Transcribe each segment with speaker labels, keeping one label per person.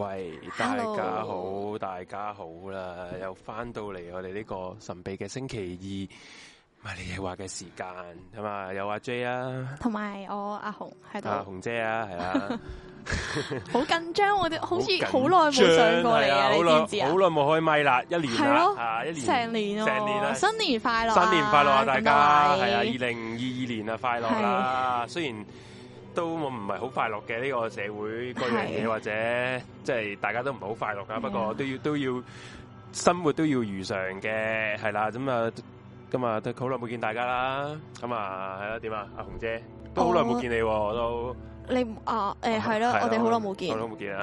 Speaker 1: 喂，大家好，Hello，大家好啦，又翻到嚟我哋呢個神秘嘅星期二，咪係你話嘅時間咁啊有阿，有阿 J 啊，
Speaker 2: 同埋我阿紅喺阿
Speaker 1: 紅姐啊，係啦，
Speaker 2: 好緊張，我哋好似好耐冇上過嚟啊，好
Speaker 1: 耐冇開咪啦，一年啦，啊啊，一年成年啊，成年啦，新年
Speaker 2: 快樂，新年快樂，啊啊啊，大家係啊，二
Speaker 1: 零二二年啊，快樂啦，雖然。都我唔係好快樂嘅，呢個社會各樣嘢，或者即係、就是、大家都唔係好快樂噶。不過都要都要生活都要如常嘅，係啦。咁啊，咁啊，都好耐冇見大家啦。咁啊，係啦，點啊，阿紅姐都好耐冇見你，我都
Speaker 2: 你啊，誒，係咯，我哋好耐冇見，好耐
Speaker 1: 冇見啦。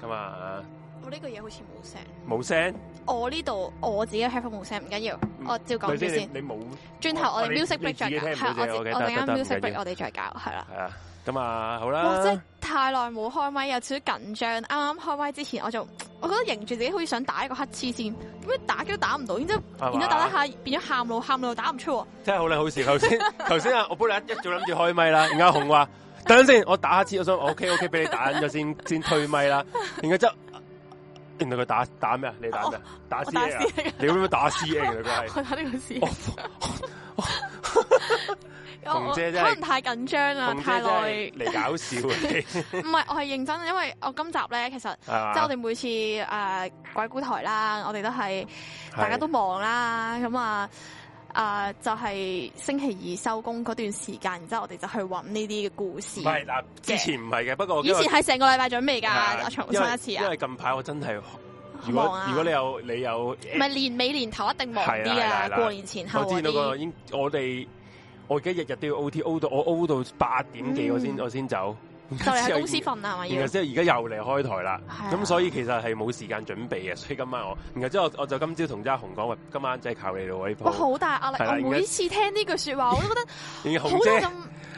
Speaker 1: 咁 啊。
Speaker 2: 呢個嘢好似冇聲，冇聲。我呢度我自己嘅冇聲，唔緊要。我照講先。你冇。轉頭我哋、哦、music break 再講、這個，我 okay, 我 okay, 我啱 music break okay, 我哋再搞。係、okay,
Speaker 1: 啦。係、okay, 啊，咁、okay, 啊、okay, okay. 好啦。哇，真
Speaker 2: 係太耐冇開咪，有少少緊張。啱啱開咪之前，我就我覺得迎住自己，好似想打一個乞嗤先，點解打都打唔到？然之後，然之後打一下，變咗喊路，喊路打唔出。
Speaker 1: 真係好靚好事，頭先頭先啊！我本來一早諗住開咪啦，而家紅話等陣先，我打乞嗤，我想我 OK OK 俾你打咗先，先退咪啦。而家就。定到佢打打咩啊？你打咩？Oh, 打 C A 啊？你會唔會打 C A 啊？佢 係 為我
Speaker 2: 打呢個 C A。我可能 真 太緊張啦，太耐嚟搞
Speaker 1: 笑啊！唔 係
Speaker 2: 我係認真，因為我今集咧，其實即係 我哋每次誒、呃、鬼古台啦，我哋都係
Speaker 1: 大家都
Speaker 2: 忙啦，咁、嗯、啊。 啊、uh,！就係星期二收工嗰段時間，然之後我哋就去揾呢啲嘅故事。係嗱，之前
Speaker 1: 唔係嘅，yeah. 不過以前係成
Speaker 2: 個禮拜準備㗎，yeah. 我重申一次啊！因為
Speaker 1: 近排我真係，如果,、啊、如,果如果你有你有唔係、yeah. 年
Speaker 2: 尾年頭一定忙啲啊，過年前後。我見到個已經
Speaker 1: 我哋我而家日日都要 O T O 到我 O 到八點幾、嗯、我先我先走。就喺公司瞓
Speaker 2: 啊嘛，然後即係
Speaker 1: 而家又嚟開台啦，咁所以其實係冇時間準備嘅，所以今晚我，然後之後我就今朝同家雄講話，今晚即係靠你咯呢波。我好大壓力，我每次
Speaker 2: 聽呢句説話我都覺得，
Speaker 1: 已經好啫，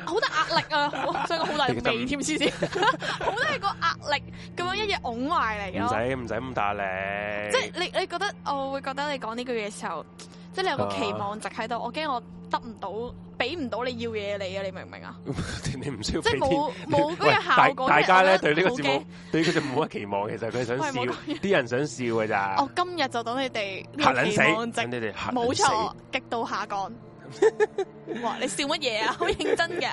Speaker 2: 好大，大， 大壓力啊， 所以我好大味添先，好 大個壓力咁樣一嘢擁埋嚟。唔使
Speaker 1: 唔使咁大力，即 係
Speaker 2: 你你覺得我會覺得你講呢句嘢時候。即係你有個期望值喺度，啊、我驚我得唔到，俾唔到你要嘢你啊！你明唔明啊？
Speaker 1: 你唔需要，即係冇冇嗰個效果大，大家咧對呢個節目，對佢就冇乜期望。 其實佢想笑，啲人想笑㗎咋。哦，
Speaker 2: 今日就等你哋。吓卵死！吓
Speaker 1: 卵死！冇錯，
Speaker 2: 極度下降。 哇！你笑乜嘢啊？好認真嘅。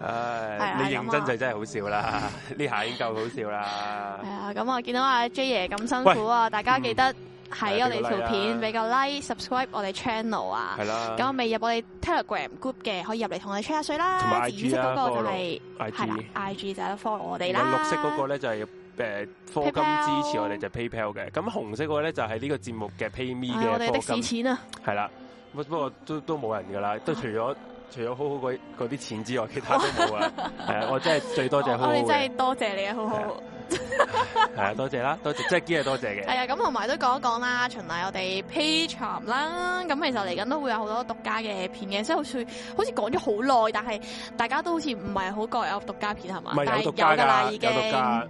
Speaker 2: 唉
Speaker 1: 哎，你認真就真係好笑啦！呢 下已經夠好笑啦。係、哎、
Speaker 2: 啊，咁我見到阿 J 爺咁辛苦啊，大家記得。嗯喺我哋條片俾個 like，subscribe like，我哋 channel 啊。係、啊、啦。咁未入我哋 Telegram group 嘅，可以入嚟同我哋 check 下水啦。同埋紫色嗰個就係係 IG 就係 follow 我哋啦。綠
Speaker 1: 色嗰個咧就係誒，課金支持我哋就 PayPal 嘅。咁紅色嗰個咧就係呢個節目嘅 pay me 嘅的，、哎、的，的士錢啊。係啦，不過都都冇人㗎啦，都除咗除咗好好嗰啲錢之外，其他都冇啊。係 啊，我真係最多謝好好。我哋真係
Speaker 2: 多謝你啊，好好。
Speaker 1: 係 啊，多謝啦，多謝，即係呢個多謝嘅。係
Speaker 2: 啊，咁同埋都講一講啦，循例我哋 Patreon 啦，咁其實嚟緊都會有好多獨家嘅片嘅，所以好似好似講咗好耐，但係大家都好似唔係好覺得有獨家片係嘛？係有獨家噶啦，已經係啊。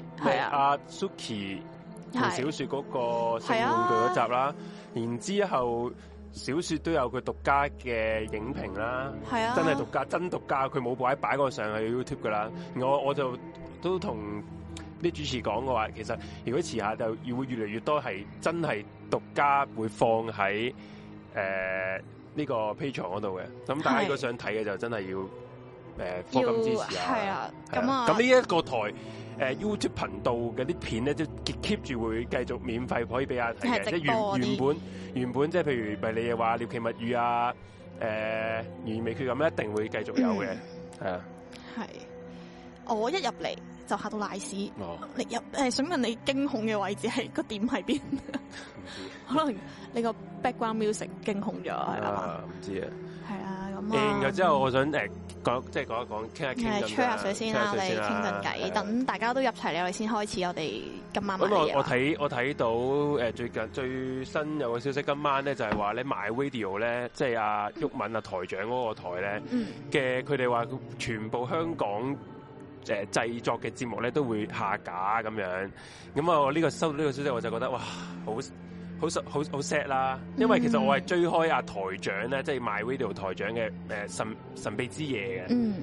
Speaker 1: 啊、Suki 同、啊啊、小說嗰個成玩具嗰集啦，啊、然後之後小說都有佢獨家嘅影評啦，係啊，真係獨家，啊、真獨家，佢冇擺擺個上去 YouTube 噶啦。嗯、我我就都同。啲主持講嘅話，其實如果遲下就會越嚟越多係真係獨家會放喺誒呢個 Patreon 嗰度嘅。咁但係如果想睇嘅就真係要誒，課、呃、金支持啊。係啊，咁啊。咁呢一個台誒、呃、YouTube 頻道嘅啲片咧，都 keep 住會繼續免費可以俾阿睇嘅。即係原原本原本即係譬如咪你嘅話鳥奇物語啊，誒完美缺咁，一定會繼續有嘅。係、嗯、啊。係。
Speaker 2: 我一入嚟。就吓到瀨
Speaker 1: 屎、哦！
Speaker 2: 你入誒、呃？想問你驚恐嘅位置係個點喺邊？ 可能你個 background music 驚恐咗啦嘛？
Speaker 1: 唔知啊，係啊咁。然、嗯嗯、之後我想誒講，即係講一講，傾、嗯、一傾咁樣。吹下水先啦，我哋傾陣偈，等
Speaker 2: 大家都入齊咧、啊，我哋先開始我哋今晚過。咁我我
Speaker 1: 睇我睇到誒、呃、最近最新有個消息，今晚咧就係、是、話你賣 radio 咧、就是啊嗯，即係阿毓民啊，文啊台長嗰個台咧嘅，佢哋話全部香港。誒製作嘅節目咧都會下架咁樣，咁啊我呢個收到呢個消息，我就覺得哇，好好好好 sad 啦，因為其實我係追開阿台長咧，即係 MyRadio 台長嘅誒神神秘之夜嘅，嗯，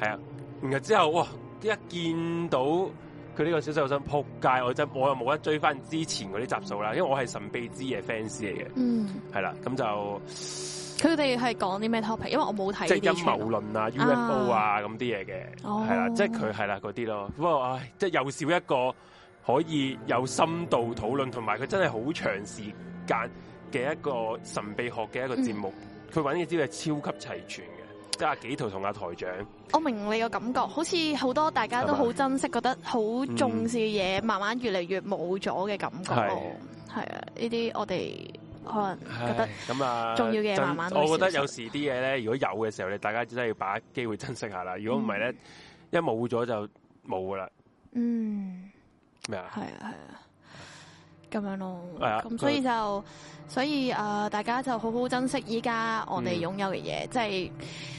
Speaker 1: 係啊，然後之後哇一見到佢呢個消息，我想撲街，我真我又冇得追翻之前嗰啲集數啦，因為我係神秘之夜 fans 嚟嘅，嗯、mm. 啊，係啦，咁就。
Speaker 2: 佢哋係講啲咩 topic？因為我冇睇。即陰謀
Speaker 1: 論啊，UFO 啊，咁啲嘢嘅，係啦、哦，即佢係啦嗰啲咯。不過唉，即又少一個可以有深度討論，同埋佢真係好長時間嘅一個神秘學嘅一個節目。佢搵嘅資料係超級齊全嘅，即阿幾圖同阿台長。
Speaker 2: 我明你個感覺，好似好多大家都好珍惜，覺得好重視嘅嘢，嗯，慢慢越嚟越冇咗嘅感覺。係啊，呢啲我哋。可能覺
Speaker 1: 得、啊、重要嘅慢慢，我覺得有時啲嘢咧，如果有嘅時候咧，大家真係要把機會珍惜下啦。如果唔係咧，一冇咗就冇噶啦。
Speaker 2: 嗯。咩、嗯、啊。係啊，係啊。咁樣咯，咁、嗯、所以就，所以誒、呃，大家就好好珍惜依家我哋擁有嘅嘢、嗯，即係誒、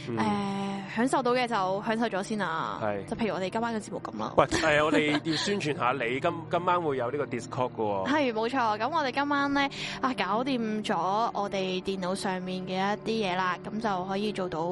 Speaker 2: 嗯呃，享受到嘅就享受咗先啦。係，就譬如我哋今晚嘅節目咁啦。
Speaker 1: 喂，係啊，我哋要宣傳下你，你 今今晚會有呢個 Discord 嘅、哦。係，
Speaker 2: 冇錯。咁我哋今晚咧啊，搞掂咗我哋電腦上面嘅一啲嘢啦，咁就可以做到。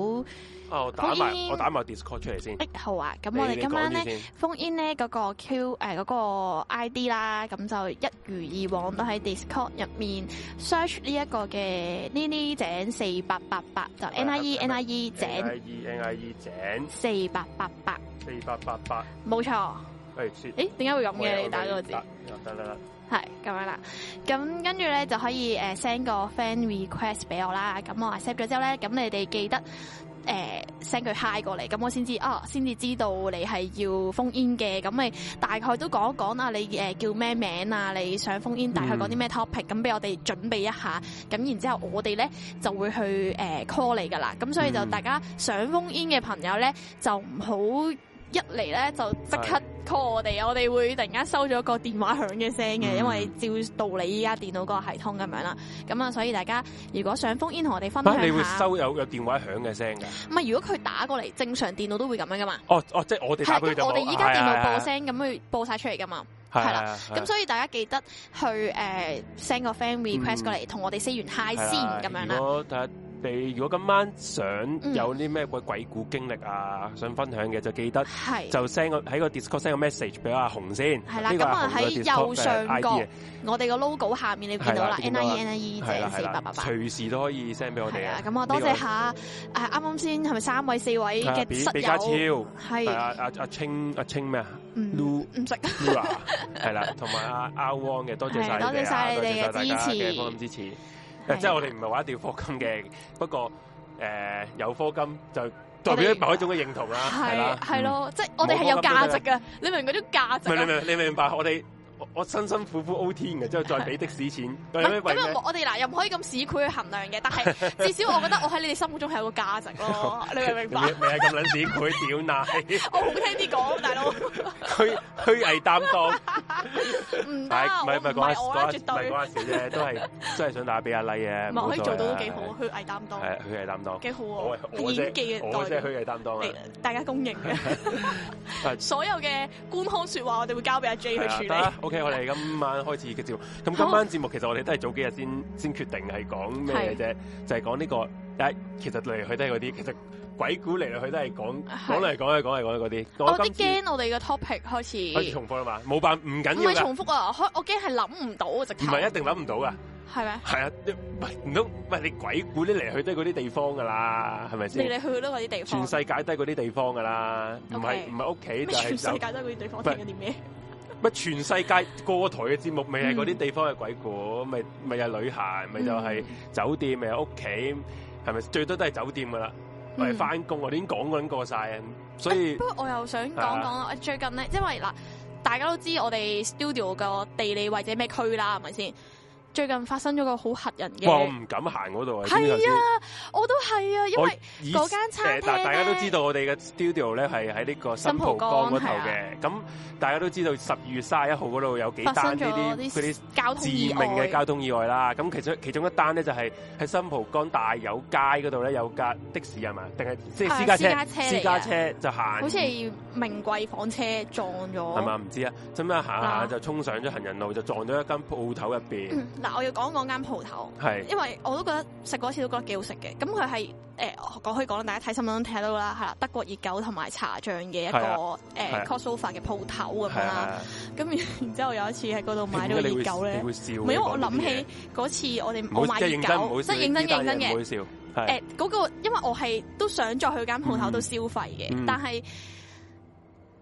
Speaker 1: 哦，打埋我打埋 Discord 出嚟先。
Speaker 2: 好啊，咁我哋今晚咧封 in 咧嗰個 Q 誒嗰個 I D 啦，咁就一如以往都喺 Discord 入面 search 呢一個嘅呢 i 井四八八八就 N I E N I E 井 N I E N
Speaker 1: I E 井四八八八四八八八，冇錯。誒，誒，點解會咁嘅？你打嗰個字。得得得，
Speaker 2: 係咁樣啦。咁跟住咧就可以誒 send 個 friend request 俾我啦。咁我 accept 咗之後咧，咁你哋記得。誒 send 佢 hi 過嚟，咁我先知，啊、哦，先至知道你係要封煙嘅，咁你大概都講一講啊，你誒、呃、叫咩名啊？你想封煙，大概講啲咩 topic，咁、嗯、俾我哋準備一下，咁然之後我哋咧就會去誒、呃、call 你噶啦，咁所以就大家想封煙嘅朋友咧就唔好。一嚟咧就即刻 call 我哋，我哋會突然間收咗個電話響嘅聲嘅，因為照道理依家電腦嗰個系統咁樣啦。咁啊，所以大家如果想封煙，同我哋分享。你會收
Speaker 1: 有個電話響嘅聲噶？
Speaker 2: 唔係如果佢打過嚟，正常電腦都會咁樣噶嘛？
Speaker 1: 哦哦，即係我哋打佢就冇。我哋依家電腦播聲
Speaker 2: 咁去播晒出嚟噶嘛？係啦、啊，咁、啊啊啊、所以大家記得去誒、uh, send 個 friend request 過嚟，同、嗯、我哋 say 完 hi、啊、先咁樣。
Speaker 1: 你如果今晚想有啲咩鬼鬼故經歷啊、嗯，想分享嘅就記得就，就、這、send 個喺個 Discord send 個 message 俾阿紅先。係啦，咁啊喺右上角、uh,
Speaker 2: 我哋個 logo 下面你見到啦。N I E N I E 八八八
Speaker 1: 隨時都可以 send 俾我哋。啊，咁啊多謝下
Speaker 2: 誒啱啱先係咪三位四位嘅室友係啊
Speaker 1: 啊啊清啊清咩
Speaker 2: 啊？唔唔識，係、啊
Speaker 1: 啊嗯、啦，同埋阿阿汪嘅，多謝曬嘅，多謝曬你哋嘅支持。即係我哋唔係話一定要課金嘅，不過誒有課金就代表某一種嘅認同啦。係啦，係咯，
Speaker 2: 即係我哋係有價值嘅，你明唔明嗰種價值。明唔明？
Speaker 1: 你明唔明白我哋？我辛辛苦苦 O T 嘅，之後再俾的士錢。咁咁
Speaker 2: 我哋嗱又唔可以咁市儈去衡量嘅。但係至少我覺得我喺你哋心目中係有個價
Speaker 1: 值咯、 哦。你明唔明白？唔係咁卵市儈屌難。 我
Speaker 2: 好聽啲講，大佬。
Speaker 1: 虛虛偽擔當。
Speaker 2: 唔
Speaker 3: 包唔係唔係嗰陣嗰陣絕對嗰陣時都係
Speaker 1: 真係想打俾阿麗啊。唔係我可以做到都幾好的，虛偽擔當。係虛偽擔當。幾好啊！演技嘅擔當。
Speaker 2: 大家公認嘅。
Speaker 1: 所有
Speaker 2: 嘅官腔說話我哋會交俾阿 J 去處理。
Speaker 1: OK，我哋今晚開始嘅節目，咁今晚節目其實我哋都係早幾日先先決定係講咩嘅啫，就係講呢個，誒，其實嚟去都係嗰啲，其實鬼故嚟嚟去都係講講嚟講去講嚟講去嗰啲。我啲驚
Speaker 2: 我哋嘅 topic 開始，開始重
Speaker 1: 複啊嘛，冇辦唔緊要。唔係重複
Speaker 2: 啊，開我驚係諗唔到啊，直頭。唔係一定諗唔到噶，
Speaker 1: 係咪？係啊，唔通喂？你鬼故啲嚟去都係嗰啲地方噶啦，係咪先？嚟嚟去去
Speaker 2: 都係嗰啲地方，全世
Speaker 1: 界都係嗰啲地方噶啦，唔係唔係屋企就係全世界都係嗰啲
Speaker 2: 地方，變咗啲咩？
Speaker 1: 咪全世界各個台嘅節目，未係嗰啲地方嘅鬼故，咪咪又旅行，咪就係酒店，咪又屋企，係咪最多都係酒店噶啦？咪翻工，我哋已經講過撚過曬，所以、欸。不
Speaker 2: 過我又想講講啊，最近咧，因為嗱，大家都知我哋 studio 個地理位置咩區啦，係咪先？最近發生咗個好嚇人嘅，我唔
Speaker 1: 敢行嗰度啊！係啊，
Speaker 2: 我都係啊，因為嗰間餐廳。
Speaker 1: 誒、呃，大家都知道我哋嘅 studio 咧係喺呢個新蒲崗嗰度嘅。咁、啊、大家都知道十二月卅一號嗰度有幾單呢啲佢
Speaker 4: 啲致命嘅交，交
Speaker 1: 通意外啦。咁其實其中一單咧就係喺新蒲崗大有街嗰度咧有架的士係嘛？定係即私家車，啊私家車？私家車就行。好似係
Speaker 2: 名貴房車撞咗。係嘛？
Speaker 1: 唔知啊，咁行下就衝上咗行人路，就撞咗一間鋪頭入邊。嗯
Speaker 2: 嗱，我要講講間鋪頭，因為我都覺得食過嗰次都覺得幾好食嘅。咁佢係誒講可以講，大家睇新聞都睇到啦，係啦，德國熱狗同埋茶醬嘅一個誒 Kosova 嘅鋪頭咁樣啦。咁、啊呃啊呃啊啊、然之後，後有一次喺嗰度買咗熱狗咧，唔係因為我諗起嗰次我哋冇買熱狗，即係認真笑認真
Speaker 1: 嘅。誒嗰、
Speaker 2: 呃嗰個，因為我係都想再去間鋪頭度消費嘅、嗯，但係。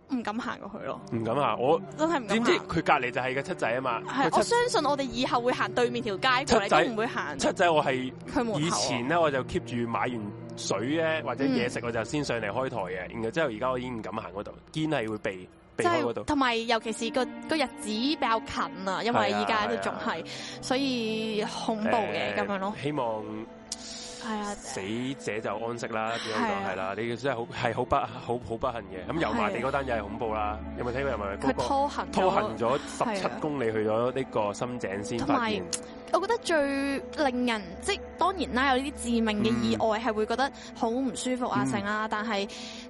Speaker 2: 唔敢行過去咯，
Speaker 1: 唔敢行。我真係唔知唔知佢隔籬就係個七仔啊嘛，係，我相
Speaker 2: 信我哋以後會行對面條街過嚟都唔會行。七仔我係
Speaker 1: 以前咧，我就 keep 住買完水咧或者嘢食，我就先上嚟開台嘅。嗯、然後之後而家我已經唔敢行嗰度，堅係會避避開嗰度。同、就、
Speaker 2: 埋、是、尤其是個個日子比較近啊，因為依家都仲係，所以恐怖嘅咁、呃、樣咯。
Speaker 1: 希望。啊、死者就安息啦，咁就係啦，呢啲真係好係好不好好不幸嘅。咁油麻地嗰單又係恐怖啦，啊、有冇聽過？有冇？佢拖行拖行咗十七公里，去咗呢個深井先發
Speaker 2: 現。我覺得最令人，即係當然啦，有呢啲致命嘅意外係會覺得好唔舒服啊，成、嗯、啊，但係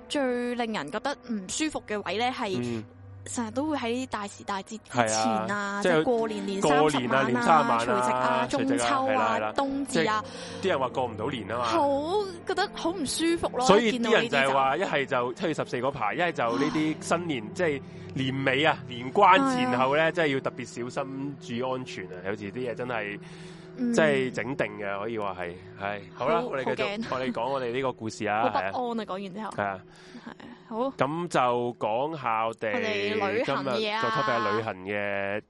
Speaker 2: 最令人覺得唔舒服嘅位咧係。嗯成日都會喺大時大節前啊，即係、啊就是、過年年三十啊、年三十晚除夕啊，啊、中秋啊、啊冬至啊，啲、啊啊啊啊啊就
Speaker 1: 是、人話過唔到年啊嘛，好
Speaker 2: 覺得好唔舒服咯、啊。所以啲人就係話，
Speaker 1: 一係就七月十四嗰排，一係就呢啲新年即係年尾啊、年關前後咧，真係、啊、要特別小心注意安全啊，有時啲嘢真係。即係整定嘅，可以話係係好啦，我哋繼續我哋講我哋呢個故事 啊，啊，啊。好不
Speaker 2: 安啊，講完之後係啊，係
Speaker 1: 好。咁就講下我哋今日就 topic 下旅行嘅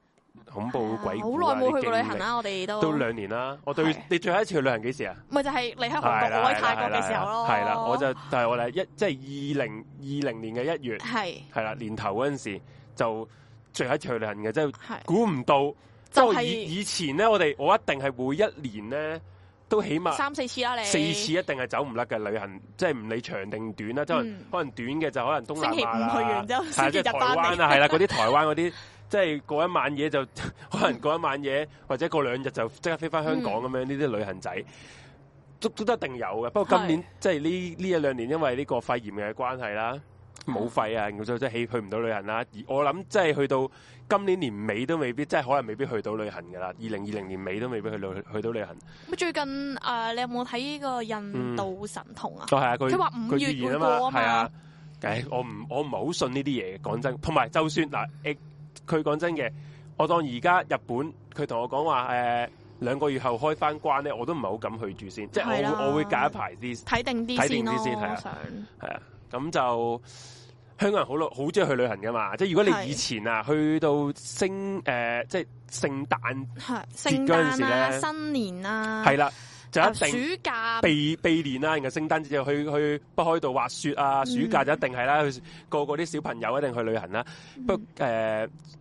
Speaker 1: 恐怖鬼故，好耐冇去過旅行啦、啊，我哋都都兩年啦、啊。我對你最後一次去旅行幾時啊？
Speaker 2: 咪就係嚟、喺韓國或
Speaker 1: 者泰國嘅時候咯。係啦、啊，我就但係、就是、我哋一即係二零二零年嘅一月係係啦，年頭嗰陣時就最後一次去旅行嘅，即係估唔到。即係以以前咧，我哋我一定係每一年咧都起碼三
Speaker 2: 四次啦，你四次一
Speaker 1: 定係走唔甩嘅旅行，即係唔理長定短啦。即、嗯、係可能短嘅就可能東南亞啦，係啦，即係台灣啊，係、就、啦、是，嗰 啲、啊、台灣嗰啲，即、就、係、是、過一晚嘢就可能過一晚嘢，或者過兩日就即刻飛翻香港咁樣呢啲、嗯、旅行仔，足足都，都一定有嘅。不過今年是即係呢呢一兩年，因為呢個肺炎嘅關係啦，冇肺啊，所以即係去唔到旅行啦。而我諗即係去到。今年年尾都未必，即係可能未必去到旅行噶啦。二零二零年尾都未必去旅去到旅行。
Speaker 2: 咁最近啊、呃，你有冇睇呢個印度神童啊？就、嗯、係、哦、啊，佢佢話五月啊嘛，係啊。誒、
Speaker 1: 哎，我唔我唔係好信呢啲嘢，講真。同埋，就算嗱，誒，佢講真嘅，我當而家日本佢同我講話誒，兩、呃、個月後開翻關咧，我都唔係好敢去住先。即係我會我會隔一排啲睇定啲睇定先係啊。係啊，咁就。香港人好老好中意去旅行噶嘛？即係如果你以前啊，去到聖誒、呃，即係聖誕節嘅時咧，新
Speaker 2: 年啦、啊，係啦，
Speaker 1: 就一定避、
Speaker 2: 呃、暑假、
Speaker 1: 避年啦，然後聖誕就去去北海道滑雪啊，暑假就一定係啦、嗯，個個啲小朋友一定去旅行啦、啊呃。不過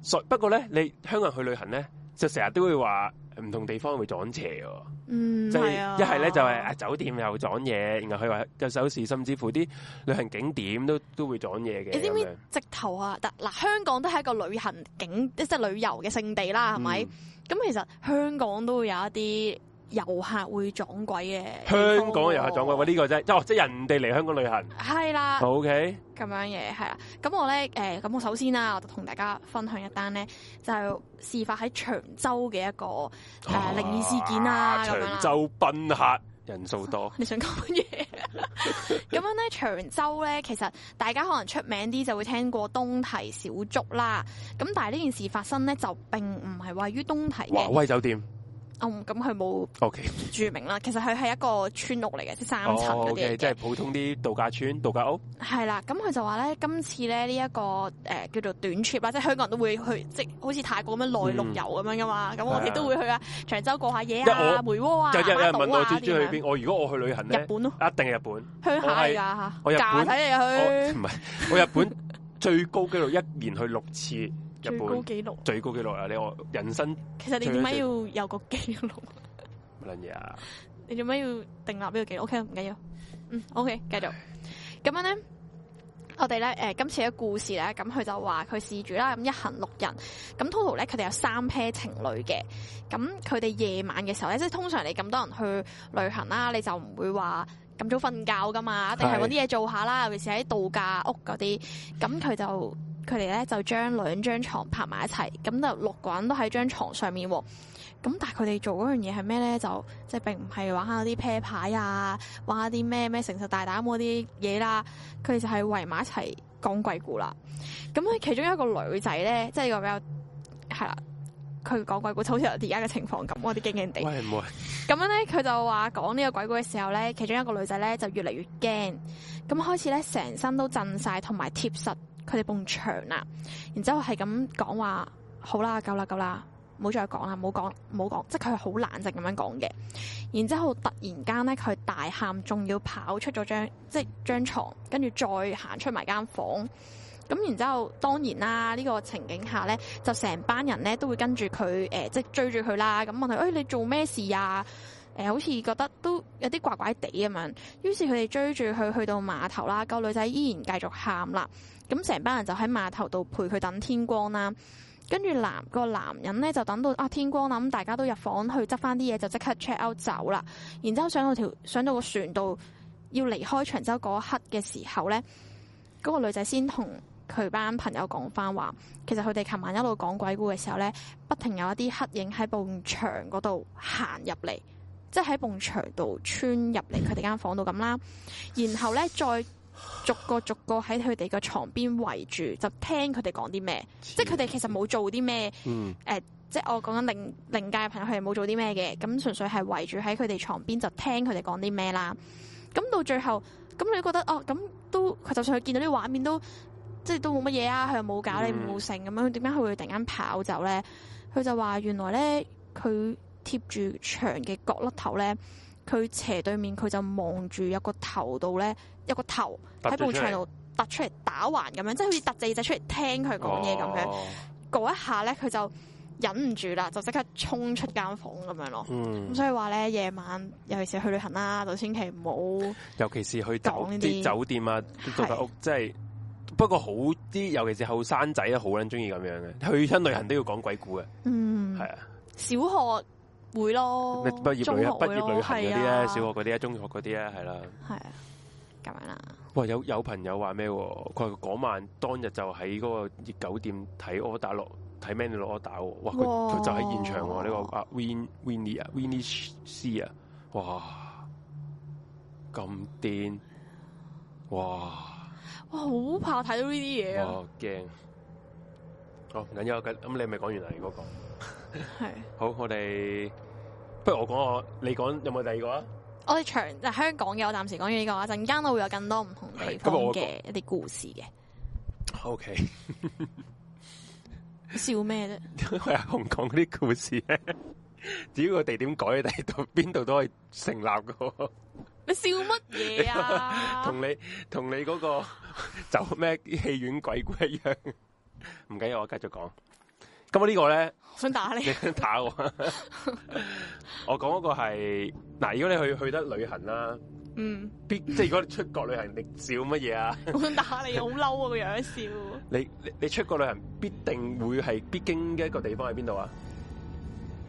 Speaker 1: 誒，不過咧，你香港人去旅行咧，就成日都會話。唔同地方會撞邪喎，
Speaker 2: 即係一係
Speaker 1: 咧就係、是、啊，是、就是、啊酒店又撞嘢，然後佢話嘅手勢，甚至乎啲旅行景點都都會撞嘢嘅。你知唔知
Speaker 2: 直頭啊？嗱，香港都係一個旅行景，即係旅遊嘅勝地啦，係咪？咁、嗯、其實香港都會有一啲。遊客會撞鬼嘅，香港
Speaker 1: 嘅遊客撞鬼，呢、這個啫，即即係人哋嚟香港旅行。
Speaker 2: 係啦，OK，咁樣嘢係啦。咁我咧，誒，咁我首先啦，我就同大家分享一單咧，就是、事發喺長洲嘅一個誒靈異事件啦、啊，咁樣啦。長洲
Speaker 1: 賓客人數多，你想講乜嘢？
Speaker 2: 咁 樣咧，長洲咧，其實大家可能出名啲就會聽過東堤小築啦。咁但係呢件事發生咧，就並唔係位於東堤華威酒店。哦、嗯，咁佢冇 OK，著名啦。Okay. 其實佢係一個村屋嚟嘅，即三層嘅。Okay,
Speaker 1: 即係普通啲度假村、度假屋。
Speaker 2: 係啦，咁佢就話咧，今次咧呢一、這個誒、呃、叫做短 trip 啊，即係香港人都會去，即係好似泰國咁樣內陸遊咁樣噶嘛。咁、嗯、我哋都會去啊，長洲過下夜啊，梅窩啊，日有人問我最中意去邊、啊？
Speaker 1: 我如果我去旅行日本咯，一定係日本。去下噶我日本睇你去。唔係， 我日本最高紀錄一年去六次。
Speaker 2: 最高紀錄，最
Speaker 1: 高紀錄啊！你我人生，其實你點解要
Speaker 2: 有個紀錄？
Speaker 1: 乜撚嘢
Speaker 2: 啊？你做咩要訂立呢個紀錄？O K 唔緊要，嗯，O K 繼續。咁 樣咧，我哋咧，誒、呃，今次嘅故事咧，咁佢就話佢事主啦，咁一行六人，咁 total 咧，佢哋有三 pair 情侶嘅，咁佢哋夜晚嘅時候咧，即係通常你咁多人去旅行啦，你就唔會話咁早瞓覺噶嘛，是那些一定係搵啲嘢做下啦， 尤其是喺度假屋嗰啲，咁佢就。 佢哋咧就將兩張床拍埋一齊，咁就六個人都喺張床上面。咁但係佢哋做嗰樣嘢係咩咧？就即係並唔係玩下啲 pair 牌啊，玩下啲咩咩誠實大膽嗰啲嘢啦。佢哋就係圍埋一齊講鬼故啦。咁咧、就是，其中一個女仔咧，即係個比較係啦。佢講鬼故就好似而家嘅情況咁，我啲驚驚地咁樣咧。佢就話講呢個鬼故嘅時候咧，其中一個女仔咧就越嚟越驚，咁開始咧成身都震晒，同埋貼實。佢哋蹦牆啦，然之後係咁講話，好啦，夠啦，夠啦，唔好再講啦，唔好講，唔好講，即係佢係好懶靜咁樣講嘅。然之後突然間咧，佢大喊，仲要跑出咗張即係張牀，跟住再行出埋間房。咁然之後，當然啦，呢個情景下咧，就成班人咧都會跟住佢誒，即係追住佢啦。咁問佢：誒，你做咩事啊？誒，好似覺得都有啲怪怪地咁樣。於是佢哋追住佢去到碼頭啦。個女仔依然繼續喊啦。咁成班人就喺碼頭度陪佢等天光啦，跟住男、嗰個男人呢，就等到啊天光啦，咁大家都入房去執翻啲嘢，就即刻 check out 走啦。然之後上到條上到個船度，要離開長洲嗰一刻嘅時候呢，嗰、嗰個女仔先同佢班朋友講翻話，其實佢哋琴晚一路講鬼故嘅時候呢，不停有一啲黑影喺部牆嗰度行入嚟，即係喺部牆度穿入嚟佢哋間房度咁啦，然後呢，再。逐個逐個喺佢哋個床邊圍住，就聽佢哋講啲咩，即係佢哋其實冇做啲咩，誒、嗯呃，即係我講緊靈靈界嘅朋友他們沒，佢哋冇做啲咩嘅，咁純粹係圍住喺佢哋床邊就聽佢哋講啲咩啦。咁到最後，咁你覺得哦，咁都佢就算佢見到啲畫面都，即係都冇乜嘢啊，佢又冇搞你冇性咁樣，點解佢會突然間跑走咧？佢就話原來咧，佢貼住牆嘅角落頭咧。佢斜對面，佢就望住有個頭度咧，有個頭喺部牆度突出嚟打橫咁樣，即係好似凸隻耳仔出嚟聽佢講嘢咁樣。嗰、哦、一下咧，佢就忍唔住啦，就即刻衝出間房咁樣咯。
Speaker 1: 咁、嗯、所
Speaker 2: 以話咧，夜晚尤其是去旅行啦，就千祈唔好，
Speaker 1: 尤其是去啲酒店啊、獨立屋，即係不過好啲。尤其是後生仔好撚中意咁樣嘅，去親旅行都要講鬼故嘅。嗯，
Speaker 2: 係啊，小學。會咯，畢業旅畢業旅行嗰啲咧，小
Speaker 1: 學嗰啲啊，啊，中學嗰啲啊，係啦，係啊，咁樣啦。哇，有有朋友話咩？佢話嗰晚當日就喺嗰個酒店睇《阿達洛》，睇《Man 的阿達》。哇，佢就喺現場呢、啊這個啊 Win Winnie 啊 Winnie C 啊，a 哇，咁癲，哇，
Speaker 2: 哇，好怕睇到呢啲嘢啊，
Speaker 1: 驚。哦，咁有咁，咁你咪講完啦，嗰個係，好，我哋。不如我講下，你講有冇第二個啊？
Speaker 2: 我哋長就香港嘅，我暫時講完呢、這個，一陣間我會有更多唔同地方嘅一啲
Speaker 1: 故事嘅。O、okay.
Speaker 2: K，笑咩啫？
Speaker 1: 因為阿紅講嗰啲故事咧，只要個地點改喺第度，邊度都可以成立噶。
Speaker 2: 你笑乜嘢啊？
Speaker 1: 同 你同你嗰、那個就咩戲院鬼鬼一樣，唔緊要，我繼續講。咁我呢個咧，想打你， 打我吧。 我講一個係嗱，如果你去去得旅行啦，
Speaker 2: 嗯，
Speaker 1: 必即係如果你出國旅行，你照乜嘢啊？
Speaker 2: 我想打你，好嬲啊，個樣笑。
Speaker 1: 你你，你出國旅行必定會係必經嘅一個地方喺邊度啊？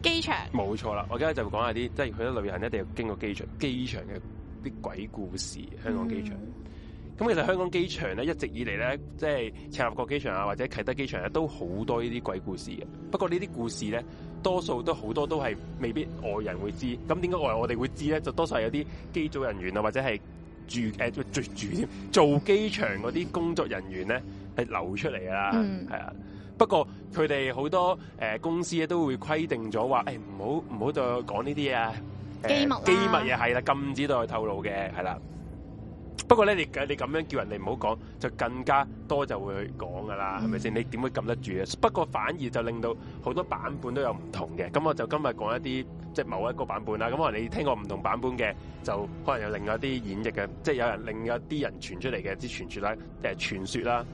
Speaker 2: 機場。
Speaker 1: 冇錯啦，我而家就講下啲，即係去得旅行一定要經過機場，機場嘅啲鬼故事，香港機場。嗯咁其實香港機場咧，一直以嚟咧，即係赤鱲角機場啊，或者啟德機場咧，都好多呢啲鬼故事嘅。不過呢啲故事咧，多數都好多都係未必外人會知道。咁點解外人我哋會知咧？就多數係有啲機組人員啊，或者係住誒、呃、住住做機場嗰啲工作人員咧係流出嚟啦。係、嗯、啊，不過佢哋好多誒、呃、公司咧都會規定咗話，誒唔好唔好再講呢啲啊機密。機密嘢係啦，禁止再透露嘅係啦。不過咧，你你咁樣叫人哋唔好講，就更加多就會去講噶啦，係咪先？你點會撳得住啊？不過反而就令到好多版本都有唔同嘅。咁我就今日講一啲即係某一個版本啦。咁可能你聽過唔同版本嘅，就可能有另外一啲演繹嘅，即係有人另外一啲人傳出嚟嘅啲傳說啦，誒、呃，傳說啦。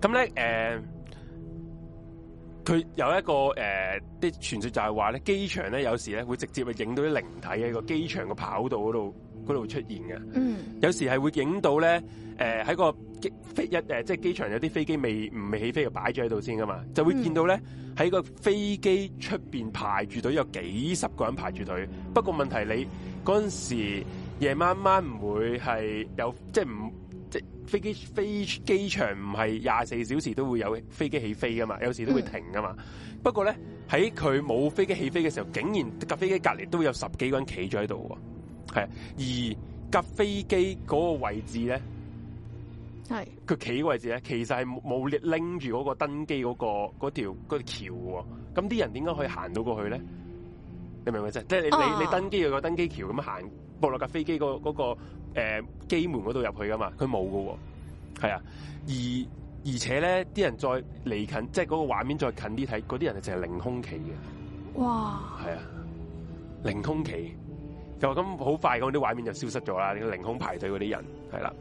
Speaker 1: 咁咧，誒、呃，佢有一個誒，啲傳說就係話咧，機場咧有時咧會直接啊影到啲靈體喺個機場嘅跑道嗰度。嗰度出現嘅，有時係會影到咧，誒、呃、喺個機飛一誒，即係機場有啲飛機未唔未起飛就擺咗喺度先噶嘛，就會見到咧，喺個飛機出邊排住隊有幾十個人排住隊。不過問題你嗰陣時夜晚晚唔會係有即係唔即飛機飛機場唔係廿四小時都會有飛機起飛噶嘛，有時都會停噶嘛。不過咧喺佢冇飛機起飛嘅時候，竟然架飛機隔離都有十幾個人企咗喺度喎。係、啊，而架飛機嗰個位置咧，
Speaker 3: 係
Speaker 1: 佢企嘅位置咧，其實係冇拎住嗰個登機嗰、嗰個嗰條條橋喎。咁啲人點解可以行到過去咧？你明唔明啫？即、就、係、係、你你,你登機有個登機橋咁行，部落架飛機嗰嗰個誒機、嗰個呃、門嗰度入去噶嘛？佢冇噶，係啊。而而且咧，啲人再離近，即係嗰個畫面再近啲睇，嗰啲人係淨係凌空企嘅。
Speaker 3: 哇！
Speaker 1: 係啊，凌空企。就咁好快，嗰啲畫面就消失咗啦！凌空排隊嗰啲人，係啦。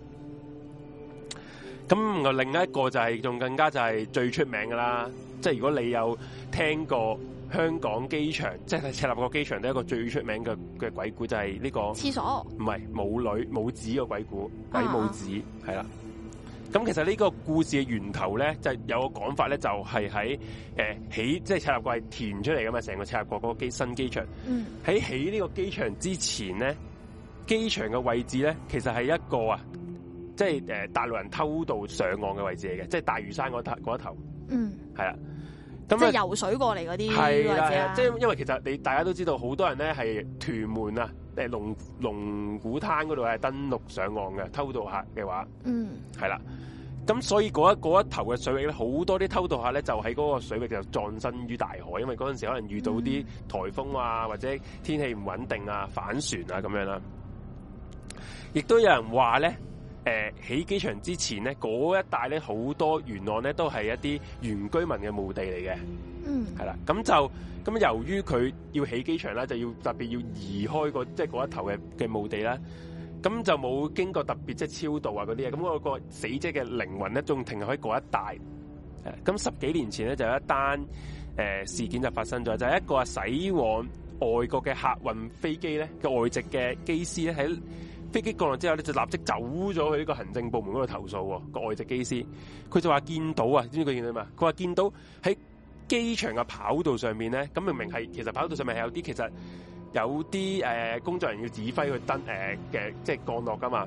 Speaker 1: 咁另一個就係、是、仲更加就係最出名噶啦，即、就、係、是、如果你有聽過香港機場，即、就、係、是、赤鱲角機場，都一個最出名嘅嘅鬼故，就係、是、呢、這個廁所，唔係母女母子嘅鬼故，鬼母子，係啦。咁其實呢個故事嘅源頭咧，就係有個講法咧，就係喺誒起即係赤鱲角填出嚟噶嘛，成個赤鱲角嗰個機新機場。喺、嗯、起呢個機場之前咧，機場嘅位置咧，其實係一個啊，即係誒大陸人偷渡上岸嘅位置嚟嘅，即係大嶼山嗰頭一頭。嗯，係啦。嗯、即係游
Speaker 2: 水過嚟嗰啲，係啦，即係
Speaker 1: 因為其實你大家都知道，好多人咧係屯門啊，誒龍龍鼓灘嗰度係登陸上岸嘅偷渡客嘅話，嗯，係啦，咁所以嗰一嗰一頭嘅水域咧，好多啲偷渡客咧就喺嗰個水域就葬身於大海，因為嗰陣時候可能遇到啲颱風啊、嗯，或者天氣唔穩定啊、反船啊咁樣啦、啊，亦都有人話咧。誒、呃、起機場之前咧，嗰一帶咧好多沿岸咧都係一啲原居民嘅墓地嚟嘅，
Speaker 3: 嗯，係啦。
Speaker 1: 咁就咁由於佢要起機場啦，就要特別要移開、嗰個即係嗰一頭嘅嘅墓地啦。咁就冇經過特別即超度啊嗰啲啊。咁嗰個死者嘅靈魂咧仲停留喺嗰一帶。咁十幾年前咧就有一單、呃、事件就發生咗，就係、係、一個啊駛往外國嘅客運飛機咧嘅外籍嘅機師咧喺。飛機降落之後咧，你就立即走咗去呢個行政部門嗰度投訴個外籍機師。佢就話見到啊，知唔知佢見到咩？佢話見到喺機場嘅跑道上面咧，咁明明係其實跑道上面係有啲，其實有啲誒、呃、工作人員要指揮佢登誒嘅，即係降落噶嘛。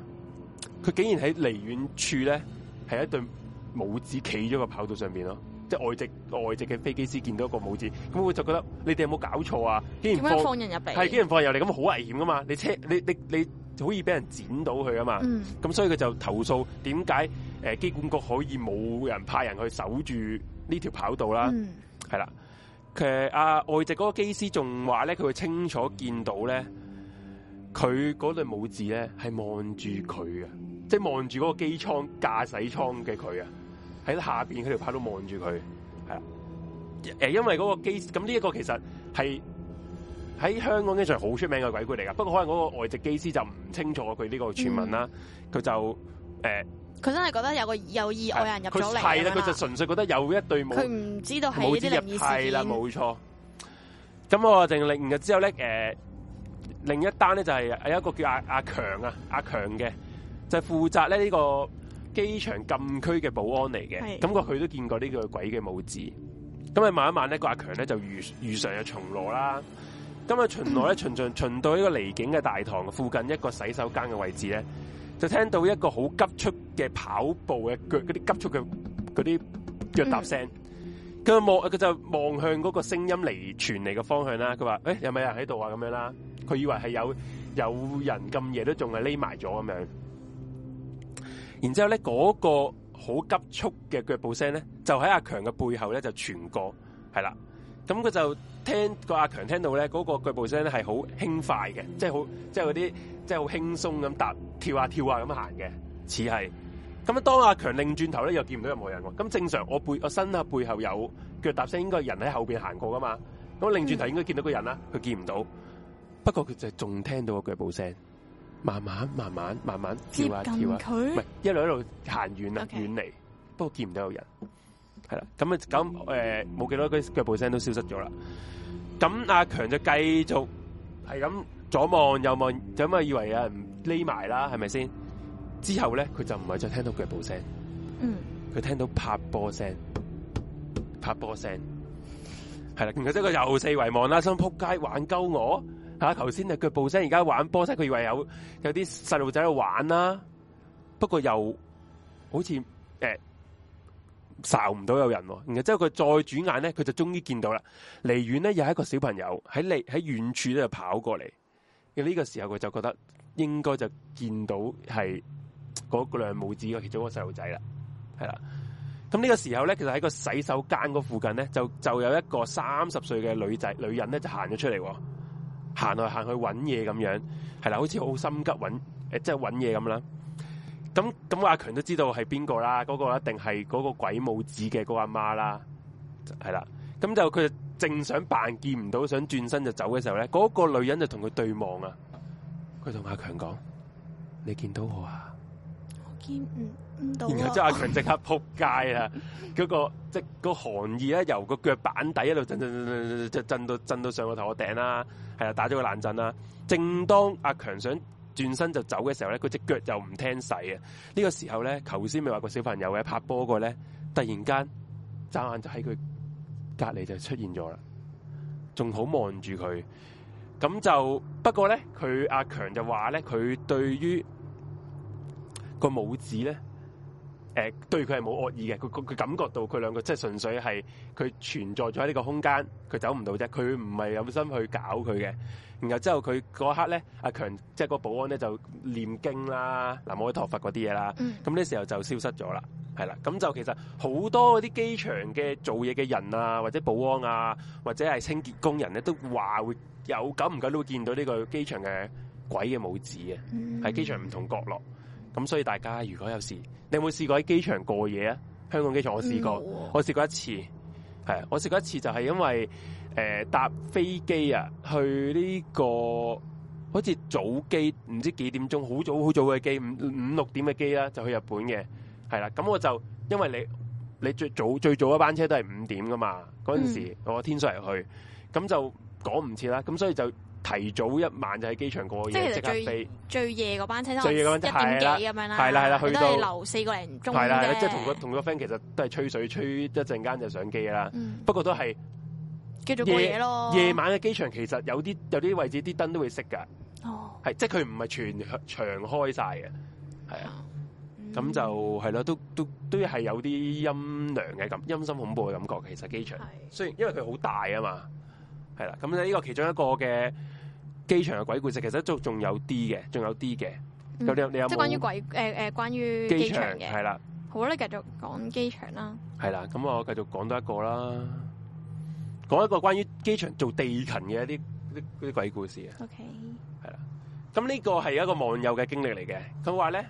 Speaker 1: 佢竟然喺離遠處咧，係一對拇指企咗個跑道上面咯。即係外籍外籍嘅飛機師見到一個拇指，咁我就覺得你哋有冇搞錯啊？竟然放人入嚟？係竟然放人入嚟，咁好危險噶嘛。你車你你你。你你就可以俾人剪到佢啊嘛，咁、嗯、所以佢就投訴點解誒機管局可以冇人派人去守住呢條跑道啦？係、嗯、啦，其實阿外籍嗰個機師仲話咧，佢會清楚見到咧，佢嗰對武字咧係望住佢嘅，即係望住嗰個機艙駕駛艙嘅佢啊，喺下邊嗰條跑道望住佢，係啦，誒，因為嗰個機師咁呢一個其實係。喺香港機場好出名嘅鬼故嚟噶，不過可能嗰個外籍機師就唔清楚佢呢個傳聞啦，佢、嗯、就誒，
Speaker 2: 佢、呃、真係覺得有個有意外有人入咗嚟啦。係啦，佢就
Speaker 1: 純粹覺得有一對武士，佢唔
Speaker 2: 知道係呢啲意思。係啦，冇錯。
Speaker 1: 咁我哋另之後咧，誒、呃，另一單咧就係、是、有一個叫阿阿強啊，阿強嘅就負、是、責咧呢、這個機場禁區嘅保安嚟嘅，咁個佢都見過呢個鬼嘅武士。咁啊，慢一慢呢個阿強咧就如如常又巡邏啦。今日巡邏咧巡巡巡到呢個離境嘅大堂附近一個洗手間嘅位置咧，就聽到一個好急促嘅跑步嘅腳嗰啲急促嘅嗰啲腳踏聲。佢望佢就望向嗰個聲音嚟傳嚟嘅方向啦。佢話誒有咪人喺度啊咁樣啦？佢以為係有有人咁夜都仲係匿埋咗咁樣。然之後咧嗰個好急促嘅腳步聲咧，就喺阿強嘅背後咧就傳過係啦。咁佢就。聽個阿強聽到咧，嗰、那個腳步聲咧係好輕快嘅，即係好即係嗰啲即係好輕鬆咁踏跳下、啊、跳下咁行嘅，似係咁樣。當阿強擰轉頭咧，又見唔到任何人喎。咁正常我，我背我身後背後有腳踏聲，應該人喺後邊行過噶嘛。咁擰轉頭應該見到個人啦，佢、嗯、見唔到。不過佢就仲聽到個腳步聲，慢慢慢慢慢慢跳下、啊、跳下，佢係一路一路行遠啦，遠離。不過、okay. 見唔到有人，係啦。咁啊咁誒，冇幾多嗰啲腳步聲都消失咗啦。咁阿強就繼續係咁左望右望，就咁、嗯、啊以為有人匿埋啦，係咪先？之後咧，佢就唔係再聽到腳步聲，嗯，佢聽到拍波聲，拍波聲，係啦，咁即係佢又四圍望啦，想撲街玩鳩我，吓頭先啊腳步聲，而家玩波聲，佢以為有有啲細路仔喺度玩啦，不過又好似誒。欸受唔到有人，然後之佢再轉眼咧，佢就終於見到啦。離遠咧又係一個小朋友喺離喺遠處咧就跑過嚟。咁、這、呢個時候佢就覺得應該就見到係嗰兩母子嘅其中一個細路仔啦，係啦。咁、這、呢個時候咧，其實喺個洗手間嗰附近咧，就就有一個三十歲嘅女仔女人咧就行咗出嚟，行來行去揾嘢咁樣，係啦，好似好心急揾，即係揾嘢咁啦。咁、嗯、咁、嗯嗯，阿強都知道係邊個啦，嗰、嗰個一定係嗰個鬼母子嘅嗰阿媽啦，係啦。咁就佢就正想扮見唔到，想轉身就走嘅時候咧，嗰、嗰個女人就同佢對望啊。佢同阿強講：你見到我啊？我見唔到。然後即係阿強即刻扑街啦，嗰、 嗰個即、嗰個寒意咧由個腳板底一路震到震到上個頭殼頂啦，係啊，打咗個冷震啦。正當阿強想。轉身就走嘅時候咧，佢隻腳就唔聽使啊！呢個時候咧，頭先咪話個小朋友喺拍波個咧，突然間眨眼就喺佢隔籬就出現咗啦，仲好望住佢。咁就不過咧，佢阿強就話咧，佢對於個母子咧，誒，對佢係冇惡意嘅，佢佢佢感覺到佢兩個即係純粹係佢存在咗喺呢個空間，佢走唔到啫，佢唔係有心去搞佢嘅。然後之後佢嗰刻咧，阿、啊、強即係個保安咧就念經啦，嗱，南無陀佛嗰啲嘢啦，咁、嗯、呢時候就消失咗啦，係啦，咁就其實好多嗰啲機場嘅做嘢嘅人啊，或者保安啊，或者係清潔工人咧，都話會有久唔久都會見到呢個機場嘅鬼嘅帽子啊，喺、嗯、機場唔同角落。咁所以大家如果有時，你有冇試過喺機場過夜啊？香港機場我試過，嗯、我試過一次，係我試過一次就係因為。誒、呃、搭飛機啊，去呢、這個好似早機，唔知幾點鐘，好早好早嘅機，五五六點嘅機啦，就去日本嘅，係啦。咁我就因為你你最早最早一班車都係五點㗎嘛，嗰陣時我天水嚟去，咁、嗯、就趕唔切啦。咁所以就提早一晚就喺機場過夜，即刻飛。
Speaker 2: 最夜嗰班車，都係。一點幾咁樣啦，係啦係啦，去到留四、就是、個零唔鐘。係啦，即係同個
Speaker 1: 同個 friend 其實都係吹水吹一陣間就上機啦。嗯、不過都係。
Speaker 2: 續夜，夜，夜
Speaker 1: 晚嘅機場其實有啲有啲位置啲燈都會熄㗎。係、
Speaker 3: oh.
Speaker 1: 即係佢唔係全場開晒嘅。係啊，咁、oh. 就係咯，都都都係有啲陰涼嘅感，陰森恐怖嘅感覺。其實機場雖然因為佢好大啊嘛，係啦，咁呢個其中一個嘅機場嘅鬼故事其實都仲有啲嘅，仲有啲嘅、嗯。即係關於
Speaker 2: 鬼、呃、關於機場嘅，係啦，好啦，繼續講機場啦，
Speaker 1: 係啦，咁我繼續講多一個啦。嗯講一個關於機場做地勤嘅一啲啲啲鬼故事啊、okay.。OK，係啦。咁呢個係一個網友嘅經歷嚟嘅。佢話咧，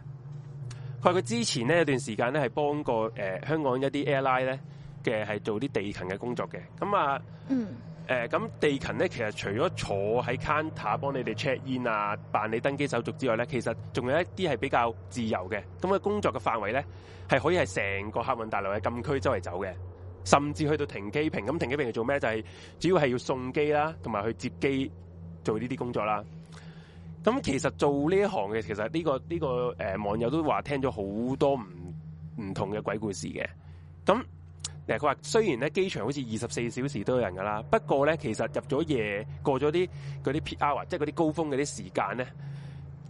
Speaker 1: 佢話佢之前呢一段時間咧係幫過誒、呃、香港一啲 airline 咧嘅係做啲地勤嘅工作嘅。咁啊，嗯、呃，誒、mm. 咁、呃、地勤咧其實除咗坐喺 counter 幫你哋 check in 啊、辦理登機手續之外咧，其實仲有一啲係比較自由嘅。咁佢工作嘅範圍咧係可以係成個客運大樓嘅禁區周圍走嘅。甚至去到停機坪，咁停機坪係做咩？就係、係、主要係要送機啦，同埋去接機做呢啲工作啦。咁其實做呢行嘅，其實呢、呢個呢、呢個誒、呃、網友都話聽咗好多唔唔同嘅鬼故事嘅。咁誒佢話，呃、雖然咧機場好似二十四小時都有人噶啦，不過咧其實入咗夜過咗啲嗰啲 P.R. 或者嗰啲高峰嗰啲時間咧。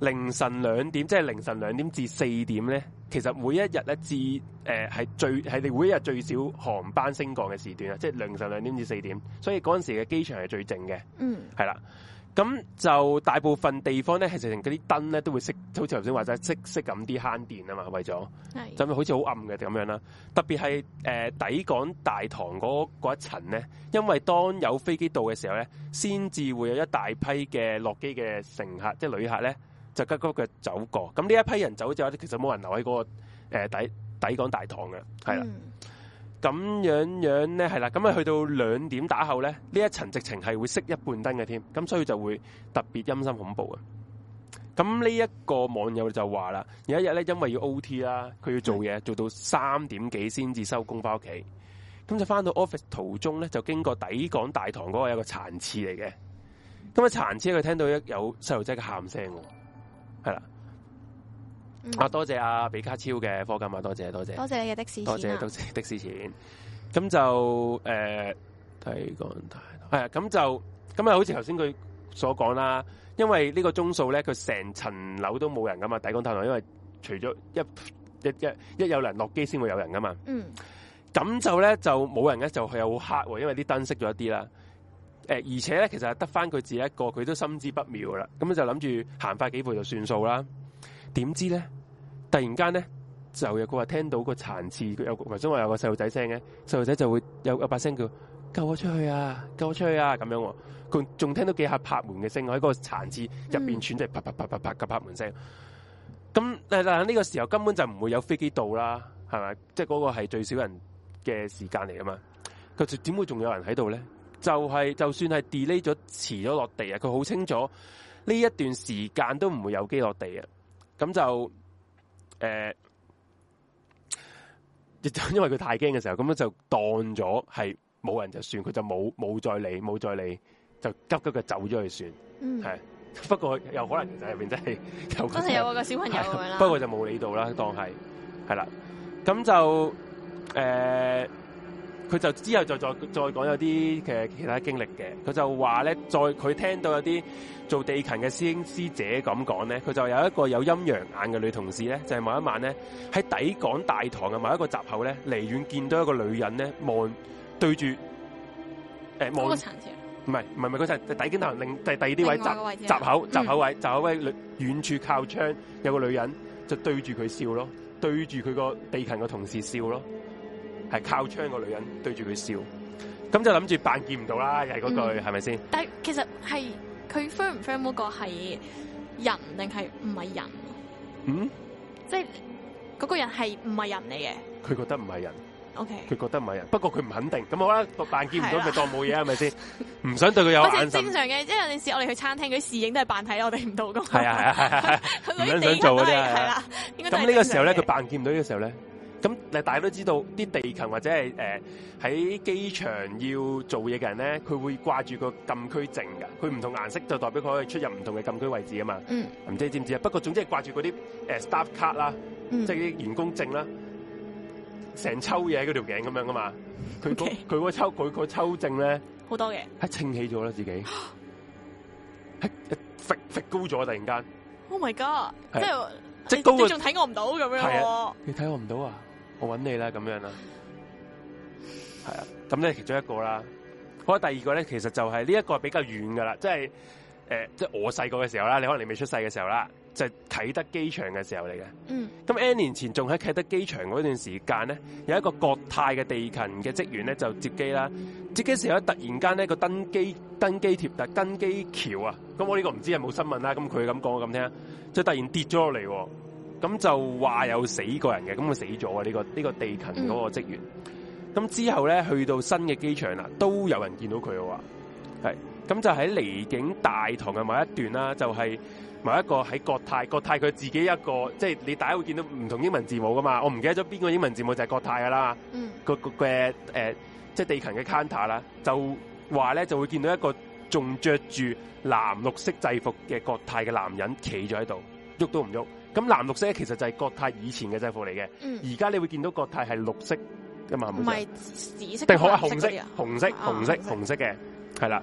Speaker 1: 凌晨兩點，即係凌晨兩點至四點咧。其實每一日咧，至誒係最係你每一日最少航班升降嘅時段啊，即係凌晨兩點至四點。所以嗰陣時嘅機場係最靜嘅。嗯，係啦。咁就大部分地方咧，其實嗰啲燈咧都會熄，好似頭先話咗熄熄咁啲慳電啊嘛，為咗係，就咪好似好暗嘅咁樣啦。特別係誒抵港大堂嗰嗰一層咧，因為當有飛機到嘅時候咧，先至會有一大批嘅落機嘅乘客，即係旅客咧。就急急腳走過，咁呢一批人走之後咧，其實冇人留喺嗰、那個誒、呃、底底港大堂嘅，係啦。咁、嗯、樣呢樣咧，係啦，咁啊去到兩點打後咧，呢一層直情係會熄一半燈嘅添，咁所以就會特別陰森恐怖嘅。咁呢一個網友就話啦，有一日咧，因為要 O T 啦，佢要做嘢，做到三點幾先至收工翻屋企，咁就翻到 office 途中咧，就經過底港大堂嗰個有個殘廁嚟嘅，咁啊殘廁佢聽到一有細路仔嘅喊聲。係啦，啊多謝阿比卡超嘅課金啊，多謝、啊、多謝多謝，多謝你嘅
Speaker 2: 的的士、啊、多謝多
Speaker 1: 謝的士錢。咁就誒，抵港大樓係、呃、啊，咁、哎、就咁啊，好似頭先佢所講啦，因為這個中數呢個鐘數咧，佢成層樓都冇人噶嘛，抵港大樓，因為除咗一一一一有人落機先會有人噶嘛，嗯，咁就咧就冇人咧就係又黑喎，因為啲燈熄咗一啲啦。誒，而且咧，其實係得翻佢自己一個，佢都心知不妙啦。咁就諗住行快幾步就算數啦。點知咧，突然間咧，就有個話聽到個殘廁有，或者話有個細路仔聲嘅細路仔就會有有把聲叫救我出去啊！救我出去啊！咁樣，佢仲聽到幾下拍門嘅聲，喺個殘廁入邊喘啪，喘、嗯、住，啪啪啪啪啪嘅拍門聲。咁但係呢個時候根本就唔會有飛機到啦，係咪？即係嗰個係最少人嘅時間嚟啊嘛。佢點會仲有人喺度咧？就係、是、就算係 delay 咗遲咗落地啊，佢好清楚呢一段時間都唔會有機落地啊。咁就誒、欸，因為佢太驚嘅時候，咁樣就當咗係冇人就算，佢就冇冇再理冇再理，就急急嘅走咗去算，係、嗯。不過有可能就係入邊真係有真係有個
Speaker 2: 小朋友咁啦。不過
Speaker 1: 就冇理到啦，當係係啦。咁就誒。欸佢就之後就再再再講有啲嘅其他經歷嘅，佢就話咧，再佢聽到有啲做地勤嘅師兄師姐咁講咧，佢就有一個有陰陽眼嘅女同事咧，就係、是、某一晚咧喺底港大堂嘅某一個閘口咧，離遠見到一個女人咧望對住，誒、呃、望，唔係唔係唔係，佢就係底景大堂另第第二啲位閘口閘口位、嗯、閘口位遠處靠窗有個女人就對住佢笑咯，對住佢個地勤嘅同事笑咯。係靠窗個女人對住佢笑，咁就諗住扮見唔到啦，又係嗰句，係咪先？
Speaker 2: 但其實係佢 feel 唔 feel 嗰個係人，定係唔係人？嗯，即係嗰個人係唔係人嚟嘅？
Speaker 1: 佢覺得唔係人，OK。佢覺得唔係人，不過佢唔肯定。咁我咧扮見唔到，咪當冇嘢，係咪先？唔 想對佢有眼神。
Speaker 2: 正常嘅，即係有陣時我哋去餐廳，佢侍應都係扮睇我哋唔到噶。係啊係啊係啊，
Speaker 1: 好難、啊啊、 想做的真的啊真係。咁呢、啊、個時候咧，佢扮見唔到呢個時候咧。咁、嗯、你大家都知道啲地勤或者係誒喺機場要做嘢嘅人咧，佢會掛住個禁區證，噶，佢唔同顏色就代表佢可以出入唔同嘅禁區位置啊嘛。唔、嗯、知你知唔知啊？不過總之係掛住嗰啲誒 staff card 啦，嗯、即係啲員工證啦，成抽嘢喺嗰條頸咁樣噶嘛。佢佢、okay、抽佢個抽證咧好多嘅，係清起咗啦，自己係一 高咗，突然間。
Speaker 2: Oh my god！即係即高、啊啊，你仲睇我唔到咁
Speaker 1: 樣，你睇我唔到啊？我揾你啦，咁樣啦，係啊，咁咧其中一個啦，好啦，第二個咧，其實就係呢一個比較遠噶啦，即係，誒，即係我細個嘅時候啦，你可能你未出世嘅時候啦，就啟德機場嘅時候嚟嘅。嗯。咁 N 年前仲喺啟德機場嗰段時間咧，有一個國泰嘅地勤嘅職員咧就接機啦，嗯。接機時候咧突然間呢個登機登機貼特登機橋啊，咁我呢個唔知有冇新聞啦，咁佢咁講咁聽，即係突然跌咗落嚟。咁就話有死過人嘅，咁佢死咗啊！呢個呢個地勤嗰個職員。咁、嗯、之後咧，去到新嘅機場啦，都有人見到佢嘅話係。咁就喺離境大堂嘅某一段啦，就係某一個喺國泰國泰佢自己一個，即係你大家會見到唔同英文字母噶嘛。我唔記得咗邊個英文字母就係國泰㗎啦。嗯，個個嘅誒，即係地勤嘅 counter 啦，就話咧就會見到一個仲着住藍綠色制服嘅國泰嘅男人企咗喺度，喐都唔喐。咁藍綠色其實就係國泰以前嘅制服嚟嘅。而、嗯、家你會見到國泰係綠色嘅嘛？唔係
Speaker 2: 紫色定好係紅色？紅
Speaker 1: 色的紅色紅色嘅係啦。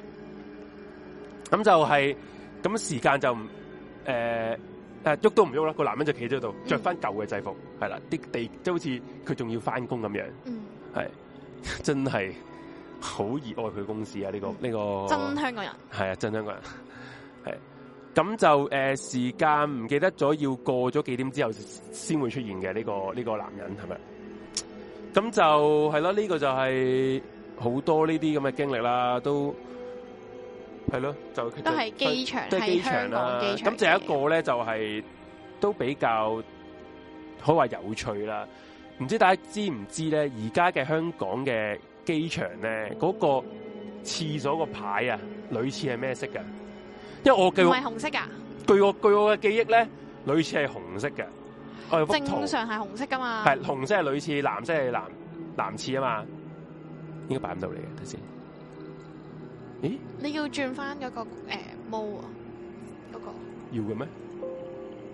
Speaker 1: 咁、啊、就係、是、咁時間就誒誒喐都唔喐啦。個男人就企喺度，着翻舊嘅制服。係、嗯、啦，啲地即好似佢仲要翻工咁樣。嗯，係真係好熱愛佢公司啊！呢、這個呢、嗯這個真香港人係啊，真香港人係。咁就誒、呃、時間唔記得咗，要過咗幾點之後先會出現嘅呢、這個呢、這個男人係咪，咁就係咯，呢、這個就係好多呢啲咁嘅經歷啦，都係咯，就都係機場，係、啊、香港機場、啊。咁就有一個咧，就係、是、都比較可話有趣啦。唔知大家知唔知咧？而家嘅香港嘅機場咧，嗰、那個廁所個牌啊，女廁係咩色嘅？因為我記，唔係
Speaker 2: 紅色噶。
Speaker 1: 據我據我嘅記憶咧，類似係紅色嘅。正常
Speaker 2: 係紅色噶嘛？係
Speaker 1: 紅色係類似藍色係藍藍似啊嘛，應該擺唔到嚟嘅，睇先。咦？
Speaker 2: 你要轉翻嗰、那個誒毛啊？嗰、呃那個
Speaker 1: 要嘅咩？誒、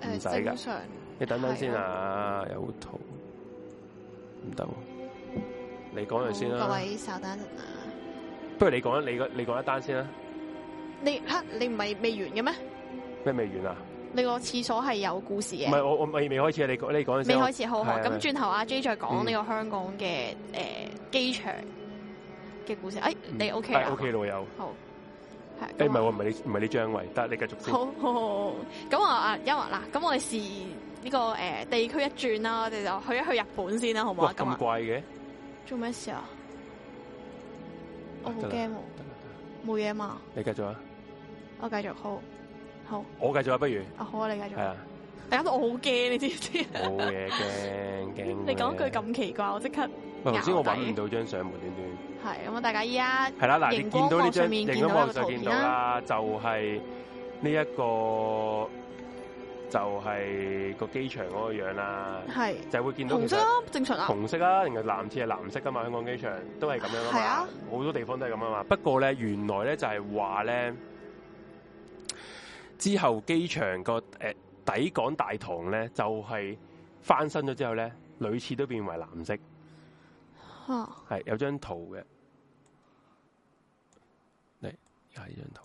Speaker 1: 呃，正常。你等等先啊，有圖唔得、啊，你講嚟先啦、啊。各位
Speaker 2: 稍單啊，
Speaker 1: 不如你講你你，你講一單先啦、啊。
Speaker 2: 你哈？你唔係未完嘅咩？咩未完啊？你個廁所係有故事嘅。唔係我
Speaker 1: 我未未開始啊！你講你講先。未開始好，好，咁轉頭
Speaker 2: 阿 J 再講呢個香港嘅誒機場嘅故事。誒、哎，你 OK？OK，
Speaker 1: 老友。好。誒，唔係我唔係、欸、你唔係你張偉，但係你繼續。好
Speaker 2: 好好，咁我阿音樂嗱，咁我哋試呢個誒地區一轉啦，我哋、這個呃、就去一去日本先啦，好唔好？咁貴嘅。做咩事啊？我好驚喎，冇嘢嘛。你繼續啊！我繼續，好，好，我繼續啊，不如，啊好啊，你繼續，係啊，大家都我好驚，你知唔知冇
Speaker 1: 嘢驚驚，你講句咁
Speaker 2: 奇怪，我即刻。唔係頭先我揾
Speaker 1: 唔到張相，無端端。
Speaker 2: 係，嗯，咁啊，大家依家係啦，嗱，你見到呢張，熒光幕上，上到見到啦，
Speaker 1: 就係呢一個，就係，是，個機場嗰個樣啦，係，就會見到紅色啊，
Speaker 2: 正常啊，紅
Speaker 1: 色啊，然後藍字係藍色噶，啊，嘛，香港機場都係咁樣係啊，好多地方都係咁啊嘛，不過咧，原來咧就係話咧。之後機場個誒抵港大堂咧就係、是、翻新咗之後咧，類似都變為藍色。
Speaker 3: 吓、
Speaker 1: 啊、係有張圖嘅，嚟又係張圖，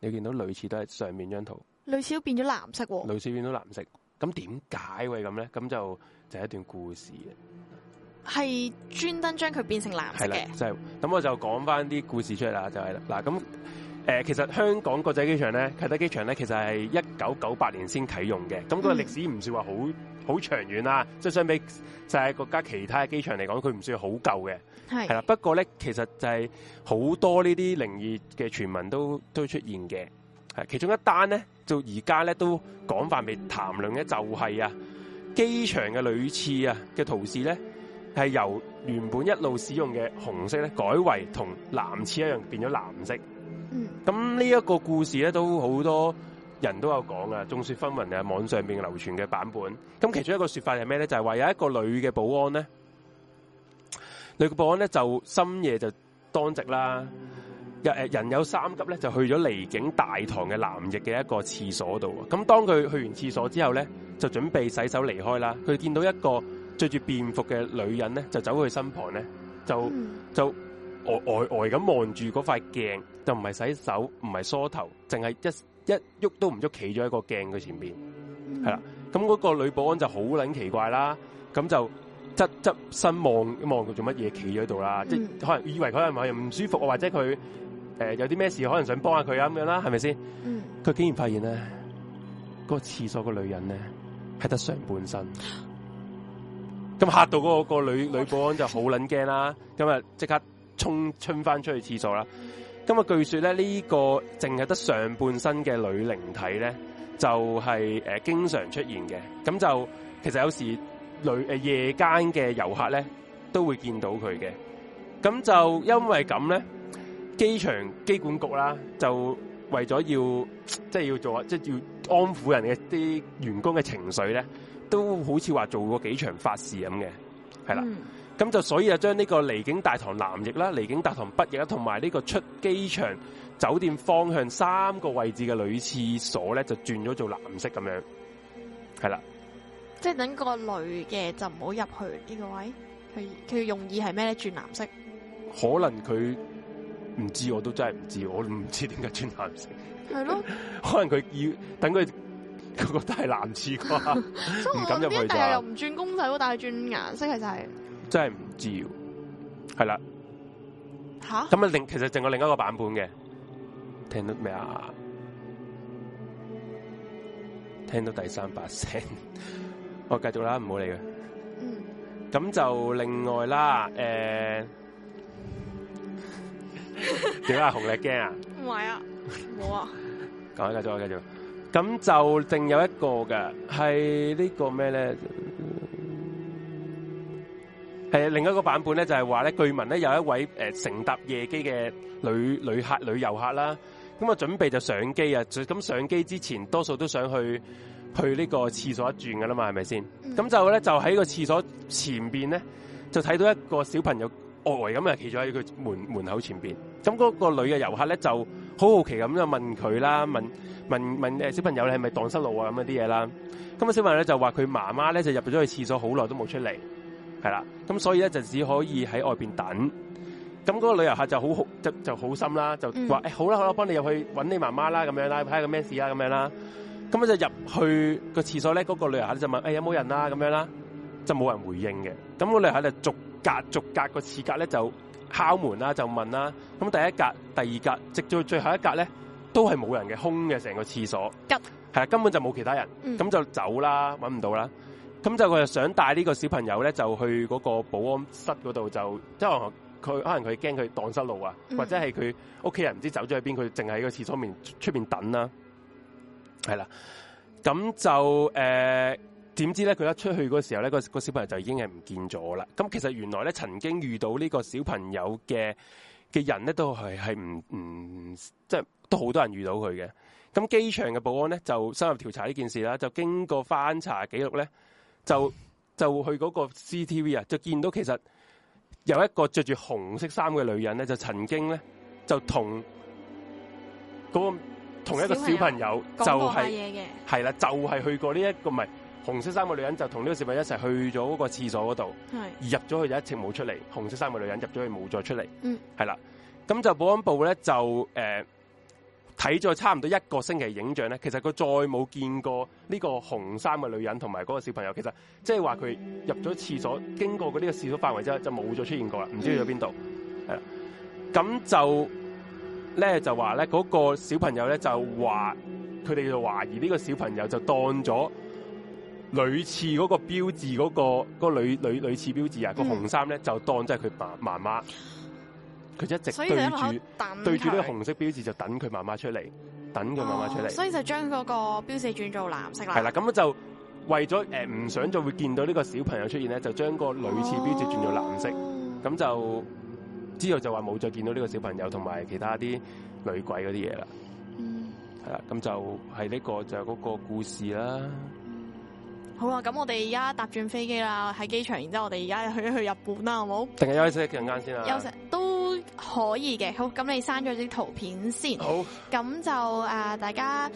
Speaker 1: 你見到類似都係上面張圖，
Speaker 2: 類似都變咗藍色、哦。
Speaker 1: 類似變咗藍色，咁點解會咁咧？咁就就係、是、一段故事嘅，
Speaker 2: 係專登將佢變成藍色嘅。就係、
Speaker 1: 是、咁，我就講翻啲故事出嚟啦，就係啦嗱咁。誒、呃，其實香港國際機場咧，啟德機場咧，其實係一九九八年先啟用嘅。咁個歷史唔算話好好長遠啦、啊，即係相比世界國家其他嘅機場嚟講，佢唔算好舊嘅，係係啦。不過咧，其實就係好多呢啲靈異嘅傳聞都都出現嘅。係其中一單咧，就而家咧都廣泛被談論嘅就係、是、啊機場嘅女廁啊嘅圖示咧係由原本一路使用嘅紅色咧，改為同男廁一樣變咗藍色。咁呢一個故事咧，都好多人都有講啊。眾說紛紜嘅網上邊流傳嘅版本。咁其中一個說法係咩咧？就係、是、話有一個女嘅保安咧，女嘅保安咧就深夜就當值啦。人、呃、誒人有三急咧，就去咗離境大堂嘅南翼嘅一個廁所度。咁當佢去完廁所之後咧，就準備洗手離開啦。佢見到一個着住便服嘅女人咧，就走去佢身旁咧，就就呆呆呆咁望住嗰塊鏡。就唔係洗手，唔係梳頭，淨係一一喐都唔喐，企咗喺個鏡佢前面。係、嗯、啦。咁嗰個女保安就好撚奇怪啦，咁就側側身望望佢做乜嘢，企咗喺度啦，即係可能以為佢係咪唔舒服啊，或者佢誒、呃、有啲咩事，可能想幫下佢啊咁樣啦，係咪先？佢、嗯、竟然發現咧，嗰、嗰個廁所個女人呢、那個那個女人咧係得上半身，咁嚇到嗰個女女保安就好撚驚啦，咁啊即刻衝衝翻出去廁所啦。咁啊，據說咧，呢、這個淨係得上半身嘅女靈體咧，就係、是、誒、呃、經常出現嘅。咁就其實有時女、呃、夜間嘅遊客咧，都會見到佢嘅。咁就因為咁咧，機場機管局啦，就為咗要即係要做啊，即係要安撫人嘅啲員工嘅情緒咧，都好似話做過幾場法事咁嘅，係啦。嗯咁就所以就將呢個離境大堂南翼啦、離境大堂北翼啦，同埋呢個出機場酒店方向三個位置嘅女廁所咧，就轉咗做藍色咁樣，係啦。
Speaker 2: 即係等個女嘅就唔好入去呢個位，佢佢用意係咩咧？轉藍色。
Speaker 1: 可能佢唔知，我都真係唔知，我唔知點解轉藍色。
Speaker 2: 係咯。
Speaker 1: 可能佢要等佢覺得係男廁啩？咁 就唔敢入去，但又唔
Speaker 2: 轉公仔，但係轉顏色，其實係。
Speaker 1: 真係唔知道，係啦，吓咁啊！另其實淨有另一個版本嘅，聽到咩啊？聽到第三把聲，我繼續啦，唔好理嘅。咁、嗯、就另外啦，誒、嗯、點、欸、解 紅力驚啊？
Speaker 2: 唔係啊，冇啊。
Speaker 1: 講一繼續啊，繼續。咁就淨有一個嘅係呢個咩咧？係另一個版本咧，就係話咧，據聞咧有一位誒乘搭夜機嘅女旅客、女遊客啦，咁啊準備就上機啊，咁上機之前多數都想去去呢個廁所一轉噶啦嘛，係咪先？咁、mm -hmm. 就咧就喺個廁所前面咧，就睇到一個小朋友呆呆咁啊企咗喺佢門門口前面。咁、那、嗰個女嘅遊客咧就好好奇咁就問佢啦，問問問小朋友，你係咪蕩失路啊咁啲嘢啦。咁啊、那個、小朋友咧就話佢媽媽咧就入咗去廁所好耐都冇出嚟。係啦，咁所以咧就只可以喺外邊等。咁嗰個旅遊客就好就就好心啦，就話誒好啦好啦，幫你入去搵你媽媽啦，咁樣啦，睇下個咩事啊，咁樣啦。咁咧就入去個廁所咧，嗰個旅遊客就問誒、欸、有冇人啦、啊？咁樣啦，就冇人回應嘅。咁個旅遊客就逐格逐格個廁格咧就敲門啦，就問啦。咁第一格、第二格，直到最後一格咧，都係冇人嘅，空嘅成個廁所。係啊，根本就冇其他人。咁、嗯、就走啦，搵唔到啦。咁就佢就想帶呢個小朋友咧，就去嗰個保安室嗰度就，即係佢可能佢驚佢蕩失路啊，嗯、或者係佢屋企人唔知走咗去邊，佢淨係喺個廁所面出面等啦、啊。係啦，咁就誒點、呃、知咧？佢一出去嗰時候咧，個個小朋友就已經係唔見咗啦。咁其實原來咧，曾經遇到呢個小朋友嘅嘅人咧，都係係唔唔即係都好多人遇到佢嘅。咁機場嘅保安咧就深入調查呢件事啦，就經過翻查記錄咧。就就去嗰個 C T V 啊，就見到其實有一個着住紅色衫嘅女人咧，就曾經咧就同、嗰個同一個小朋友就係係啦，就係、是、去過呢、這、一個唔係紅色衫嘅女人就同呢個小朋友一齊去咗嗰個廁所嗰度，係入咗去就一直冇出嚟，紅色衫嘅女人入咗去冇再出嚟。嗯，係啦，咁就保安部咧就誒。呃睇咗差唔多一個星期影像咧，其實佢再冇見過呢個紅衫嘅女人同埋嗰個小朋友。其實即係話佢入咗廁所，經過嗰呢個廁所範圍之後，就冇再出現過啦。唔知去咗邊度？係啦，嗯，咁就咧就話咧，嗰個小朋友咧就話，佢哋就懷疑呢個小朋友就當咗女廁嗰個標誌嗰、嗰個嗰個女女女廁標誌啊，個紅衫咧就當即係佢爸媽媽。嗯媽媽佢一直對住對住呢個紅色標誌就等佢媽媽出嚟，等佢媽媽出嚟，oh, 所以
Speaker 2: 就將嗰個標誌轉做藍色啦。係
Speaker 1: 啦，咁就為咗呃、唔想再會見到呢個小朋友出現咧，就將個女廁標誌轉做藍色。咁、oh. 就之後就話冇再見到呢個小朋友同埋其他啲女鬼嗰啲嘢啦。係、mm. 啦，咁就係呢、呢個就嗰、係、個故事啦。
Speaker 2: 好啊！咁我哋而家搭轉飛機啦，喺機場，然之後我哋而家去一去日本啦，好唔好？
Speaker 1: 定係休息一陣間先啦。休息
Speaker 2: 都可以嘅。好，咁你刪咗啲圖片先。好。咁就誒、呃，大家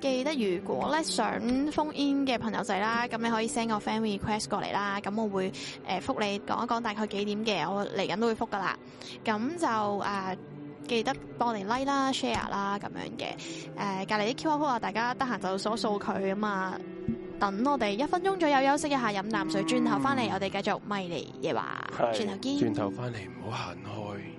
Speaker 2: 記得如果咧想封 In 嘅朋友仔啦，咁你可以 send 個 family request 過嚟啦。咁我會誒覆、呃、你講一講大概幾點嘅，我嚟緊都會覆噶啦。咁就誒、呃、記得幫我哋 like 啦、share 啦咁樣嘅。誒、呃，隔籬啲 Q R code 大家得閒就掃一掃佢咁啊。等我哋一分鐘左右休息一下，飲啖水，轉頭翻嚟，嗯、我哋繼續咪嚟，夜話。轉頭見。轉頭
Speaker 1: 翻嚟唔好行開。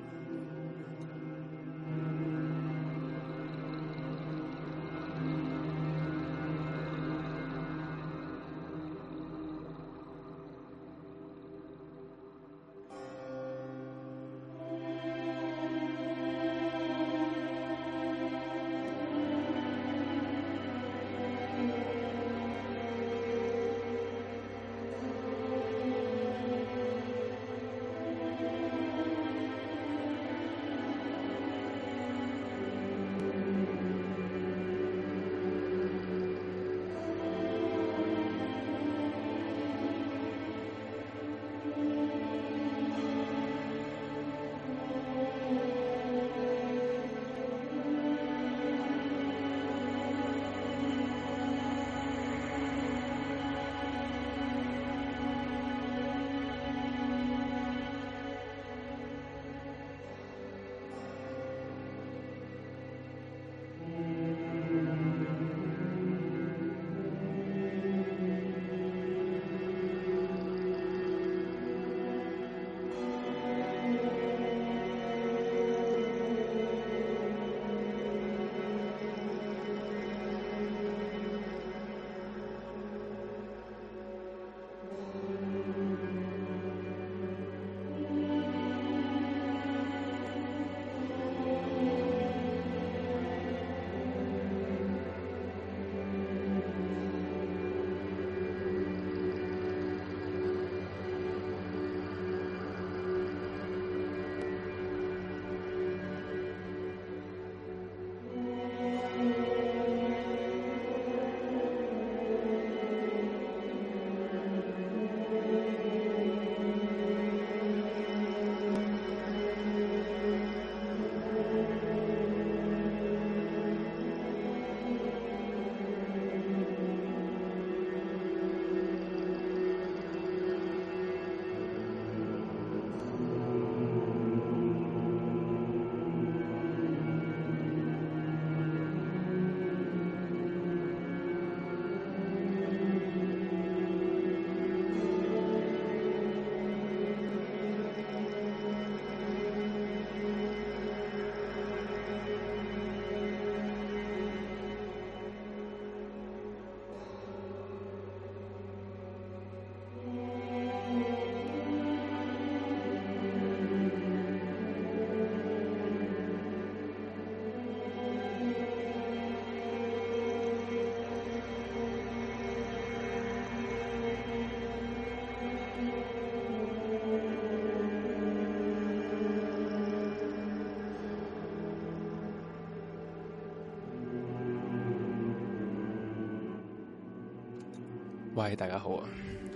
Speaker 1: 係，大家好啊！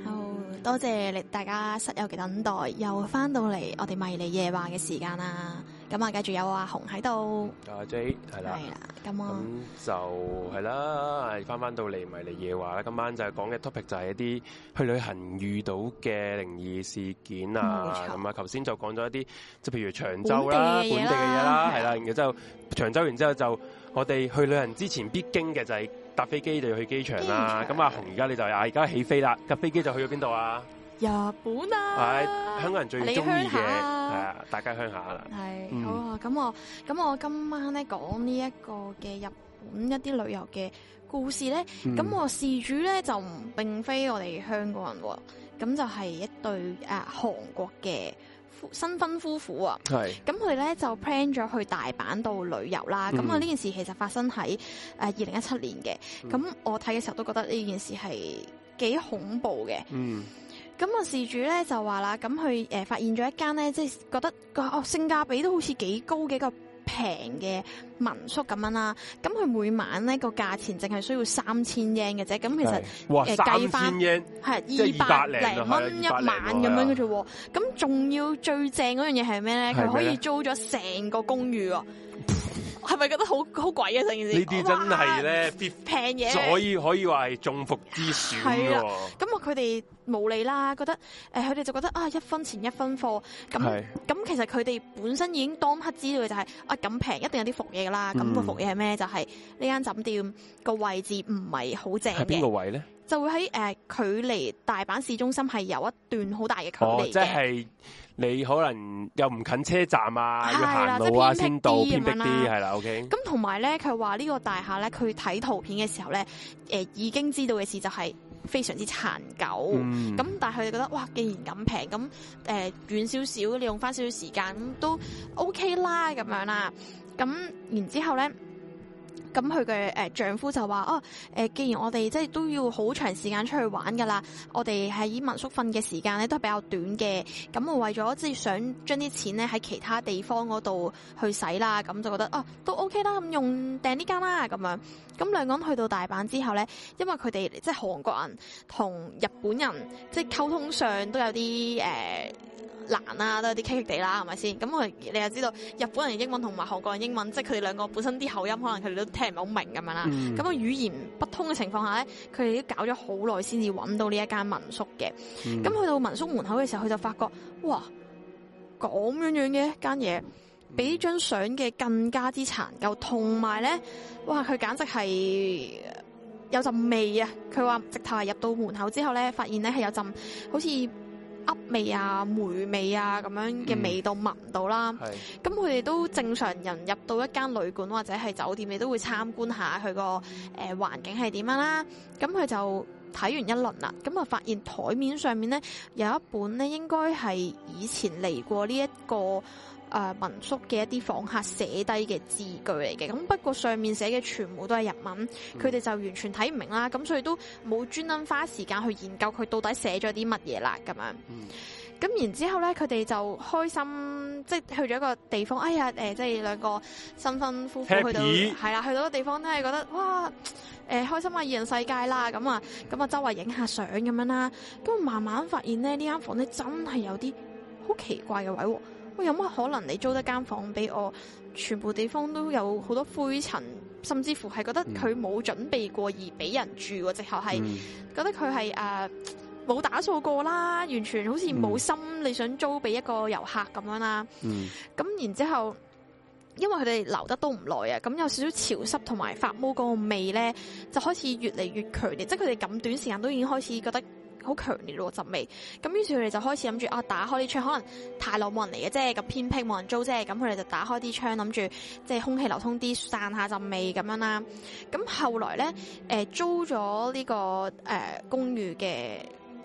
Speaker 2: 好，多謝你大家室友嘅等待，又翻到嚟我哋迷離夜話嘅時間啦。咁啊，繼續有阿紅喺度，
Speaker 1: 阿 J 係啦，咁咁就係啦，翻翻到嚟迷離夜話啦。今晚就係講嘅 topic 就係一啲去旅行遇到嘅靈異事件啊。咁啊，頭、嗯、先就講咗一啲，即係譬如長洲啦，本地嘅嘢啦，係啦。對然之後長洲完之後就我哋去旅行之前必經嘅就係、是。搭飛機就要去機場啦，咁阿紅而家你就啊、是，而家起飛啦，搭飛機就去咗邊度啊？
Speaker 2: 日本啊！哎、香港人最中意嘅係啊，
Speaker 1: 大家鄉下啦。係好
Speaker 2: 啊，咁我咁我今晚咧講呢一個嘅日本一啲旅遊嘅故事咧，咁我事主咧就唔，並非我哋香港人喎、哦，咁就係一對誒、啊、韓國嘅。新婚夫婦啊，咁佢咧就 plan 咗去大阪度旅遊啦。咁啊呢件事其實發生喺誒二零一七年嘅。咁我睇嘅時候都覺得呢件事係幾恐怖嘅。嗯，咁啊事主咧就話啦，咁佢誒發現咗一間咧，即係覺得個哦性價比都好似幾高嘅個平嘅民宿咁樣啦，咁佢每晚咧個價錢淨係需要三千日圓嘅啫，咁其實計翻係二百零蚊一晚咁樣嘅咋，咁仲要最正嗰樣嘢係咩咧？佢可以租咗成個公寓哦。係咪覺得好好貴啊？成件事這真是呢啲真係咧，平嘢所以
Speaker 1: 可以話係中伏之選啊，
Speaker 2: 咁啊，佢哋無理啦，覺得誒，佢、呃、哋就覺得啊、呃，一分錢一分貨。咁咁其實佢哋本身已經當刻知道嘅就係、是、啊咁平一定有啲伏嘢㗎啦。咁個伏嘢係咩？就係、是、呢間酒店個位置唔係好正。係邊個位咧？就會喺誒、呃、距離大阪市中心係有一段好大嘅距離、哦、即係
Speaker 1: 你可能又唔近車站啊，要行路啊，即係偏僻啲，係啦，OK。咁
Speaker 2: 同埋咧，佢話呢個大廈咧，佢睇圖片嘅時候咧、呃，已經知道嘅事就係非常之殘舊。咁、嗯、但係佢哋覺得，哇，既然咁平，咁誒、呃、遠少少，利用翻少少時間，咁都 OK 啦，咁樣啦。咁然之後咧。咁佢嘅誒丈夫就話：哦，誒，既然我哋即係都要好長時間出去玩噶啦，我哋喺民宿瞓嘅時間咧都係比較短嘅。咁我為咗即係想將啲錢咧喺其他地方嗰度去使啦，咁就覺得哦都 OK 啦，咁用訂呢間啦咁樣。咁兩個人去到大阪之後咧，因為佢哋即係韓國人同日本人即係溝通上都有啲誒、呃、難啦、啊，都有啲棘棘地啦，係咪先？咁我哋你又知道日本人英文同埋韓國人英文，即係佢哋兩個本身啲口音可能佢哋都。聽唔好明咁樣啦，咁、嗯、個語言不通嘅情況下咧，佢哋都搞咗好耐先至揾到呢一間民宿嘅。咁、嗯、去到民宿門口嘅時候，佢就發覺，哇，咁樣樣嘅一間嘢，比張相嘅更加之殘舊。同埋咧，哇，佢簡直係有陣味啊！佢話直頭係入到門口之後咧，發現咧係有陣好似。谷味啊、霉味啊咁樣嘅味道唔聞到啦，咁佢哋都正常人入到一間旅館或者係酒店，你都會參觀一下佢個誒環境係點樣啦。咁佢就睇完一輪啦，咁啊發現台面上面呢，有一本呢，應該係以前嚟過呢一個。誒、呃、民宿嘅一啲房客寫低嘅字句嚟嘅，咁不過上面寫嘅全部都係日文，佢、嗯、哋就完全睇唔明啦，咁所以都冇專登花時間去研究佢到底寫咗啲乜嘢啦，咁樣。咁、嗯、然之後咧，佢哋就開心，即係去咗一個地方。哎呀，呃、即係兩個新婚夫婦去到，係啦，去到個地方咧，覺得哇、呃，開心啊，二人世界啦，咁啊，咁啊，周圍影下相咁樣啦。咁、啊、慢慢發現咧，呢間房咧真係有啲好奇怪嘅位喎、啊。有乜可能你租得間房俾我？全部地方都有好多灰塵，甚至乎係覺得佢冇準備過而俾人住喎。直頭係覺得佢係誒冇打掃過啦，完全好似冇心你想租俾一個遊客咁樣啦。咁、嗯、然之後，因為佢哋留得都唔耐啊，咁有少少潮濕同埋發毛嗰個味咧，就開始越嚟越強烈。即係佢哋咁短時間都已經開始覺得。好強烈咯，陣味！咁於是佢哋就開始諗住啊，打開啲窗，可能太耐冇人嚟嘅即係，咁偏僻冇人租即啫，咁佢哋就打開啲窗，諗住即係空氣流通啲，散下陣味咁樣啦。咁後來咧，誒租咗呢個誒公寓嘅。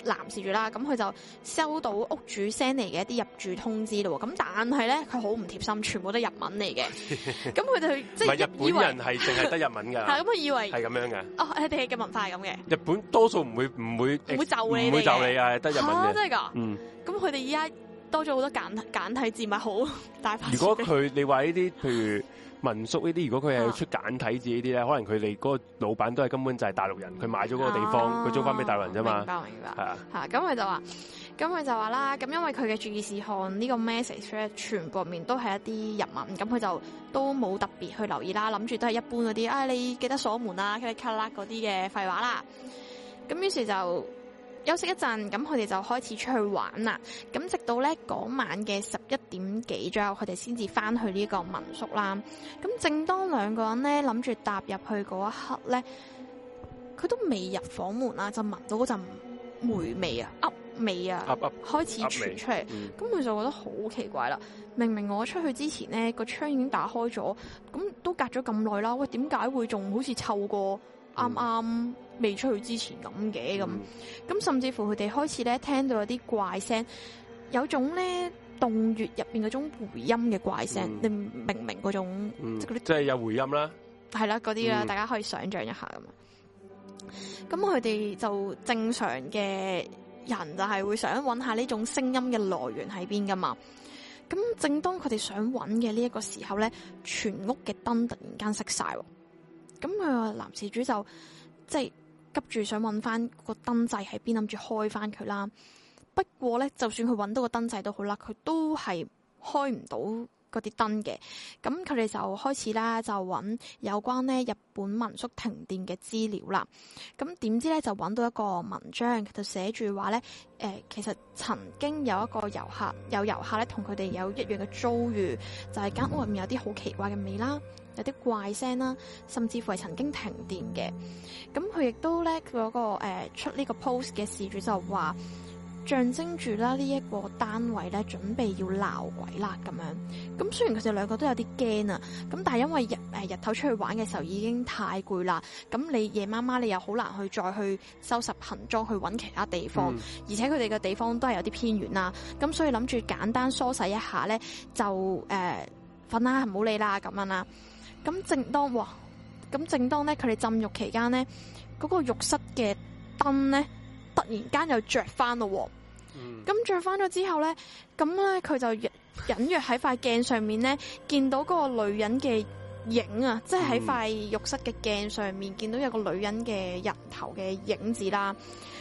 Speaker 2: 男事主啦，咁佢就收到屋主 send 嚟嘅一啲入住通知咯。咁但係咧，佢好唔貼心，全部都日文嚟嘅。咁佢哋即係日，日本人係淨係得
Speaker 1: 日文噶。係 咁，佢以為係咁樣嘅。
Speaker 2: 哦，佢哋嘅文化係咁嘅。
Speaker 1: 日本多數唔會唔會唔會就你嘅，唔會就你啊，得日文嘅。真係㗎。嗯。
Speaker 2: 咁佢哋依家多咗好多簡簡體字，咪好大把。如果佢
Speaker 1: 你話呢啲，譬如。 民宿呢啲如果佢係出簡體字呢啲咧，可能佢哋嗰個老闆都係根本就係大陸人，佢買咗嗰個地方，佢、啊、租翻俾大陸人啫嘛。明
Speaker 2: 白，明白。係啊。嚇、啊！咁佢就話，咁佢就話啦，咁因為佢嘅注意事項呢個 message 全部面都係一啲日文，咁佢就都冇特別去留意啦，諗住都係一般嗰啲，啊你記得鎖門啦，咳咳啦嗰啲嘅廢話啦。咁於是就。休息一陣，咁佢哋就開始出去玩啦。咁直到咧嗰晚嘅十一點幾左右，佢哋先至翻去呢個民宿啦。咁正當兩個人咧諗住踏入去嗰一刻咧，佢都未入房門啦，就聞到嗰陣霉味啊、噏味啊，開始傳出嚟。咁、呃、佢、呃呃呃呃、就覺得好奇怪啦。明明我出去之前呢個窗已經打開咗，咁都隔咗咁耐啦。喂，點解會仲好似臭過？啱啱未出去之前咁嘅咁，咁、嗯、甚至乎佢哋開始咧聽到有啲怪聲，有種咧洞穴入邊嗰種回音嘅怪聲，嗯、你
Speaker 1: 明唔明嗰種，嗯就是、種？即係有回音啦，
Speaker 2: 係啦嗰啲啦，大家可以想象一下咁啊。咁佢哋就正常嘅人就係會想揾下呢種聲音嘅來源喺邊噶嘛。咁正當佢哋想揾嘅呢一個時候咧，全屋嘅燈突然間熄晒。咁佢話男事主就即係急住想揾翻個燈掣喺邊，諗住開翻佢啦。不過呢，就算佢揾到個燈掣都好啦，佢都係開唔到。嗰啲燈嘅，咁佢哋就開始啦，就揾有關呢日本民宿停電嘅資料啦。咁點知呢，就揾到一個文章，就寫住話呢，誒、呃、其實曾經有一個遊客，有遊客呢同佢哋有一樣嘅遭遇，就係、是、間屋入面有啲好奇怪嘅味啦，有啲怪聲啦，甚至乎係曾經停電嘅。咁佢亦都呢嗰個誒、呃、出呢個 post 嘅事主就話。象徵住啦，呢、這、一個單位咧，準備要鬧鬼啦，咁樣。咁雖然佢哋兩個都有啲驚啊，咁但係因為日誒日頭出去玩嘅時候已經太攰啦，咁你夜媽媽你又好難去再去收拾行裝去搵其他地方，嗯、而且佢哋嘅地方都係有啲偏遠啦，咁所以諗住簡單梳洗一下咧，就誒瞓啦，唔好理啦，咁樣啦。咁正當哇，咁正當咧，佢哋浸浴期間咧，嗰、那個浴室嘅燈咧，突然間又着翻咯，咁着翻咗之後咧，咁咧佢就隱約喺塊鏡上面咧見到嗰個女人嘅影啊、嗯，即係喺塊浴室嘅鏡上面見到有個女人嘅人頭嘅影子啦。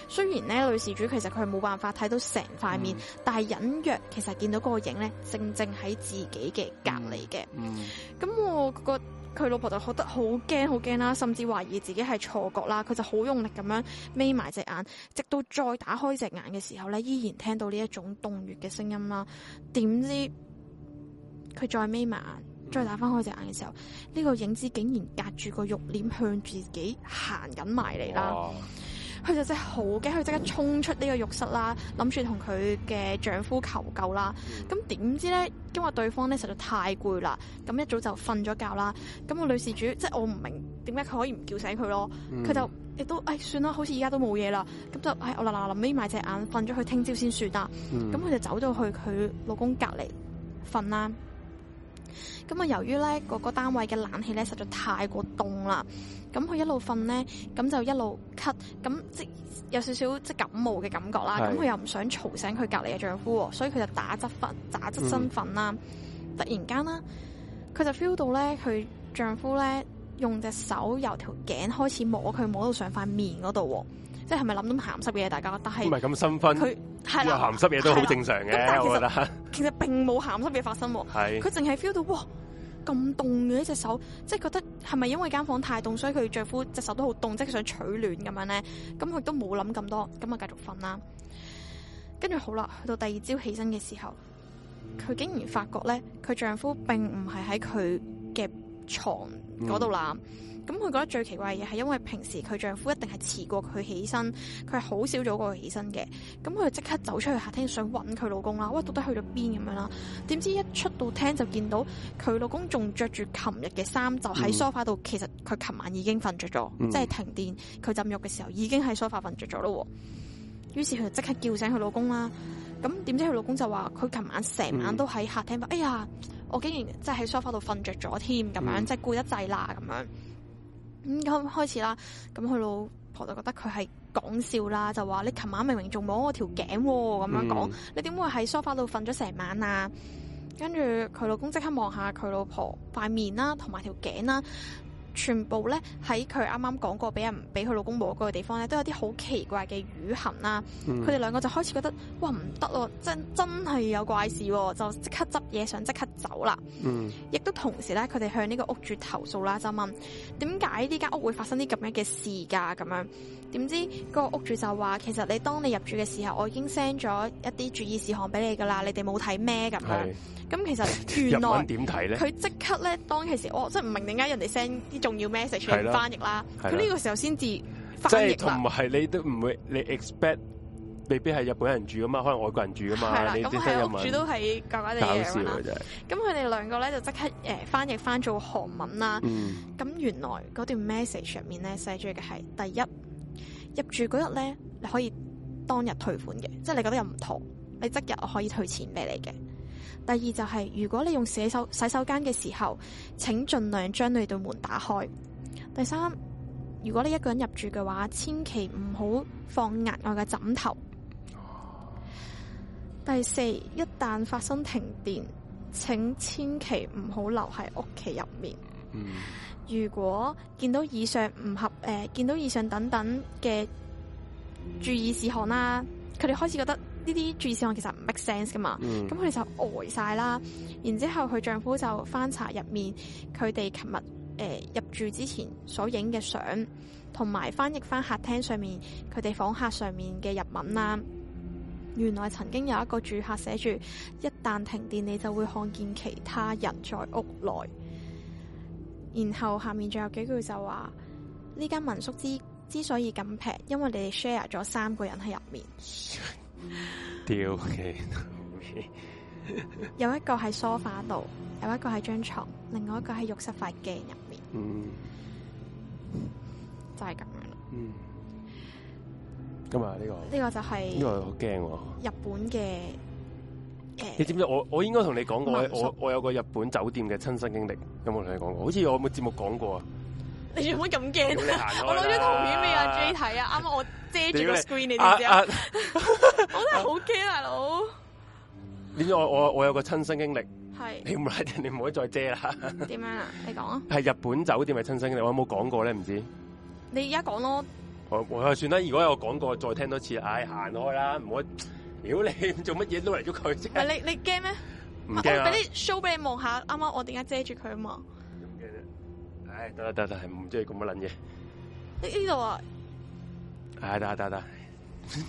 Speaker 2: 雖然咧，女事主其實佢係冇辦法睇到成塊面，嗯、但係隱約其實見到嗰個影咧，正正喺自己嘅隔籬嘅。咁、嗯、我、嗰個。佢老婆就覺得好驚，好驚啦，甚至懷疑自己係錯覺啦。佢就好用力咁樣眯埋隻眼，直到再打開隻眼嘅時候呢，依然聽到呢一種凍月嘅聲音啦。點知佢再眯埋眼，再打翻開隻眼嘅時候，呢、這個影子竟然隔住個肉臉向自己行緊埋嚟。啦。佢就真係好驚，佢即刻衝出呢個浴室啦，諗住同佢嘅丈夫求救啦。咁點知咧，因為對方咧實在太攰啦，咁一早就瞓咗覺啦。咁、個女事主，即係我唔明點解佢可以唔叫醒佢咯。佢就亦、嗯、都誒、哎，算啦，好似而家都冇嘢啦。咁就唉、哎，我啦啦，啦眼，臨瞇埋隻眼瞓咗，去聽朝先算啦。咁、嗯、佢就走咗去佢老公隔籬瞓啦。咁啊，由於咧個個單位嘅冷氣咧實在太過凍啦，咁佢一路瞓咧，咁就一路咳，咁即有少少即感冒嘅感覺啦。咁佢又唔想吵醒佢隔籬嘅丈夫，所以佢就打側瞓，打側身瞓啦，嗯。突然間啦，佢就 feel 到咧，佢丈夫咧用隻手由條頸開始摸佢，摸到上塊面嗰度。即係咪諗到鹹濕嘢？大家，但係唔係咁新婚，佢係啦，鹹濕
Speaker 1: 嘢都好正常嘅。咁其實我覺得
Speaker 2: 其實並冇鹹濕嘢發生。係，佢淨係 feel 到哇，咁凍嘅一隻手，即係覺得係咪因為間房太凍，所以佢丈夫隻手都好凍，即係想取暖咁樣咧？咁佢都冇諗咁多，咁啊，繼續瞓啦。跟住好啦，去到第二朝起身嘅時候，佢竟然發覺咧，佢丈夫並唔係喺佢嘅床嗰度攬。嗯。咁佢覺得最奇怪嘅嘢係，因為平時佢丈夫一定係遲過佢起身，佢係好少早過佢起身嘅。咁佢就即刻走出去客廳，想搵佢老公啦，喂，到底去咗邊咁樣啦？點知一出到廳就見到佢老公仲着住琴日嘅衫，就喺梳化度。Mm. 其實佢琴晚已經瞓着咗，mm. 即係停電佢浸浴嘅時候已經喺梳化瞓着咗咯。於是佢就即刻叫醒佢老公啦。咁點知佢老公就話佢琴晚成晚都喺客廳，mm. 哎呀，我竟然即係喺梳化度瞓着咗添，咁樣即係攰得滯啦咁樣。Mm. 咁、嗯、開始啦，咁佢老婆就覺得佢係講笑啦，就話：你琴晚明明仲摸我條頸喎、喔，咁樣講、嗯，你點會喺梳化度瞓咗成晚啊？跟住佢老公即刻望下佢老婆塊面啦，同埋條頸啦、啊。全部咧喺佢啱啱講過俾人俾佢老公摸過嘅地方咧，都有啲好奇怪嘅瘀痕啦。佢哋兩個就開始覺得哇，唔得咯，真真係有怪事喎、啊嗯，就即刻執嘢想即刻走啦、
Speaker 5: 嗯。
Speaker 2: 亦都同時咧，佢哋向呢個屋主投訴啦，就問點解呢間屋會發生啲咁樣嘅事㗎、啊、咁樣。點知個屋主就話，其實你當你入住嘅時候，我已經 send 咗一啲注意事項俾你噶啦，你哋冇睇咩咁樣？咁其實原來點睇咧？佢 即刻咧，當其時哦，即係唔明點解人哋 send 啲重要 message，翻譯啦。佢呢個時候先至翻譯啦即係同埋
Speaker 1: 係你都唔會，你 expect 未必係日本人住噶嘛，可能外國人住噶嘛。咁係，屋主都係搞搞哋嘅。
Speaker 2: 搞笑啊！真係咁佢哋兩個咧就即刻誒、呃、翻譯翻做韓文啦。咁、嗯、原來嗰段 message 上面咧寫住嘅係第一。入住嗰日呢，你可以當日退款嘅，即係你覺得有唔妥，你即日我可以退錢俾你嘅。第二就係，如果你用洗手洗手間嘅時候，請盡量將你度門打開。第三，如果你一個人入住嘅話，千祈唔好放額外嘅枕頭。第四，一旦發生停電，請千祈唔好留喺屋企入面。如果見到以上唔合誒、呃，見到以上等等嘅注意事項啦，佢哋開始覺得呢啲注意事項其實唔 make sense 噶嘛，咁佢哋就呆晒啦。然之後佢丈夫就翻查入面，佢哋琴日誒入住之前所影嘅相，同埋翻譯翻客廳上面佢哋訪客上面嘅日文啦。原來曾經有一個住客寫住，一旦停電，你就會看見其他人在屋內。然後下面仲有幾句就話，呢間民宿之之所以咁平，因為你哋 share 咗三個人喺入面。
Speaker 1: 屌 嘅，
Speaker 2: 有一個喺梳化度，有一個喺張床，另外一個喺浴室塊鏡入面，嗯，就係、是、咁樣咯。
Speaker 1: 嗯。咁、這、啊、個，呢個呢個就係呢個好驚喎。
Speaker 2: 日本嘅。
Speaker 1: 你知唔知我我應該同你講過我我我有個日本酒店嘅親身經歷有冇同你講過？好似我冇節目講過麼
Speaker 2: 啊！你唔好咁驚。我攞張圖片俾阿 J 睇啊！啱啱我遮住個 screen 你知唔、啊啊 啊啊、知我都係好驚，大佬。
Speaker 1: 點解我我我有個親身經歷？係你唔係，你唔可以再遮啦！點
Speaker 2: 樣啊？你講
Speaker 1: 啊！係日本酒店嘅親身經歷，我有冇講過咧？唔知。
Speaker 2: 你而家講
Speaker 1: 咯。我我算啦，如果有講過，再聽多次。唉，行開啦，唔好。屌，你做乜嘢都嚟咗佢？唔係你你驚咩？唔驚啊！我俾啲
Speaker 2: show 俾你望下，啱啱我點解遮住佢啊嘛，唔驚啫。
Speaker 1: 唉，得啦得啦，唔中意咁嘅捻嘢。
Speaker 2: 呢度啊！
Speaker 1: 唉，得得得，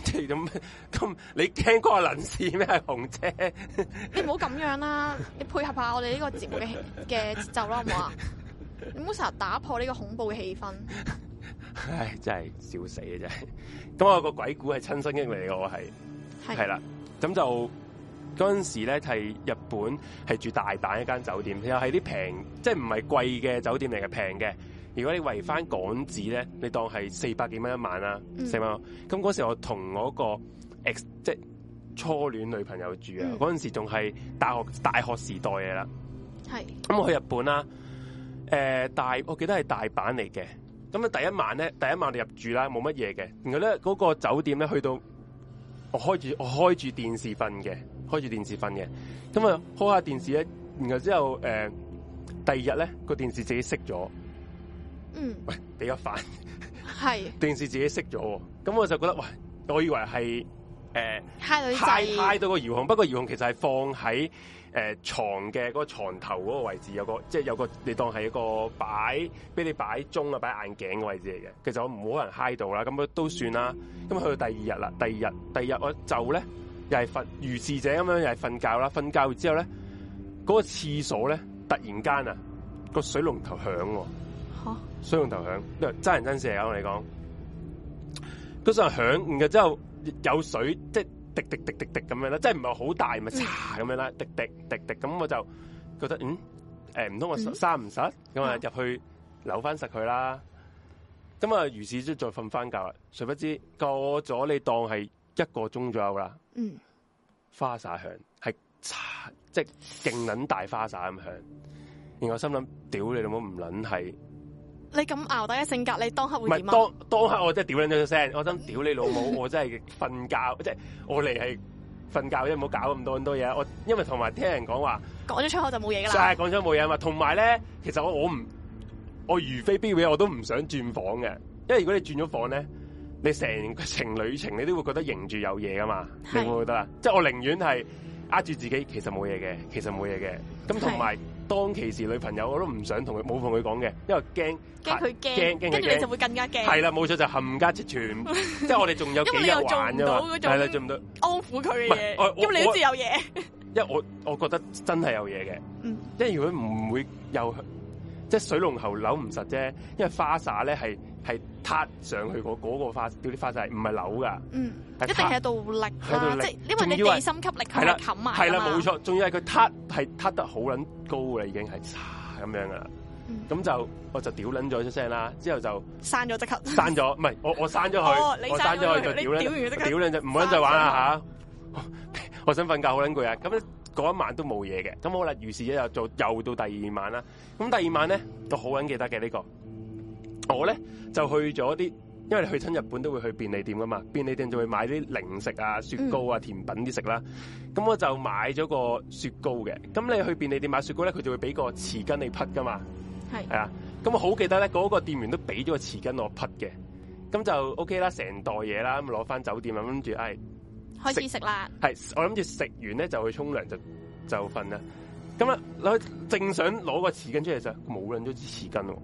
Speaker 1: 即係咁咁，你驚嗰個林氏咩？紅姐，
Speaker 2: 你唔好咁樣啦，啊， 你配合下我哋呢個節目嘅嘅節奏啦，好唔好啊？你唔好成日打破呢個恐怖嘅氣氛。
Speaker 1: 唉，真係笑死啊！真係，咁我有個鬼故係親身經歷嘅，我係。係啦，咁就嗰陣時咧，係日本係住大阪一間酒店，又係啲平，即係唔係貴嘅酒店嚟嘅，平嘅。如果你圍返港紙咧，你當係四百幾蚊一晚啦，四萬、嗯、啊。咁嗰時我同我個 ex 即係初戀女朋友住啊，嗰、嗯、陣時仲係大學大學時代嘅啦。係。咁我去日本啦，誒、呃、大，我記得係大阪嚟嘅。咁咧第一晚咧，第一晚我入住啦，冇乜嘢嘅。然後咧嗰、嗰個酒店咧，去到。我開住我開住電視瞓嘅，開住電視瞓嘅，咁、嗯、啊、嗯、開下電視咧，然後之後誒、呃，第二日咧個電視自己熄咗，
Speaker 2: 嗯，喂比較煩，係
Speaker 1: 電視自己熄咗，咁我就覺得喂，我以為係誒、呃，
Speaker 2: 嗨女仔，嗨，嗨到
Speaker 1: 個遙控，不過遙控其實係放喺。誒牀嘅嗰個牀頭嗰個位置有個，即係有個你當係一個擺俾你擺鐘啊，擺眼鏡嘅位置嚟嘅。其實我唔好可能嗨到啦，咁都都算啦。咁去到第二日啦，第二日第二日我就咧又係瞓如是者咁樣又係瞓覺啦。瞓覺之後咧，嗰個廁所咧突然間啊、個水龍頭響、啊，水龍頭響，真係真事啊！我哋講嗰時候響，然之後有水即。滴滴滴滴滴咁樣啦，即係唔係好大咪？擦咁樣啦，滴滴滴滴咁、嗯、我就覺得嗯，誒，唔通我閂唔實咁啊？入、嗯嗯嗯、去扭翻實佢啦，咁啊，如是即再瞓翻覺啦。誰不知過咗你當係一個鐘左右啦，嗯，花灑響係即係勁捻大花灑咁響，然後我心諗屌你老母，唔捻係。
Speaker 2: 你咁熬大嘅性格，你當刻會點啊？唔係當
Speaker 1: 當刻我，我真係屌你一聲，我想屌你老母！我真係瞓覺，即係我嚟係瞓覺，即係唔好搞咁多咁多嘢。我，我因為同埋聽人講話，
Speaker 2: 講咗出口就冇嘢噶啦。係
Speaker 1: 講咗冇嘢嘛？同埋咧，其實我我唔，我如非必、必、必要，我都唔想轉房嘅。因為如果你轉咗房咧，你成個旅程你都會覺得迎住有嘢噶嘛？你會唔會覺得啊？即係我寧願係壓住自己，其實冇嘢嘅，其實冇嘢嘅。咁同埋。當其時女朋友，我都唔想同佢，冇同佢講嘅，因為驚驚佢驚，跟住你就會
Speaker 2: 更加驚。係啦，
Speaker 1: 冇錯就冚家即全， 即係我哋仲有幾日玩啫嘛。係啦，做唔到
Speaker 2: 安撫佢嘅嘢。咁你好似有嘢，
Speaker 1: 因為我我覺得真係有嘢嘅、嗯。即係如果唔會又即係水龍喉扭唔實啫，因為花灑咧係。係撻上去嗰嗰個花，掉啲花晒，唔係扭噶，嗯，一
Speaker 2: 定喺度力啦，啊，即係因為你的地心吸力係冚埋，係啦，冇錯，
Speaker 1: 仲要係佢撻係撻得好捻高啦，已經係咁樣噶啦，咁，嗯，就我就屌捻咗出聲啦，之後就
Speaker 2: 散咗即刻，散咗，
Speaker 1: 唔係我我散咗佢，我散咗佢就屌捻，屌捻就唔好捻再玩啦吓，啊， 我想瞓覺好捻攰啊，咁樣嗰一晚都冇嘢嘅。咁好啦，如是者又做又到第二晚啦，咁第二晚咧都好捻記得嘅呢個。我咧就去咗啲，因為你去親日本都會去便利店㗎嘛，便利店就會買啲零食啊、雪糕啊、甜品啲食啦。咁、嗯、我就買咗個雪糕嘅。咁你去便利店買雪糕咧，佢就會俾個匙羹你潷噶嘛。係。係啊。咁我好記得咧，嗰、那個店員都俾咗個匙羹我潷嘅。咁就 O、OK、K 啦，成袋嘢啦，咁攞返酒店啊，諗住哎，
Speaker 3: 開始食啦。係。
Speaker 1: 我諗住食完咧就去沖涼就就瞓啦。咁啊，佢正想攞個匙羹出嚟就冇捻咗支匙羹喎。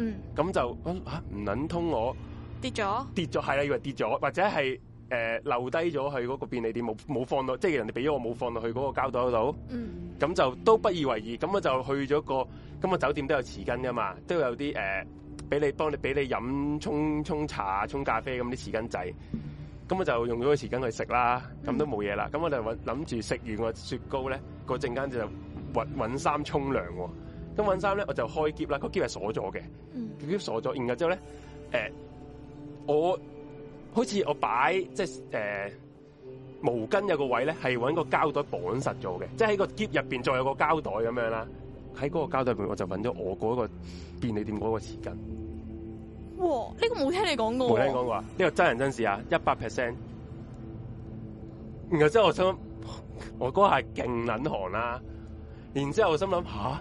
Speaker 1: 嗯，咁就啊唔諗通我跌咗跌咗係啦，以為跌咗或者係誒、呃、留低咗去嗰個便利店冇冇放到，即係人哋俾咗我冇放到去嗰個膠袋度。嗯，咁就都不以為意，咁我就去咗個咁，嗰個酒店都有匙羹噶嘛，都有啲誒俾你幫你俾你飲沖沖茶、沖咖啡咁啲匙羹仔。咁、嗯、我就用咗個匙羹去食啦，咁都冇嘢啦。咁我就揾諗住食完個雪糕咧，個陣間就揾揾衫沖涼喎。嗯咁揾衫咧，我就開篋啦。個篋係鎖咗嘅，個篋鎖咗。然後之後咧，誒、呃，我好似我擺即係誒、呃、毛巾有個位咧，係搵個膠袋綁實咗嘅，即係喺個篋入邊再有個膠袋咁樣啦。喺嗰個膠袋入邊，我就搵咗我嗰個便利店嗰個匙羹。
Speaker 2: 哇！呢、這個冇聽你講過，冇聽你講
Speaker 1: 過。呢、這個真人真事啊，一百 percent。然後之、啊、後我心想，我嗰下係勁撚寒啦。然之後我心諗吓。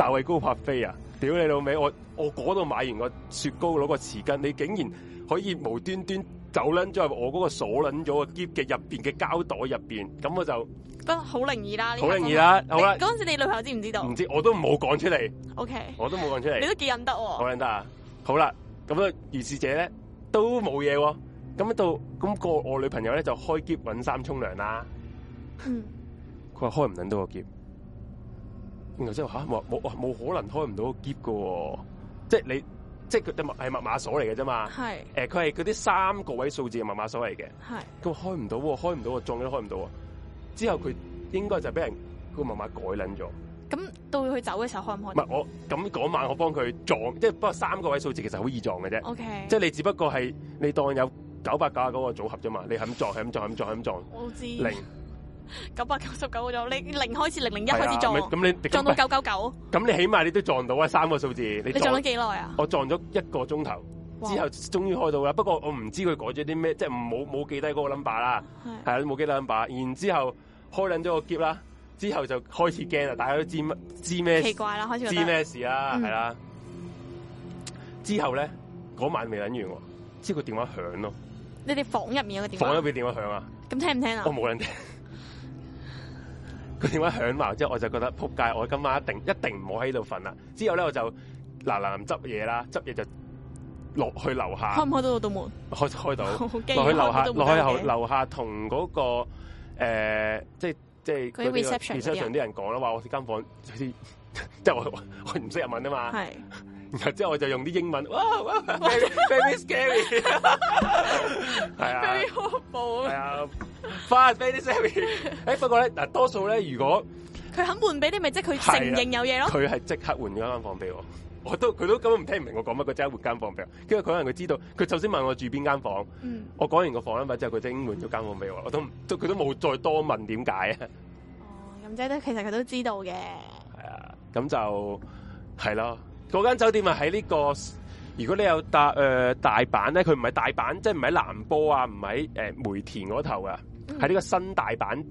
Speaker 1: 大衛高柏飛啊！屌你老味。我我嗰度買完個雪糕攞個匙羹，你竟然可以無端端走撚咗入我嗰個鎖撚咗個篋嘅入邊嘅膠袋入邊，咁我就
Speaker 2: 得好靈異啦！好靈異啦！好啦，嗰陣時你女朋友知唔知道？唔
Speaker 1: 知，我都冇講出嚟。
Speaker 2: O、okay, K，我
Speaker 1: 都冇講出嚟。你都幾忍得喎、哦？好忍得啊！好啦，咁樣如是者咧都冇嘢喎。咁到咁、那個我女朋友咧就開篋揾衫沖涼啦。佢 話開唔撚到個篋。然之後吓，冇冇可能開唔到個喼噶，即係你即係佢密係密碼鎖嚟嘅啫嘛。係誒，佢係嗰啲三個位數字嘅密碼鎖嚟嘅。係佢開唔到，啊，開唔到個撞都開唔到啊！之後佢應該就俾人個密碼改捻咗。
Speaker 2: 咁到佢走嘅時候可唔可以？唔係我
Speaker 1: 咁嗰晚我幫佢撞，即係不過三個位數字其實好易撞嘅啫。O、okay. K，即係你只不過係你當有九百九啊嗰個組合啫嘛，你咁撞咁撞咁撞咁撞。撞撞撞撞我知。零。
Speaker 2: 九百九十九個鐘，你零開始，零零一開始撞，
Speaker 1: 啊、你撞到九九九。咁你起碼你都撞到啊，三個數字。你撞咗幾耐啊？我撞咗一個鐘頭之後，終於開到啦。不過我唔知佢改咗啲咩，即係冇冇記低嗰個 number 啦，係啊，冇記 number。然之後開捻咗個喼啦，之後就開始驚啦。大家都知乜知咩？奇怪啦，開始知咩事啦，係啦、啊嗯。之後咧嗰晚未捻完，之後個電話響咯。
Speaker 2: 你哋房入面個電房
Speaker 1: 入邊電話響啊？
Speaker 2: 咁聽唔聽啊？我冇
Speaker 1: 捻聽。佢點解響埋？之後我就覺得，撲街！我今晚一定一定唔好喺度瞓啦。之後咧，我就嗱嗱臨執嘢啦，執嘢就落去樓下。開唔開到度門？開開到落 去樓下，落去後樓下同嗰、嗰個、呃、即係即係。佢 reception 啲人講啦，話我間房好似即係我我唔識日文啊嘛。係。之後我就用啲英文，哇，哇，very，哇！Very scary，係 啊，非常恐怖啊！係啊，Fast very scary。誒不過咧，嗱多數咧，如果
Speaker 2: 佢肯換俾你，咪即係佢承認有嘢咯。佢係
Speaker 1: 即刻換咗間房俾我，我都佢都根本唔聽唔明我講乜，佢即刻換間房俾我。因為佢可能佢知道，佢首先問我住邊間房，我講完個房 number 之後，佢即刻換咗間房俾我。我都都佢都冇再多問點解啊。哦，
Speaker 2: 咁即係其實佢都知道嘅。
Speaker 1: 係啊，咁就係咯。係啊嗰間酒店啊、這個，喺呢個如果你有搭誒、呃、大阪咧，佢唔係大阪，即係唔係南波啊，唔係誒梅田嗰頭噶、啊，喺、嗯、呢個新大阪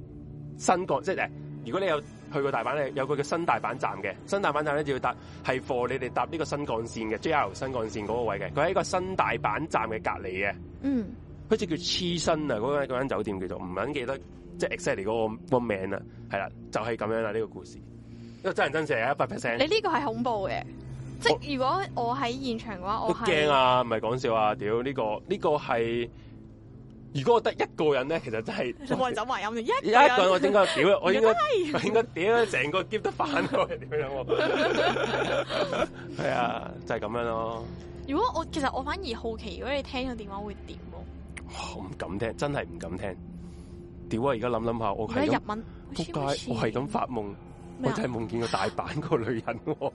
Speaker 1: 新幹即係如果你有去過大阪咧，有個叫新大阪站嘅，新大阪站咧就要搭係畀你哋搭呢個新幹線嘅 JR 新幹線嗰個位嘅，佢喺一個新大阪站嘅隔離嘅，
Speaker 2: 嗯，
Speaker 1: 好似叫黐身啊嗰間酒店叫做唔撚記得即係 exactly 嗰、個個名啦、就是、啊，係啦，就係咁樣啦呢個故事，因為真人真事啊，一百 percent，你呢
Speaker 2: 個係恐怖嘅。即如果我喺現場嘅話，我驚
Speaker 1: 啊！唔係講笑啊！屌呢個呢個係，如果我得、那個啊啊這個這個、一個人咧，其實真
Speaker 2: 係冇人。我應該屌，一個我應該 我應該
Speaker 1: 該屌，成 個 keep 得返嘅點樣？係 啊，就係、是、咁樣咯、
Speaker 2: 啊。如果我其實我反而好奇，如果你聽個電話會點？我
Speaker 1: 唔、啊哦、敢聽，真係唔敢聽。屌啊！而家諗諗下，我係咁
Speaker 2: 撲街，我係咁發夢、啊，我真係
Speaker 1: 夢見過大阪個女人、啊。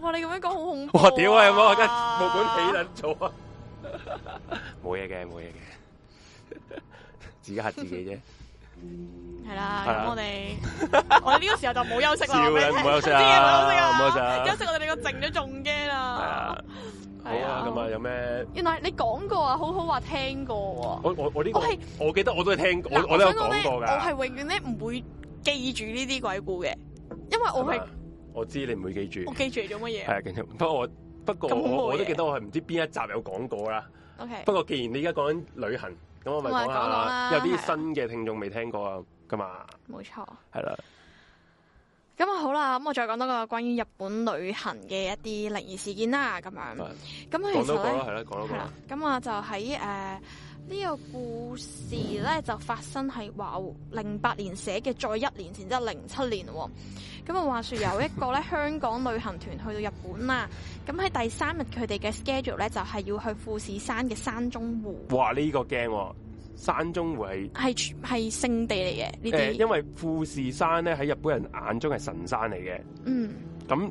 Speaker 2: 哇！你咁樣講好恐
Speaker 1: 怖我，啊、屌啊！有冇啊？家冇館起緊做啊！冇嘢嘅，冇嘢嘅， 自己嚇自己啫。
Speaker 2: 係
Speaker 3: 啦、
Speaker 1: 嗯，咁我哋
Speaker 2: 我哋呢個時候就冇休息啦。唔好休息啊！冇休息啊！休息休息，休息，休息我哋呢個靜咗仲驚啦
Speaker 1: 係啊， 好啊，咁啊，有咩？
Speaker 2: 原來你講過啊，好好話聽過，啊、
Speaker 1: 我我我呢、這個我，我記得我都係聽過，過我都有講過噶。我係
Speaker 2: 永遠咧唔會記住呢啲鬼故嘅，因為我係。
Speaker 1: 是我知你唔會記住，我記
Speaker 2: 住你做乜
Speaker 1: 嘢？係 不過我不過，我，不過我，我都記得我係唔知邊一集有講過啦。Okay，不過既然你而家講緊旅行，咁我咪講下有啲新嘅聽眾未聽過啊，咁嘛？冇錯，係啦。
Speaker 2: 咁啊好啦，咁我再講多個關於日本旅行嘅一啲靈異事件啦。咁樣，咁其實咧係啦，係啦。咁啊就喺誒。呃呢、這個故事咧就發生喺話，零八年寫嘅，再一年前即係零七年。咁啊，話說有一個咧香港旅行團去到日本啦，咁喺第三日佢哋嘅 schedule 咧就係、是、要去富士山嘅山中湖。
Speaker 1: 哇！呢、這個驚，山中湖
Speaker 2: 係係係聖地嚟嘅。呢啲、呃、因
Speaker 1: 為富士山咧喺日本人眼中係神山嚟嘅。嗯。咁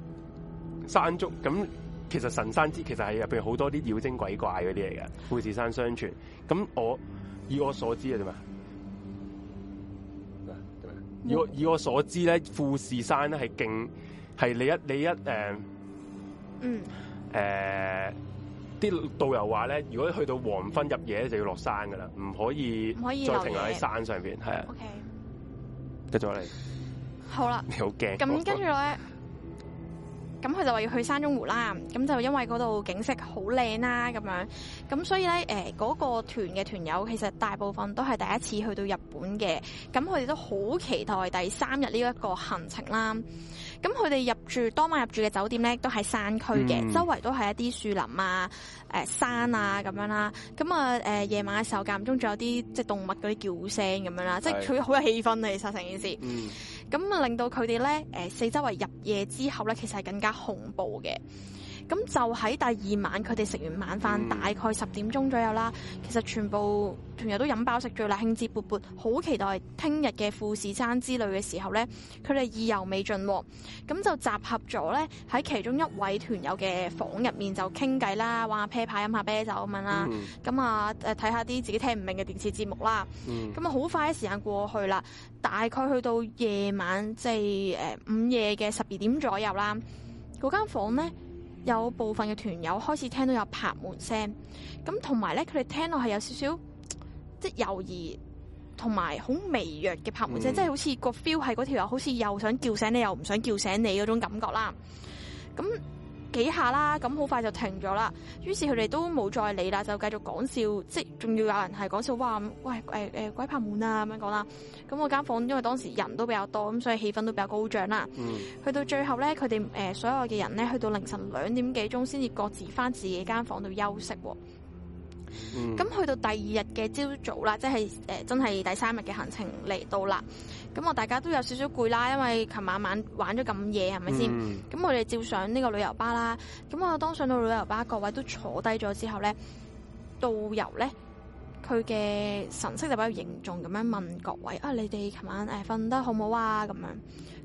Speaker 1: 山竹。咁。其實神山之其實係入邊好多啲妖精鬼怪嗰啲嚟嘅富士山相傳，咁我以我所知啊，點啊？
Speaker 3: 點
Speaker 1: 啊？以我以我所知咧，富士山咧係勁係你一你一誒、呃，嗯誒，啲、呃、導遊話咧，如果去到黃昏入夜咧就要落山噶啦，唔可以可以再停留喺山上邊係啊。O K，繼續嚟。
Speaker 2: 好啦，
Speaker 1: 你好驚。咁、嗯、跟住
Speaker 2: 咧。咁佢就話要去山中湖啦，咁就因為嗰度景色好靚啦，咁樣，咁所以呢，誒、那、嗰個團嘅團友其實大部分都係第一次去到日本嘅，咁佢哋都好期待第三日呢一個行程啦。咁佢哋入住當晚入住嘅酒店咧，都係山區嘅、嗯，周圍都係一啲樹林啊、誒、呃、山啊咁樣啦。咁、嗯、啊，誒、呃、夜晚嘅時候，間中仲有啲即係動物嗰啲叫聲咁樣啦，即係佢好有氣氛啊！其實成件事，咁、嗯、啊令到佢哋咧，誒、呃、四周圍入夜之後咧，其實係更加恐怖嘅。咁就喺第二晚，佢哋食完晚飯，大概十點鐘左右啦。Mm-hmm. 其實全部團友都飲飽食醉啦，興致勃勃，好期待聽日嘅富士山之旅嘅時候呢，佢哋意猶未盡，咁就集合咗呢，喺其中一位團友嘅房入面就傾偈啦，玩下啤牌，飲下啤酒咁樣啦。咁啊，Mm-hmm. 誒睇下啲自己聽唔明嘅電視節目啦。咁啊，好快嘅時間過去啦，大概去到夜晚即係、誒、午夜嘅十二點左右啦。嗰間房呢。有部分嘅團友開始聽到有拍門聲，咁同埋咧，佢哋聽落係有少少即係猶豫，同埋好微弱嘅拍門聲，嗯、即係好似個 feel 係嗰條友，好似又想叫醒你，又唔想叫醒你嗰種感覺啦，咁。幾下啦，咁好快就停咗啦。於是佢哋都冇再理啦，就繼續講笑，即係仲要有人係講笑，話喂，誒誒、呃、鬼拍門啊咁樣講啦。咁我間房間因為當時人都比較多，咁所以氣氛都比較高漲啦。嗯、去到最後咧，佢哋誒所有嘅人咧，去到凌晨兩點幾鐘，先至各自翻自己間房度休息。咁、嗯、去到第二日嘅朝早啦，即係誒、呃，真係第三日嘅行程嚟到啦。咁我大家都有少少攰啦，因為琴晚晚玩咗咁夜，係咪先？咁我哋照上呢個旅遊巴啦。咁我當上到旅遊巴，各位都坐低咗之後咧，導遊咧，佢嘅神色就比較凝重咁樣問各位：啊，你哋琴晚誒瞓得好唔好啊？咁樣。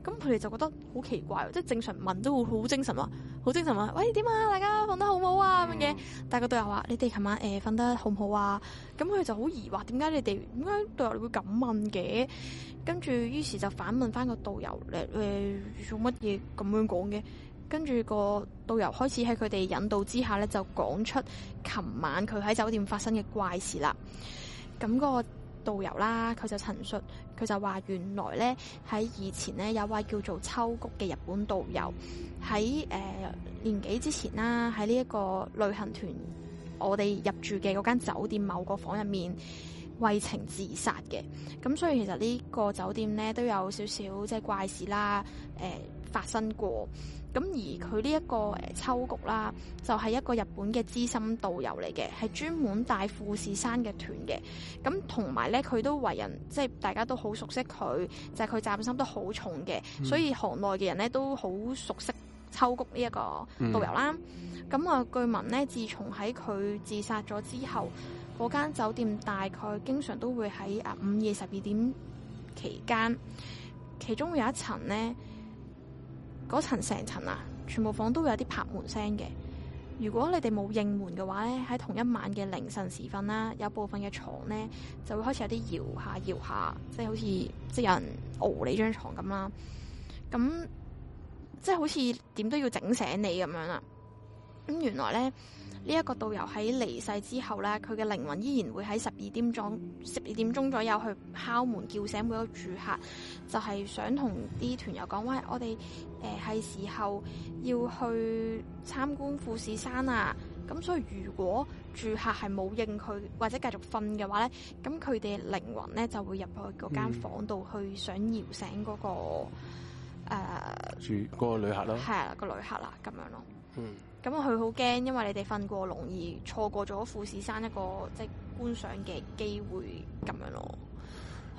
Speaker 2: 咁佢哋就覺得好奇怪，即係正常問都會好精神嘛，好精神嘛。喂，點啊？大家瞓得好唔好啊？咁樣嘅，但係個導遊話：你哋琴晚誒瞓、呃、得好唔好啊？咁佢就好疑惑，點解你哋點解導遊會咁問嘅？跟住於是就反問翻、呃、個導遊咧，誒做乜嘢咁樣講嘅？跟住個導遊開始喺佢哋引導之下咧，就講出琴晚佢喺酒店發生嘅怪事啦。咁、那個。導遊啦、啊，佢就陳述，佢就話原來呢，喺以前呢，有位叫做秋谷嘅日本導遊喺誒年幾之前啦、啊，喺呢一個旅行團我哋入住嘅嗰間酒店某個房入面為情自殺嘅，咁所以其實呢個酒店呢，都有少少即係怪事啦、啊，誒、呃、發生過。咁而佢呢一個誒秋菊啦，就係一個日本嘅資深導遊嚟嘅，係專門帶富士山嘅團嘅。咁同埋咧，佢都為人即係大家都好熟悉佢，就係佢責任心都好重嘅，所以行內嘅人咧都好熟悉秋菊呢一個導遊啦。咁、嗯、啊，我據聞咧，自從喺佢自殺咗之後，嗰間酒店大概經常都會喺啊午夜十二點期間，其中有一層咧。嗰層成層啊，全部房都會有啲拍門聲嘅。如果你哋冇應門嘅話咧，喺同一晚嘅凌晨時分啦，有部分嘅床咧就會開始有啲搖下搖下，即係好似即係有人搖你張床咁啦。咁即係好似點都要整醒你咁樣啦。咁原來咧。呢、這、一個導遊喺離世之後咧，佢嘅靈魂依然會喺十二點鐘，十二點鐘左右去敲門叫醒每個住客，就係、是、想同啲團友講話：喂，我哋誒係時候要去參觀富士山啊！咁所以如果住客係冇應佢或者繼續瞓嘅話咧，咁佢哋靈魂咧就會入去嗰間房度去想搖醒嗰、那個誒、嗯
Speaker 1: 呃、住嗰、那個旅客啦，係、
Speaker 2: 那個、啦，個旅客啦咁樣咯，嗯。咁佢好驚，因為你哋瞓過龍而錯過咗富士山一個即係觀賞嘅機會咁樣咯。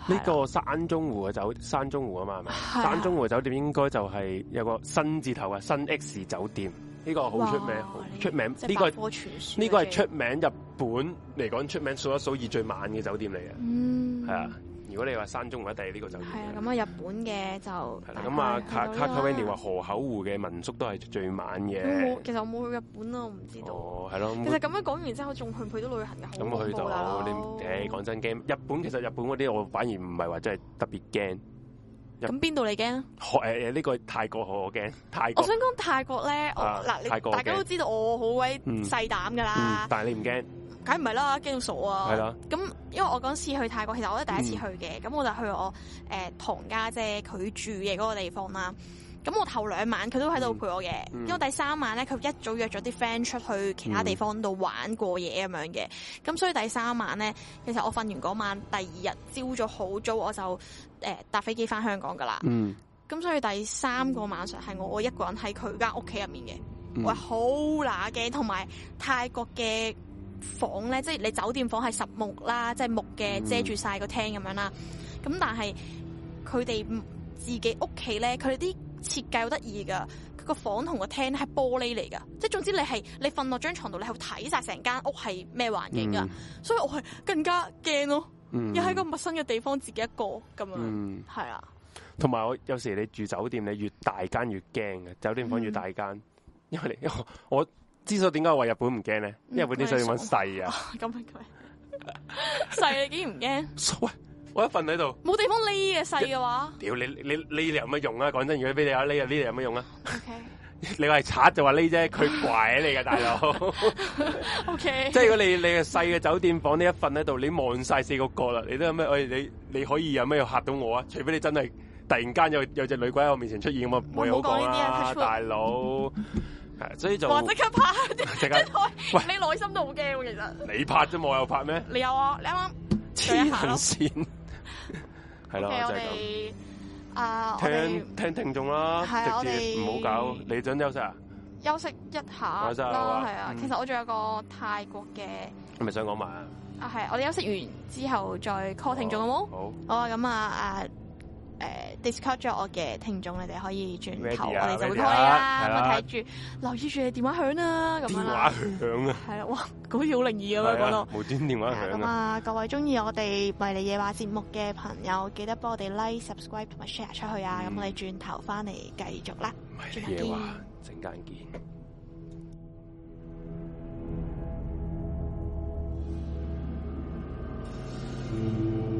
Speaker 1: 呢個山中湖嘅酒山中湖啊嘛，係咪？山中湖，山中湖酒店應該就係有個新字頭嘅新 X 酒店，呢個好出名，出名呢個係呢個係出名日本嚟講出名數一數二最晚嘅酒店嚟
Speaker 2: 嘅，嗯，係
Speaker 1: 啊。如果你話山中或者第二呢個就係、
Speaker 2: 啊嗯啊，啊咁啊日本嘅就，係啦咁啊卡卡卡威尼話
Speaker 1: 河口湖嘅民宿都係最晚嘅。
Speaker 2: 其實我冇去日本咯，我唔知道。哦，咯、啊。其實咁樣講完之後，我仲去唔去到旅行
Speaker 1: 又去冇啦？誒、嗯，講、欸、真驚，日本其實日本嗰啲我反而唔係話真係特別驚。咁邊度你驚？海呢、呃呢個泰國好，我驚泰國。我
Speaker 2: 想講泰國咧、啊，我嗱你泰國大家都知道我好鬼細膽㗎啦、嗯嗯。
Speaker 1: 但係你唔驚？
Speaker 2: 梗唔係啦，驚到傻啊！咁、啊、因為我嗰次去泰國，其實我都第一次去嘅。咁、嗯、我就去我誒堂家姐佢住嘅嗰個地方啦。咁我頭兩晚佢都喺度陪我嘅、嗯，因為第三晚咧，佢一早約咗啲 friend 出去其他地方度玩過夜咁樣嘅。咁所以第三晚咧，其實我瞓完嗰晚，第二日朝早好早我就誒搭飛機返香港㗎喇。咁所以第三個晚上係我，我、呃嗯、我，我一個人喺佢間屋企入面嘅，我係好乸驚，同埋泰國嘅。房咧，即、就、係、是、你酒店房係實木啦，即、就、係、是、木嘅遮住晒個廳咁樣啦。咁、嗯、但係佢哋自己屋企咧，佢哋啲設計好得意噶。個房同個廳係玻璃嚟噶，即係總之你係你瞓落張床度，你係會睇晒成間屋係咩環境噶、嗯。所以我係更加驚咯、嗯，又喺個陌生嘅地方自己一個咁樣，係、嗯、啊。
Speaker 1: 同埋我有時你住酒店，你越大間越驚嘅，酒店房越大間、嗯，因為因為我。我之、嗯、 所以點解我話日本唔驚咧？因為日本啲水要揾細啊！
Speaker 2: 咁啊佢細你竟然唔驚？喂，
Speaker 1: 我一瞓喺度，
Speaker 2: 冇地方匿嘅細嘅話。
Speaker 1: 屌你你匿你，你有乜用啊？講真，如果俾你有匿啊，匿嚟有乜用啊？OK，你話係賊就話匿啫，佢怪、 okay. 你嘅大佬。OK，即係如果你你細嘅酒店房呢一瞓喺度，你望晒四個角啦，你都有咩？我、哎、你你可以有咩嚇到我啊？除非你真係突然間有有隻女鬼喺我面前出現咁啊，唔好講呢啲啊，大佬。 所以就話即刻拍，即刻開
Speaker 2: 喂，你內心都好驚，其實。你
Speaker 1: 拍啫，我有拍咩？你有
Speaker 2: 啊，你啱啱。黐
Speaker 1: 線，係 啦， 我哋咁。啊、
Speaker 2: uh,，uh, 聽、
Speaker 1: uh, 聽聽眾啦，直接唔好、uh, 搞。Uh, 你想休息啊？
Speaker 2: 休息一下咯，係、uh, 啊、嗯。其實我仲有一個泰國嘅、
Speaker 1: uh, 啊，我咪想講埋
Speaker 2: 啊。啊，係，我哋休息完之後再 call 聽眾好冇？好。Oh, 好啊，咁啊，啊。誒、uh,，discuss 咗我嘅聽眾，你哋可以轉頭，Ready，我哋就會拖你啦。咁睇住，留意住你電話響啦，咁樣。電話響啊！係啦、嗯嗯，哇，好似好靈異咁樣講到。
Speaker 1: 冇端、啊、電話響啊！咁啊，
Speaker 2: 各位中意我哋迷你夜話節目嘅朋友，記得幫我哋 like、subscribe 同埋 share 出去啊！咁我哋轉頭翻嚟繼續啦。
Speaker 1: 夜話，陣間見。嗯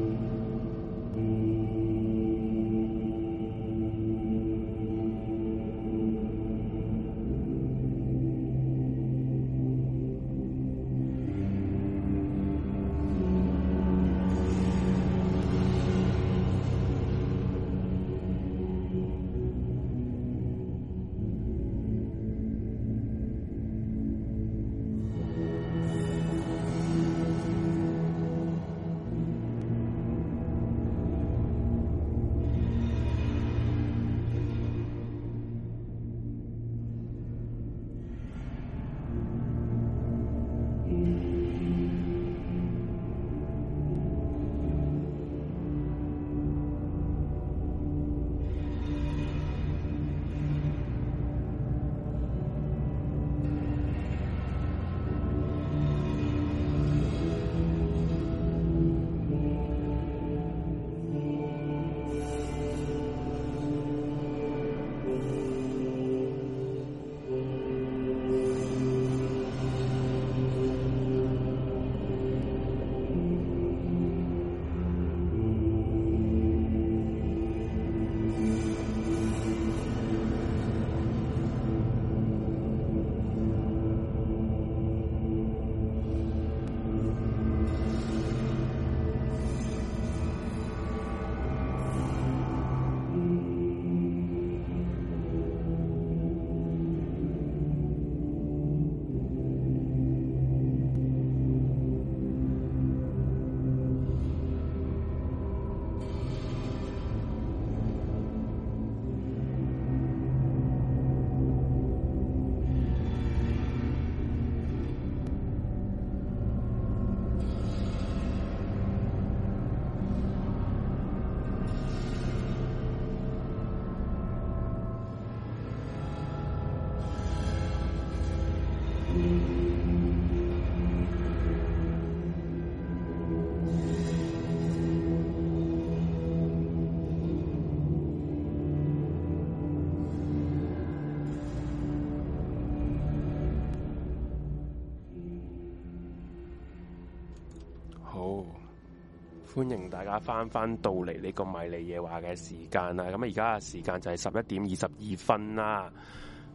Speaker 1: 歡迎大家翻翻到嚟呢個迷你夜話嘅時間啦！咁啊，而家時間就係十一點二十二分啦。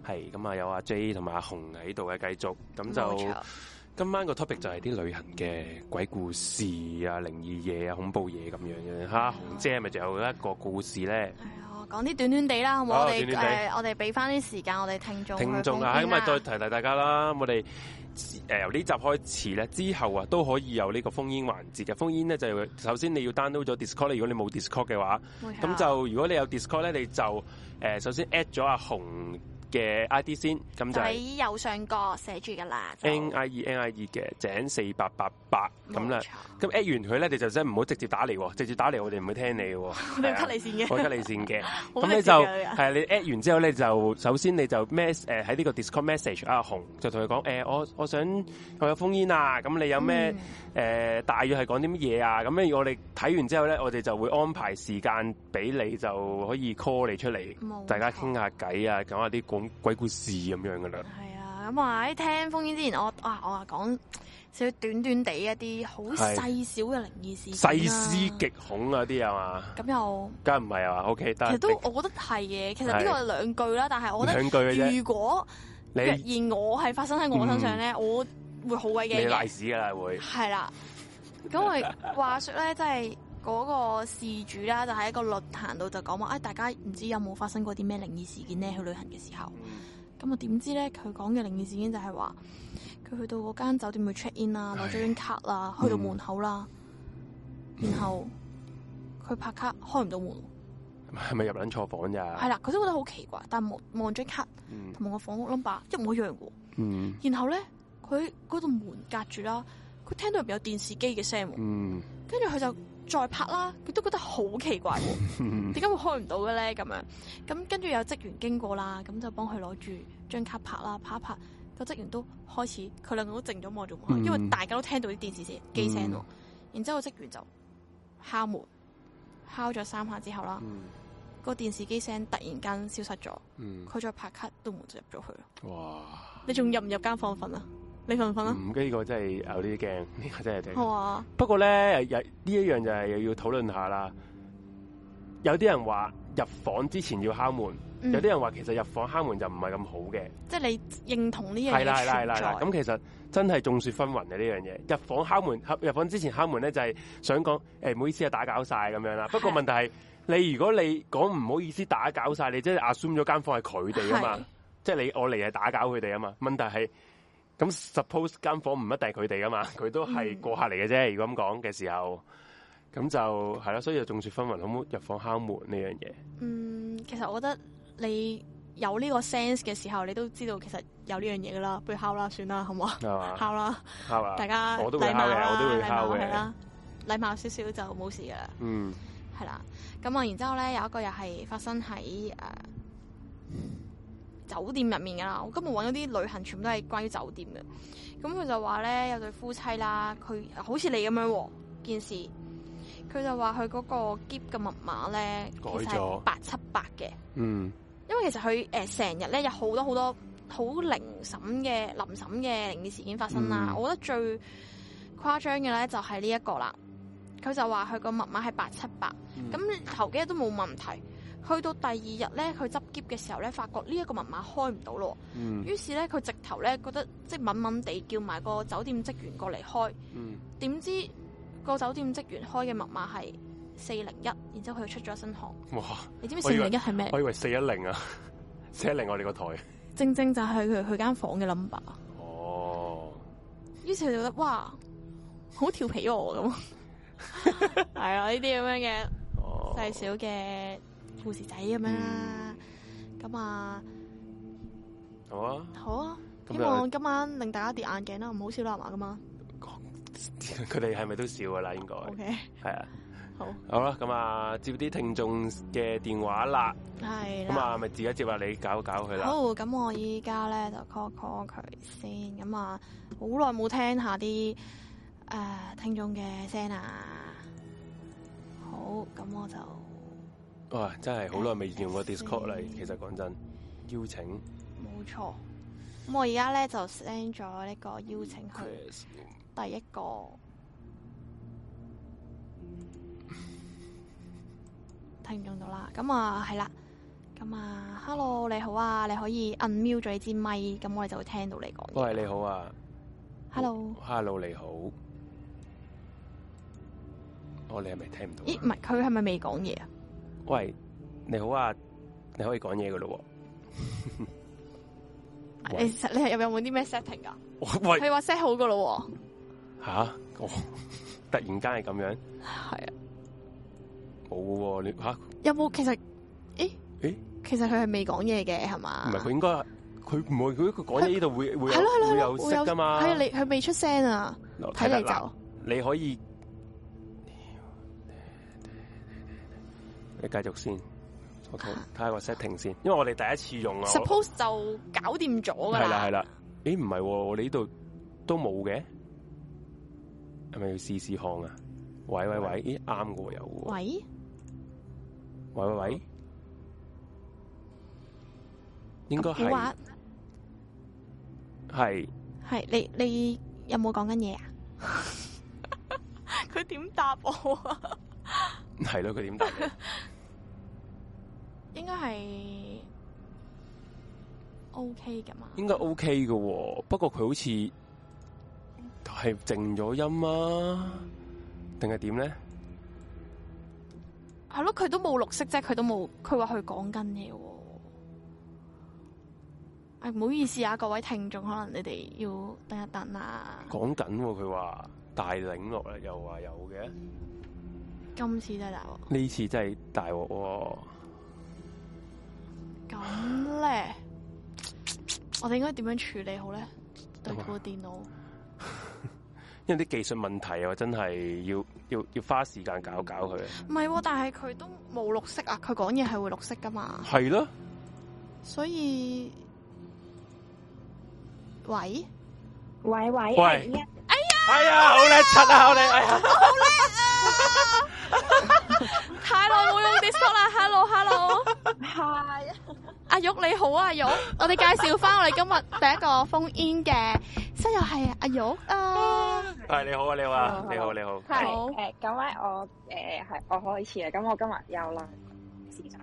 Speaker 1: 係咁啊，有和阿 J 同埋阿紅喺度嘅，繼續咁就今晚個 topic 就係啲旅行嘅鬼故事啊、靈異嘢啊、恐怖嘢咁樣嘅嚇。紅姐咪就有一個故事咧。
Speaker 2: 係講啲短短地啦，好唔好、哦呃？我哋誒，我哋俾翻啲時間我哋聽眾。聽眾啊，咁、嗯、啊，再
Speaker 1: 提提大家啦、啊，我哋。誒由呢集開始咧，之後啊都可以有呢個封煙環節嘅封煙咧，就首先你要 download 咗 Discord。如果你冇 Discord 嘅話，咁 就如果你有 Discord 咧，你就誒首先 at 咗阿紅。嘅 ID 先，咁就喺
Speaker 2: 右上角寫住噶啦
Speaker 1: ，N I E N I E 嘅井四八八八咁啦。咁 add 完佢咧，你就真唔好直接打嚟，哦，直接打嚟我哋唔會聽你嘅，哦。我哋唔 cut 你線嘅，我 cut 你線嘅。咁 你就係、 嗯啊、你 add 完之後咧，就首先你就 mess 誒喺呢個 Discord message 啊紅就同佢講誒，我我想佢有封煙啊，咁你有咩誒、嗯呃、大約係講啲乜嘢啊？咁咧我哋睇完之後咧，我哋就會安排時間俾你就可以 call 你出嚟，大家傾下偈啊，講下啲。講鬼故事咁樣噶啦，
Speaker 2: 係啊，咁啊喺聽封癲之前，我啊我啊講少少短短地一啲好細小嘅靈異事、啊，細思
Speaker 1: 極恐啊啲啊嘛，
Speaker 2: 咁又，
Speaker 1: 梗係唔係啊，OK，但其實都，
Speaker 2: 我覺得係嘅，其實呢個係兩句啦，但係我覺得兩，
Speaker 1: 兩句如果而
Speaker 2: 我係發生喺我身上咧、嗯，我會好鬼險，你瀨屎
Speaker 1: 噶啦會，係
Speaker 2: 啦，咁啊話說咧，真係。嗰、那個事主啦，就喺一個論壇度就講話，誒、哎、大家唔知有冇發生過啲咩靈異事件咧？去旅行嘅時候，咁我點知咧？佢講嘅靈異事件就係話，佢去到嗰間酒店去 check in 啦，攞張卡啦，去到門口啦、嗯，然後佢拍卡開唔到門，
Speaker 1: 係咪入撚錯房咋？係啦，
Speaker 2: 佢都覺得好奇怪，但望望張卡同埋個房屋 number 一模一樣嘅、嗯，然後咧佢嗰度門隔住啦，佢聽到入邊有電視機嘅聲，嗯，跟住佢就。再拍啦，佢都覺得好奇怪，點解會開唔到嘅咧？咁樣咁跟住有職員經過啦，咁就幫佢攞住張卡拍啦，拍一拍個職員都開始，佢兩個都靜咗望住門，因為大家都聽到啲電視機聲，嗯、然之後職員就敲門，敲咗三下之後啦，個、嗯、電視機聲突然間消失咗，佢再拍卡都入咗去了哇！你仲入唔入間房瞓啊？你瞓唔瞓啊？唔、嗯，
Speaker 1: 呢、這個真係有啲驚，呢、這個真係驚、啊。不過咧，呢一樣就係又要討論下啦。有啲人話入房之前要敲門，嗯、有啲人話其實入房敲門就唔係咁好嘅。
Speaker 2: 即係你認同呢樣嘢存在？咁、
Speaker 1: 嗯、其實真係眾說紛紜嘅呢樣嘢。入房敲門，入房之前敲門咧，就係、是、想講誒唔好意思啊，打攪晒咁樣啦。不過問題係，你如果你講唔好意思打攪晒，你即係 assume 咗間房係佢哋啊嘛，即係、就是、你我嚟係打攪佢哋啊嘛。問題係。咁 suppose 間房唔一定係佢哋噶嘛，佢都係過客嚟嘅啫。如果咁講嘅時候，咁就係啦，所以就眾說紛紜，好冇入房敲門呢樣嘢。嗯，
Speaker 2: 其實我覺得你有呢個 sense 嘅時候，你都知道其實有呢樣嘢噶啦，不如敲啦，算啦，好唔好？啊、敲啦，
Speaker 3: 大家我都會敲嘅，我都會敲嘅。係啦，
Speaker 2: 禮貌少少就冇事噶啦。嗯，係啦。咁啊，然之後咧有一個又係發生喺酒店入面噶啦，我今日搵咗啲旅行，全部都係關於酒店嘅。咁佢就話咧有對夫妻啦，佢好似你咁樣，啊，件事。佢就話佢嗰個喼嘅密碼咧，其實係八七八嘅。嗯。因為其實佢誒成日咧有好多好多好靈審嘅臨審嘅靈異事件發生啦。嗯、我覺得最誇張嘅咧就係呢一個啦。佢就話佢個密碼係八七八，咁頭幾日都冇問題。去到第二日咧，佢執劫嘅時候咧，發覺呢一個密碼開唔到咯。嗯。於是咧，佢直頭咧覺得即係懵懵地叫埋個酒店職員過嚟開。
Speaker 3: 嗯。
Speaker 2: 點知個酒店職員開嘅密碼係四零一，然之後佢出咗一身汗。
Speaker 1: 哇！你知唔知四零一係咩？我以為四一零啊，四一零我哋個台。
Speaker 2: 正正就係佢佢間房嘅 number。哦。於是佢就覺得哇，好調皮我咁。係 啊，呢啲咁樣嘅細、哦、小嘅。護士仔咁樣，咁、嗯、啊、嗯，
Speaker 1: 好啊，好啊，希望
Speaker 2: 今晚令大家跌眼鏡啦，唔好笑啦嘛，咁啊，
Speaker 1: 佢哋係咪都笑噶啦？應該，OK，係啊，好，好啦，咁啊，接啲聽眾嘅電話啦，
Speaker 2: 係，咁啊，
Speaker 1: 咪自己接下你搞搞佢啦，好，
Speaker 2: 咁我依家咧就 call call 佢先，咁啊，好耐冇聽下啲誒、呃、聽眾嘅聲啊。好，咁我就。
Speaker 1: 哇真係好耐未見過 Discord 嚟，其實講真的邀請，
Speaker 2: 冇錯。咁我而家咧就 send 咗呢個邀請係第一個、嗯、聽眾到啦。咁啊係啦，咁啊，Hello 你好啊，你可以 unmute 咗支咪，咁我哋就會聽到你講。喂、hey，你好啊，Hello，Hello、
Speaker 1: oh, Hello, 你好。哦、oh，你係咪聽唔到？咦，唔
Speaker 2: 係佢係咪未講嘢啊？
Speaker 1: 喂，你好啊，你可以講嘢噶咯？你
Speaker 2: 你係有冇啲咩 setting
Speaker 1: 噶？佢
Speaker 2: 話 set 好噶咯、哦？
Speaker 1: 吓、啊哦，突然間係咁樣？係 啊，冇嘅、哦、你吓、啊？
Speaker 2: 有冇其實？誒、欸、誒、欸，其實佢係未講嘢嘅係嘛？
Speaker 1: 唔係佢應該，佢唔會，佢佢講嘢呢度會會係咯係咯係咯，會有噶嘛？係啊，你
Speaker 2: 佢未出聲啊？
Speaker 1: 睇嚟就你可以。你繼續先，OK，睇下個 setting 先，因為我哋第一次用啊。Suppose
Speaker 2: 我就搞掂咗噶啦。係啦係
Speaker 1: 啦，咦唔係？我哋呢度都冇嘅，係咪要試試看啊？喂喂喂，咦，啱嘅有。喂喂喂，嗯，應該係。係係你說是
Speaker 2: 是你，你有冇講緊嘢啊？佢 點答我啊？係 咯，佢點答？應該係 OK 噶嘛？
Speaker 1: 應該 OK 噶，不過佢好似係靜咗音啊，定係點咧？
Speaker 2: 係 咯，佢都冇綠色啫，佢都冇。佢話佢講緊嘢。哎，唔好意思啊，各位聽眾，可能你哋要等一等啦，
Speaker 1: 啊。講緊佢話大領落嚟，又話有嘅。嗯
Speaker 2: 今次真係大鑊！
Speaker 1: 呢次真係大鑊喎！
Speaker 2: 咁咧， 我哋應該點樣處理好咧？
Speaker 1: 對部電腦，因為啲技術問題啊，真係要要要花時間搞搞佢。
Speaker 2: 唔係、啊，但係佢都冇綠色啊！佢講嘢係會綠色噶嘛？
Speaker 1: 係咯、啊，
Speaker 2: 所以，喂，喂喂，哎呀，哎呀，好叻，柒啊，好叻，哎呀，好叻 太耐冇用 Disc 啦，Hello，Hello，Hi，阿玉你好啊，玉，我哋介紹翻我哋今日第一個封 in 嘅，即係又係阿玉啊，
Speaker 1: 係你好啊，你好啊，你好你好，係
Speaker 5: 誒咁咧我誒係我開始啦，咁我今日有兩個市場，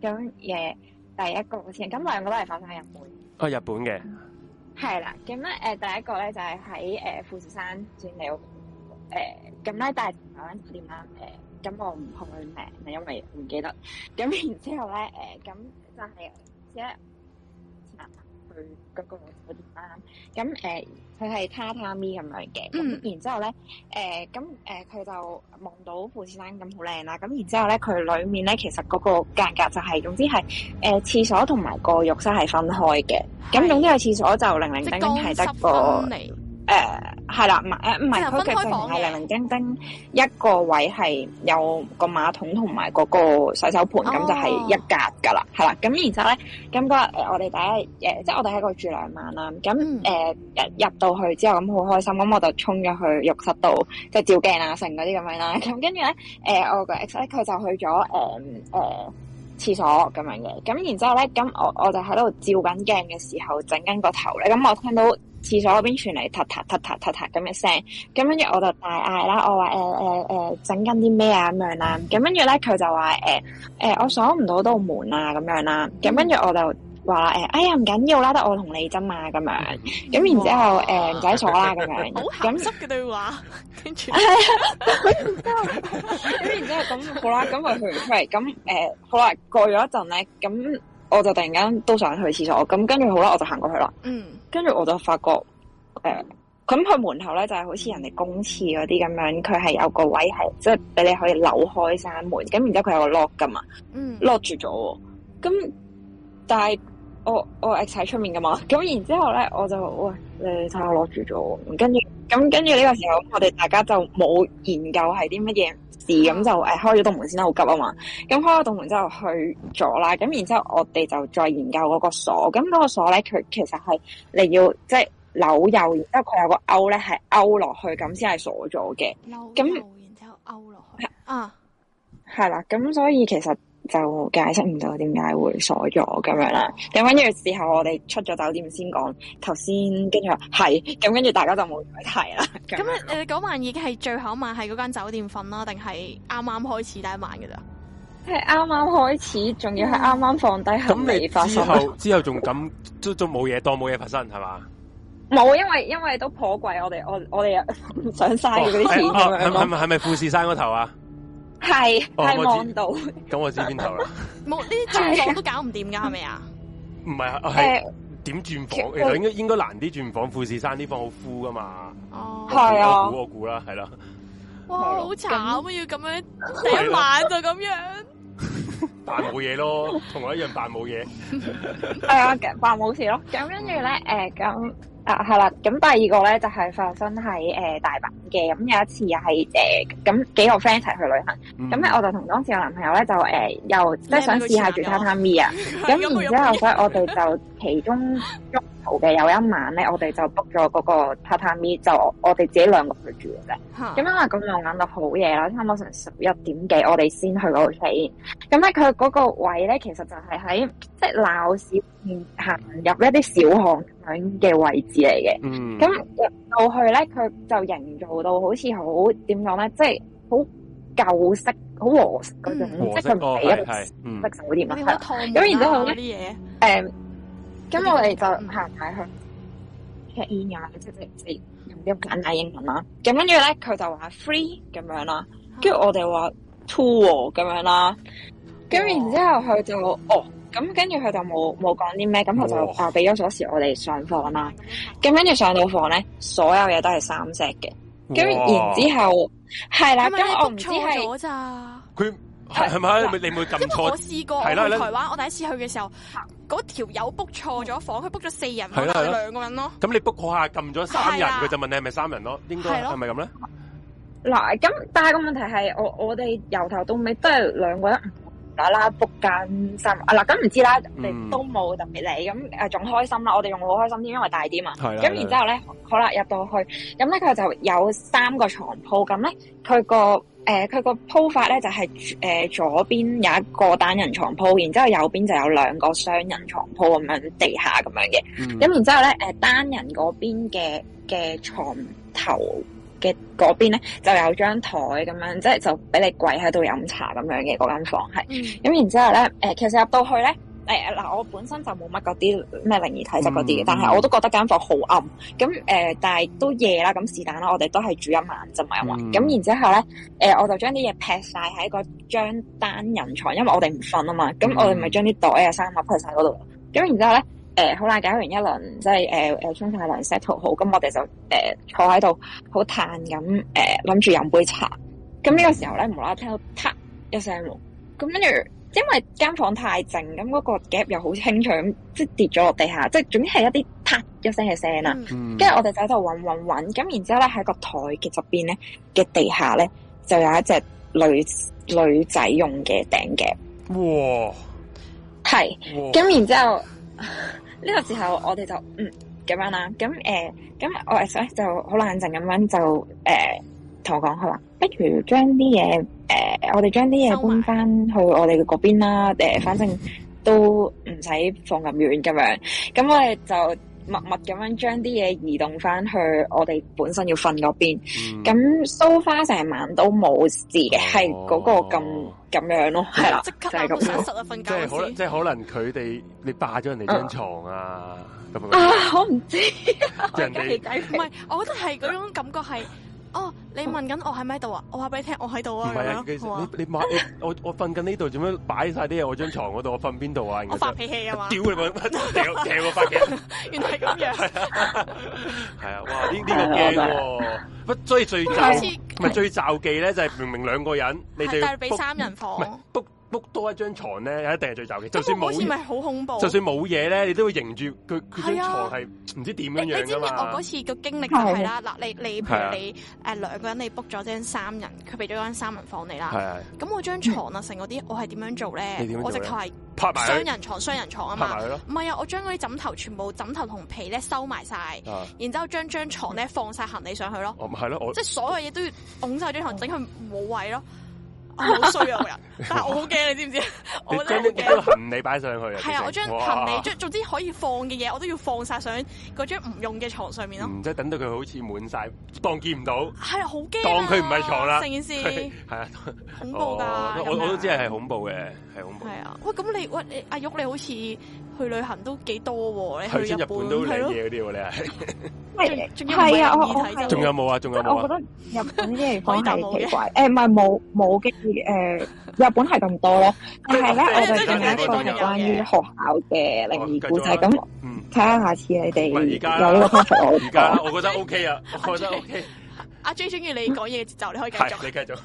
Speaker 5: 咁誒第一個先，咁兩個都係發生喺
Speaker 1: 日本，啊日本嘅，
Speaker 5: 係啦，咁咧誒第一個咧就係喺誒富士山轉嚟誒。咁咧，但係咧去店啦誒，咁我唔同佢名係因為唔記得。咁然之後咧誒，咁就係即係去嗰個酒店啦。咁誒，佢係榻榻米咁樣嘅。嗯。咁然之後咧，誒咁誒佢就望到富士山咁好靚啦。咁然之後咧，佢裡面咧其實嗰個間隔就係總之係誒廁所同埋個浴室係分開嘅。咁總之係廁所就零零丁丁係得個。誒係啦，唔誒唔係佢淨係零零丁丁一個位係有個馬桶同埋嗰個洗手盆，咁、哦、就係一格噶啦，係啦。咁然之後咧，咁嗰日誒我哋第一、呃、即係我哋喺嗰度住兩晚啦。咁、嗯呃、入，入到去之後，咁好開心，咁我就衝咗去浴室度，即係照鏡啊，剩嗰啲咁樣啦。咁跟住咧，誒我個 ex 咧佢就去咗、呃呃、廁所咁樣嘅。咁然之後咧，咁我我就喺度照緊鏡嘅時候，整緊個頭咧，咁我聽到。廁所嗰邊傳嚟突突突突突突咁嘅聲，咁跟住我就大嗌啦，我話誒誒誒，整緊啲咩啊咁樣啦，咁跟住咧佢就話誒誒，我鎖唔到度門啊咁樣啦，咁跟住我就話誒、欸，哎呀唔緊要啦，得我同你啫嘛。」咁樣，咁然之後誒唔使鎖啦咁樣，
Speaker 2: 好咸濕嘅對話，跟
Speaker 5: 住，咁然之後咁好啦，咁咪去唔出嚟，咁誒好啦，過咗一陣咧，咁。我就突然間都想去廁所，咁跟住好啦，我就行過去啦。嗯，跟住我就發覺，誒、呃，咁佢門口咧就係、是、好似人哋公廁嗰啲咁樣，佢係有個位係即係俾你可以扭開閂門，咁然之後佢有個 lock 噶嘛，嗯，lock 住咗，咁但係。我我 ex 喺出面噶嘛，咁然之後咧我就喂，你睇下攞住咗，跟住咁跟住呢個時候，我哋大家就冇研究係啲乜嘢事，咁、嗯、就誒、哎、開咗道門先得，好急啊嘛，咁開咗道門之後去咗啦，咁然之後我哋就再研究嗰個鎖，咁嗰個鎖咧，佢其實係你要即係、就是、扭右，然之後佢有個勾咧係勾落去，咁先係鎖咗嘅。咁然之後勾落去。啊。係啦，咁所以其實。就解釋唔到點解會鎖咗咁樣啦。咁跟住時候，我哋出咗酒店先講。頭先跟住係，咁跟住大家就冇提啦。咁你
Speaker 2: 你嗰、呃、晚已經係最後一晚，喺嗰間酒店瞓啦，定係啱啱開始第一晚嘅咋？係啱啱開
Speaker 5: 始，仲要係啱啱放低，咁未發生。之後
Speaker 1: 之後仲咁，都都冇嘢，當冇嘢發生，係嘛？
Speaker 5: 冇，因為因為都頗貴，我哋我我哋唔想嘥嗰啲
Speaker 1: 錢。係係係咪富士山嗰頭啊？係係望到那我，咁我知邊頭啦 。
Speaker 2: 冇，呢啲轉房都搞唔掂噶，係咪啊？
Speaker 1: 唔係啊，係點轉房？其實應該應該難啲轉房。富士山啲房好 full 噶嘛？哦，係啊，我估。我估我估啦，係啦。
Speaker 2: 哇，好慘啊！要咁樣第一，啊、晚就咁樣
Speaker 1: 扮冇嘢咯，同 我一樣扮冇嘢。
Speaker 2: 係啊，扮冇事咯。咁跟住咧，誒、
Speaker 5: 嗯呃，咁。係啦，咁第二個咧就係發生喺誒大阪嘅，咁有一次係誒咁幾個 friend 一齊去旅行，咁咧我就同當時我男朋友咧就誒又即係想試下住榻榻米啊，咁然之後，所以我哋就其中好嘅，有一晚咧，我哋就 book 咗嗰個榻榻米，就我哋自己兩個去住嘅啫。咁因為咁樣玩到好夜啦，差唔多成十一點幾，我哋先去個屋企。咁、嗯、咧，佢嗰個位咧，其實就係喺即係鬧市行入一啲小巷咁樣嘅位置嚟嘅。咁入到去咧，佢、嗯嗯嗯嗯、就營造到好似好點講咧，即係好舊式、好和式嗰種。和式哦，係，嗯，握一啲店、嗯。咁然之後啲誒。嗯咁、嗯嗯、我哋就唔行埋去踢英啊，即即即係用啲咁簡易英文啦。咁跟住咧，佢就話 three 咁樣啦，跟住我哋話 two 咁樣啦。跟然之後佢就哦，咁跟住佢就冇冇講啲咩，咁佢就話俾咗鎖匙我哋上課啦。咁跟住上到課咧，所有嘢都係三隻嘅。跟然之
Speaker 2: 後係啦，咁我唔知係佢。
Speaker 1: 係咪、啊？你唔會撳錯？因為我試
Speaker 5: 過，
Speaker 2: 係啦，台灣，我第一次去嘅時候，嗰條友 book 錯咗房，佢 book 咗四人，我哋兩個人咯。
Speaker 1: 咁、嗯、你 book 下，撳咗三人，佢、啊、就問你係咪三人咯？應該係咪咁咧？
Speaker 5: 嗱，咁、啊、但係個問題係，我我哋由頭到尾都係兩個人，打啦，book 間三，嗱咁唔知啦，你都冇特別嚟。咁誒仲開心啦，我哋用好開心添，因為大啲嘛，咁然之後咧，好啦，入到去，咁咧佢就有三個床鋪，咁咧佢個。誒、呃，佢個鋪法咧就係、是、誒、呃，左邊有一個單人床鋪，然之後右邊就有兩個雙人床鋪咁樣，地下咁樣嘅。咁、嗯、然之後咧，誒、呃，單人嗰邊嘅嘅床頭嘅嗰邊咧就有張台咁樣，即係就俾你跪喺度飲茶咁樣嘅嗰間房係。咁、嗯、然之後咧，誒、呃，其實入到去咧。誒、哎、嗱，我本身就冇乜嗰啲咩靈異體質嗰啲嘅，但係我都覺得間房好暗，咁誒、呃，但係都夜啦，咁是但啦，我哋都係住一晚啫嘛，咁、嗯、然之後咧，誒、呃，我就將啲嘢劈晒喺個張單人床，因為我哋唔瞓啊嘛，咁、嗯、我哋咪將啲袋啊衫啊劈晒嗰度，咁然之後咧，誒、呃，好啦，搞完一輪即係誒誒沖晒涼 set 好，咁我哋就誒、呃、坐喺度好嘆咁，誒諗住飲杯茶，咁呢個時候咧，無啦啦聽到啪一聲咁跟住。因為間房太靜，咁、那、嗰個夾又好清脆，咁即係跌咗落地，嗯、地下，即係總之係一啲啪一聲嘅聲啦。跟住我哋喺度搵搵搵，咁然之後咧喺個台嘅側邊咧嘅地下咧就有一隻女女仔用嘅頂夾。哇！係，咁然之後呢、這個時候我哋就嗯咁樣啦，咁誒，咁、呃、我誒就好冷靜咁樣就誒。呃同我講佢話，不如將啲嘢，誒、呃，我哋將啲嘢搬翻去我哋嗰邊啦。誒、呃，反正都唔使放咁遠咁樣。咁我哋就默默咁樣將啲嘢移動翻去我哋本身要瞓嗰邊。咁 so far 成晚都冇事嘅，係、哦、嗰個咁咁樣咯，係啦、啊嗯。即刻就係咁，
Speaker 1: 即係可能，即係可能佢哋你霸咗人哋張床啊咁、嗯、啊，我唔知。
Speaker 2: 唔 係別人， 我覺得係嗰種感覺係。哦，你問緊我喺咪度啊？我話俾你聽，我喺度啊。你你
Speaker 1: 我我瞓緊呢度，點樣擺晒啲嘢，我張床嗰度？我瞓邊度啊？我發脾氣啊嘛？屌你個，屌我發脾氣 原來係這咁樣。係啊，哇！呢這呢 這 個驚、哦， 所以最 最最罩忌咧，就係明明兩個人，你哋但係俾三人房。book 多一張床咧，一定係最愁嘅。就算冇，嗰次咪
Speaker 2: 好恐怖。就
Speaker 1: 算冇嘢咧，你都會迎住佢。係啊。張床係唔知點樣樣你，你知唔知我嗰次
Speaker 2: 個經歷就係啦？嗱、啊，你你譬如你誒兩、啊呃、個人，你 book 咗張三人，佢俾咗張三人房你啦。咁我張床啊，成嗰啲我係點樣做咧？我直頭係雙人床，雙人床啊嘛。係咯。唔係啊，我將嗰啲枕頭全部枕頭同被咧收埋晒，然之後將張床咧放晒行李上去咯。
Speaker 1: 係、啊、咯、啊，即係所
Speaker 2: 有嘢都要拱晒張床，整佢冇位咯。好 衰啊！我人，但係我
Speaker 1: 好驚，你知唔知？我將行李擺上去、啊，係啊，我將行李將，
Speaker 2: 總之可以放嘅嘢，我都要放晒上嗰張唔用嘅床上面咯、嗯。
Speaker 1: 即係等到佢好似滿晒，當見唔到，係
Speaker 2: 啊好驚，當佢唔係床啦，成件事係
Speaker 1: 啊，恐怖噶、哦。我我都知係恐怖嘅，係恐怖。係
Speaker 2: 啊，喂，咁你喂你阿玉，你好似。去旅行都幾多喎？去日本都呢啲嗰啲喎，你係。係啊，我我
Speaker 1: 仲有冇啊？仲有冇啊？我
Speaker 5: 覺得日本啲鬼故事奇怪。誒唔係冇冇嘅誒，日本係咁多咯。但係咧，我哋仲有一個係關於學校嘅靈異故事咁。嗯，睇下下次你哋
Speaker 1: 有呢個 topic。而家，我覺得 OK 啊，我覺得 OK。
Speaker 2: 阿 J 中意你講嘢嘅節奏， 你可以
Speaker 1: 繼
Speaker 5: 續，你繼續。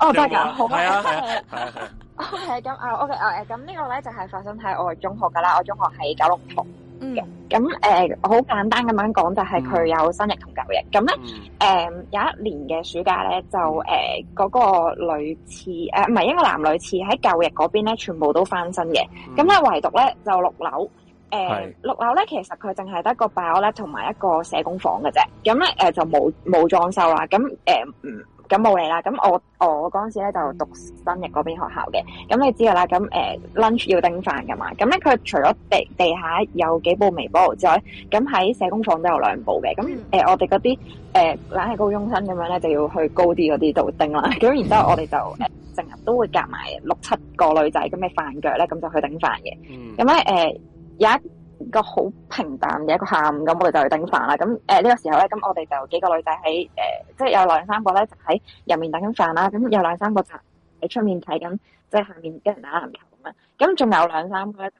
Speaker 5: 哦，得噶，
Speaker 2: 好啊。係 對啊，啊，啊、嗯。哦、so, uh, 嗯，啊，咁啊，OK 啊，誒，
Speaker 5: 咁呢個咧就係發生喺我哋中學噶啦，我中學喺九龍塘嘅。咁誒，好簡單咁樣講，就係佢有生日同舊日。咁咧，誒，有一年嘅暑假咧，就誒嗰個女廁誒，唔係，因為男女廁喺舊日嗰邊咧，全部都翻新嘅。咁咧，唯獨咧就六樓。誒、呃、六樓咧，其實佢淨係得個辦桌咧，同埋一個社工房嘅啫。咁咧誒就冇冇裝修啦。咁誒嗯，咁冇嚟啦。咁我我嗰陣時咧就讀新日嗰邊學校嘅。咁你知嘅啦。咁誒、呃、lunch 要叮飯㗎嘛。咁咧佢除咗地地下有幾部微波爐之外，咁喺社工房都有兩部嘅。咁誒、呃、我哋嗰啲誒懶係高中生咁樣咧，就要去高啲嗰啲度叮啦。咁然之後我哋就誒成日都會夾埋六七個女仔咁嘅飯腳咧，咁就去叮飯嘅。咁咧誒。有一個好平淡嘅一個下午咁，我哋就去頂飯啦。咁誒呢個時候咧，咁我哋就有幾個女仔喺誒，即、呃、係、就是、有兩三個咧就喺入面等緊飯啦。咁有兩三個就喺出面睇緊，即係、就是、下面一人打籃球咁樣。咁仲有兩三個咧，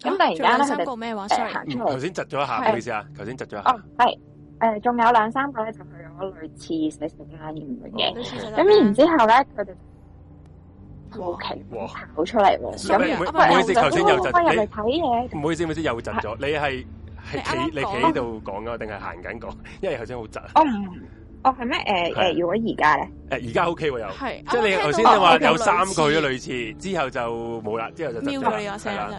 Speaker 5: 咁突然
Speaker 2: 間咧，佢哋咩話？突然
Speaker 5: 行、呃、出嚟。頭先窒咗一下，唔好意思啊，
Speaker 1: 頭先窒咗。哦，
Speaker 5: 係。誒、呃，仲有兩三個咧，就係咗類似死食阿姨唔明嘅。咁、哦、然之後咧，佢、嗯、哋。他們就
Speaker 1: O.K.、哦、喎，冇出嚟喎，咁唔好意思，頭先又窒嘢，唔好意思，唔好意思，又窒咗。你係係企你企喺度講啊，定係行緊講？因為頭先好窒啊。我、哦、
Speaker 5: 唔，我係咩？誒誒、呃呃，如果而家咧？
Speaker 1: 誒而家 O.K. 喎又，
Speaker 5: 即係你頭先、哦、你話有三句嘅
Speaker 1: 類似，之後就冇啦，之後就瞄咗你個聲就係啦，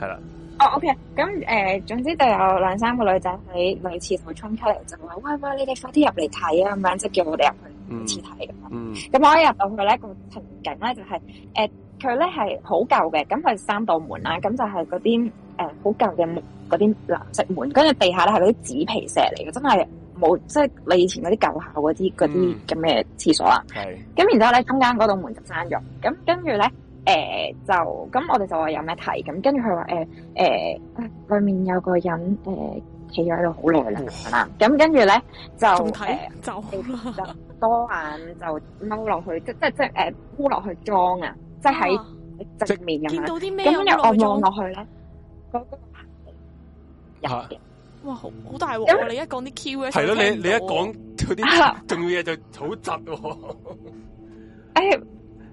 Speaker 1: 係啦。
Speaker 5: 哦、oh,，OK，咁誒、呃，總之就有兩三個女仔喺女廁沖出嚟就話哇哇，你哋快啲入嚟睇啊咁樣，即係叫我哋入去
Speaker 3: 女廁睇嘅。咁、mm
Speaker 5: -hmm. 我一入到去咧、就是，個情景咧就係誒，佢咧係好舊嘅，咁佢三道門啦，咁就係嗰啲誒好舊嘅木嗰啲藍色門，跟住地下咧係嗰啲紙皮石嚟嘅，真係冇即係你以前嗰啲舊校嗰啲啲咁嘅廁所啦。咁、mm -hmm. 然之後咧中間嗰道門就閂咗，咁跟住咧。誒、呃，就咁、嗯、我哋就話有咩睇，咁跟住佢話誒誒，裏面有個人誒企咗喺度好耐啦，咁跟住咧就誒、呃、就就 多眼就踎落去，即即、呃、即誒鋪落去裝啊，即喺
Speaker 2: 正面樣見到啲咩望落去咧，
Speaker 5: 有、啊那
Speaker 1: 個，
Speaker 2: 哇好大鑊，啊嗯！你一講啲 Q，係咯你你一講
Speaker 1: 嗰啲重要嘢就好窒喎，
Speaker 2: 誒、
Speaker 5: 欸、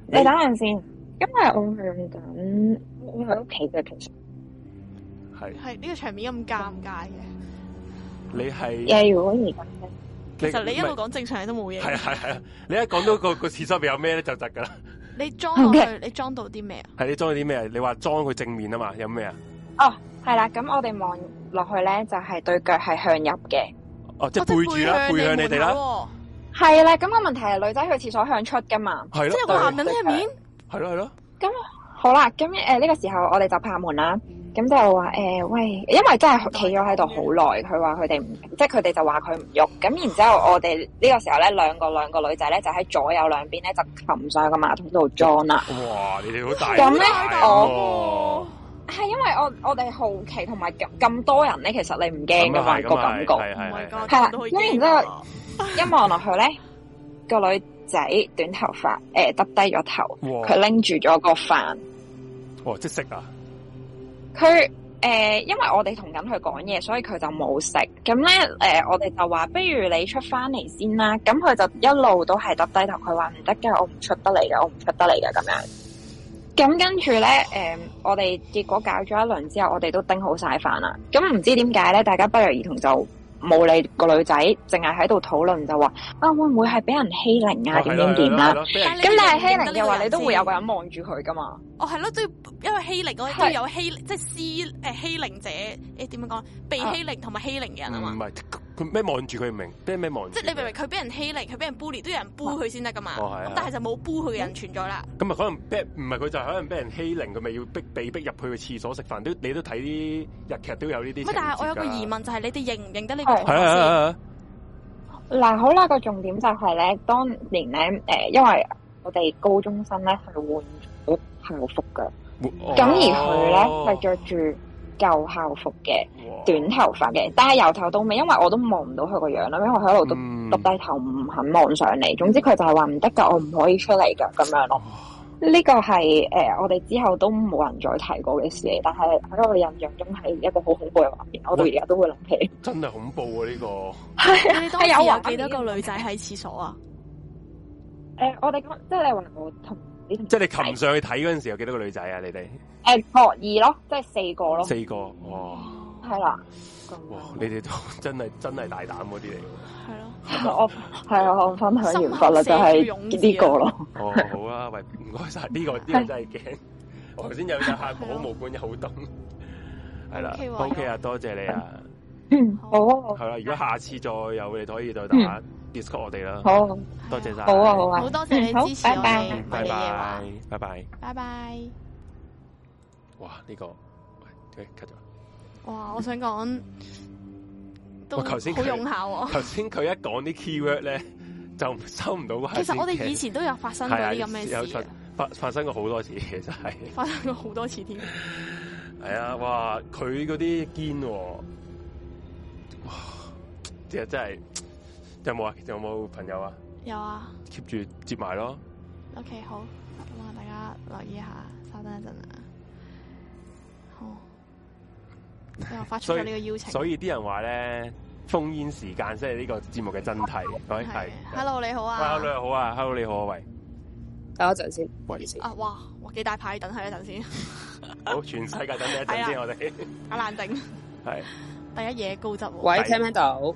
Speaker 5: 你等陣先。因為
Speaker 1: 我係用緊，我我喺屋
Speaker 2: 企嘅其實係係呢個場面咁尷尬嘅。
Speaker 1: 你係，
Speaker 2: 其實你一路講正常嘢都冇嘢。係係係，
Speaker 1: 你一講到、那個 個廁所入面有咩咧就窒噶啦。
Speaker 2: 你裝落去，你裝到啲咩啊？
Speaker 1: 係你裝到啲咩？你話裝佢正面啊嘛？有咩啊？
Speaker 2: 哦，係啦，咁我哋望
Speaker 5: 落去咧，就係對腳係向入嘅。
Speaker 1: 哦，即係背住啦，背向你哋啦。
Speaker 5: 係啦、哦、咁、那個問題係女仔去廁所向出噶嘛？係即係個男人咩面？
Speaker 1: 係咯係
Speaker 5: 咯，咁、嗯、好啦，咁誒呢個時候我哋就拍門啦，咁、嗯嗯、就話誒、呃、喂，因為真係企咗喺度好耐，佢話佢哋唔，即係佢哋就話佢唔喐，咁然之後我哋呢個時候咧，兩個兩個女仔咧就喺左右兩邊咧就擒上個馬桶度裝啦。哇，你哋好大膽、哦，咁咧我係、哦、因為我我哋好奇同埋咁咁多人咧，其實你唔驚噶嘛個感覺，係、哦、啦，咁然之後、啊、然後一望落去咧個 女。仔短頭髮，誒、呃，耷低咗頭，佢拎住咗個
Speaker 1: 飯，哦，即食啊？
Speaker 5: 佢誒、呃，因為我哋同緊佢講嘢，所以佢就冇食。咁咧，誒、呃，我哋就話不如你出翻嚟先啦。咁佢就一路都係耷低頭，佢話唔得噶，我唔出得嚟噶，我唔出得嚟噶，咁樣。咁跟住咧，誒、呃，我哋結果搞咗一輪之後，我哋都叮好晒飯啦。咁唔知點解咧，大家不約而同就。冇理、個女仔，淨係喺度討論就話啊，會唔會係俾人欺凌呀、啊？點點點呀。哦，咁你係欺凌嘅話，你都會有個人望住佢㗎嘛？
Speaker 2: 哦，係囉，即係因為欺凌嗰個，啲都有欺，即係欺誒欺凌者誒點樣講？被欺凌同埋欺凌嘅人啊嘛。唔
Speaker 1: 係。咩望住佢唔明，咩咩望住。即係你明
Speaker 2: 明佢俾人欺凌，佢俾人 bully，都有人 bully 佢先得噶嘛。哦啊、但係就冇 bully 佢嘅人存在啦。
Speaker 1: 咁、嗯、啊可能唔係佢就是，可能俾人欺凌，佢咪要逼被逼入去廁所食飯，都你都睇啲日劇都有呢啲。但係我有個疑問
Speaker 2: 就係、是，你哋認唔認得呢個角色？嗱、啊啊啊啊啊，好啦，個重點就
Speaker 5: 係咧，當年咧，誒、呃，因為我哋高中生咧係換咗校服噶，
Speaker 3: 咁、哦、而佢咧係
Speaker 5: 着住。舊校服嘅短頭髮嘅，但係由頭到尾，因為我都望唔到佢個樣啦，因為我喺度都耷低頭唔肯望上嚟。總之佢就係話唔得噶我唔可以出嚟噶咁樣咯。呢、這個係誒、呃，我哋之後都冇人再提過嘅事，但係喺我嘅印象中係一個好恐怖嘅畫面，我
Speaker 1: 到而家都會諗起。真係恐怖啊！呢、這個
Speaker 2: 係 你當時有幾多個女仔喺厠所啊？誒、呃，我哋即係話我同。
Speaker 1: 即係你擒上去睇嗰陣時，有幾多個女仔啊？你哋誒、
Speaker 5: 哦，二咯，即係四個咯。四個，哇，係啦，
Speaker 1: 哇，你哋都真係真係大膽嗰啲嚟，
Speaker 5: 係咯，我係啊，我分享完啦、啊，就係、是、呢個咯。
Speaker 1: 哦，好啊，喂，唔該晒，呢、這個啲、這個真係驚，頭先有入下好無本又好凍，係啦 okay，OK 啊，多謝你啊，
Speaker 3: 好，
Speaker 1: 係啦，如果下次再有，你可以再打。嗯 Disco 我哋啦，好，多謝晒，好啊，好啊，好多
Speaker 3: 謝你支持我哋講拜
Speaker 1: 拜，拜拜，拜
Speaker 2: 拜，bye
Speaker 1: bye. Bye bye. Bye bye. 哇，呢、這個，喂，cut
Speaker 2: 咗，哇，我想講，我頭先好用下、啊，頭
Speaker 1: 先佢一講啲 key word 咧、嗯，就收唔到嗰，其實我哋以前
Speaker 2: 都有發生過啲咁嘅事、
Speaker 1: 啊，發、啊、發生過好多次，其實係，發
Speaker 2: 生過好多次添，
Speaker 1: 係啊、 哎，哇，佢嗰啲堅，哇，其實真係。有冇啊？有冇朋友啊？有啊，keep 住接埋咯。
Speaker 2: O、okay, K，好，咁啊，大家留意一下，稍等一陣啊。好，又發出咗呢個邀請。所以
Speaker 1: 啲人話咧，烽煙時間即係呢個節目嘅真諦。各位係
Speaker 2: ，Hello，你好啊。Hello，、
Speaker 1: 啊、你好啊。Hello，你好啊，喂。等一陣先，喂，唔好
Speaker 2: 意思，啊，哇，哇，幾大牌，等喺一陣先。
Speaker 1: 好，全世界等你一陣先 對、啊，我 哋冷靜。阿蘭定，係
Speaker 4: 第一夜高質。喂，聽唔聽
Speaker 1: 到？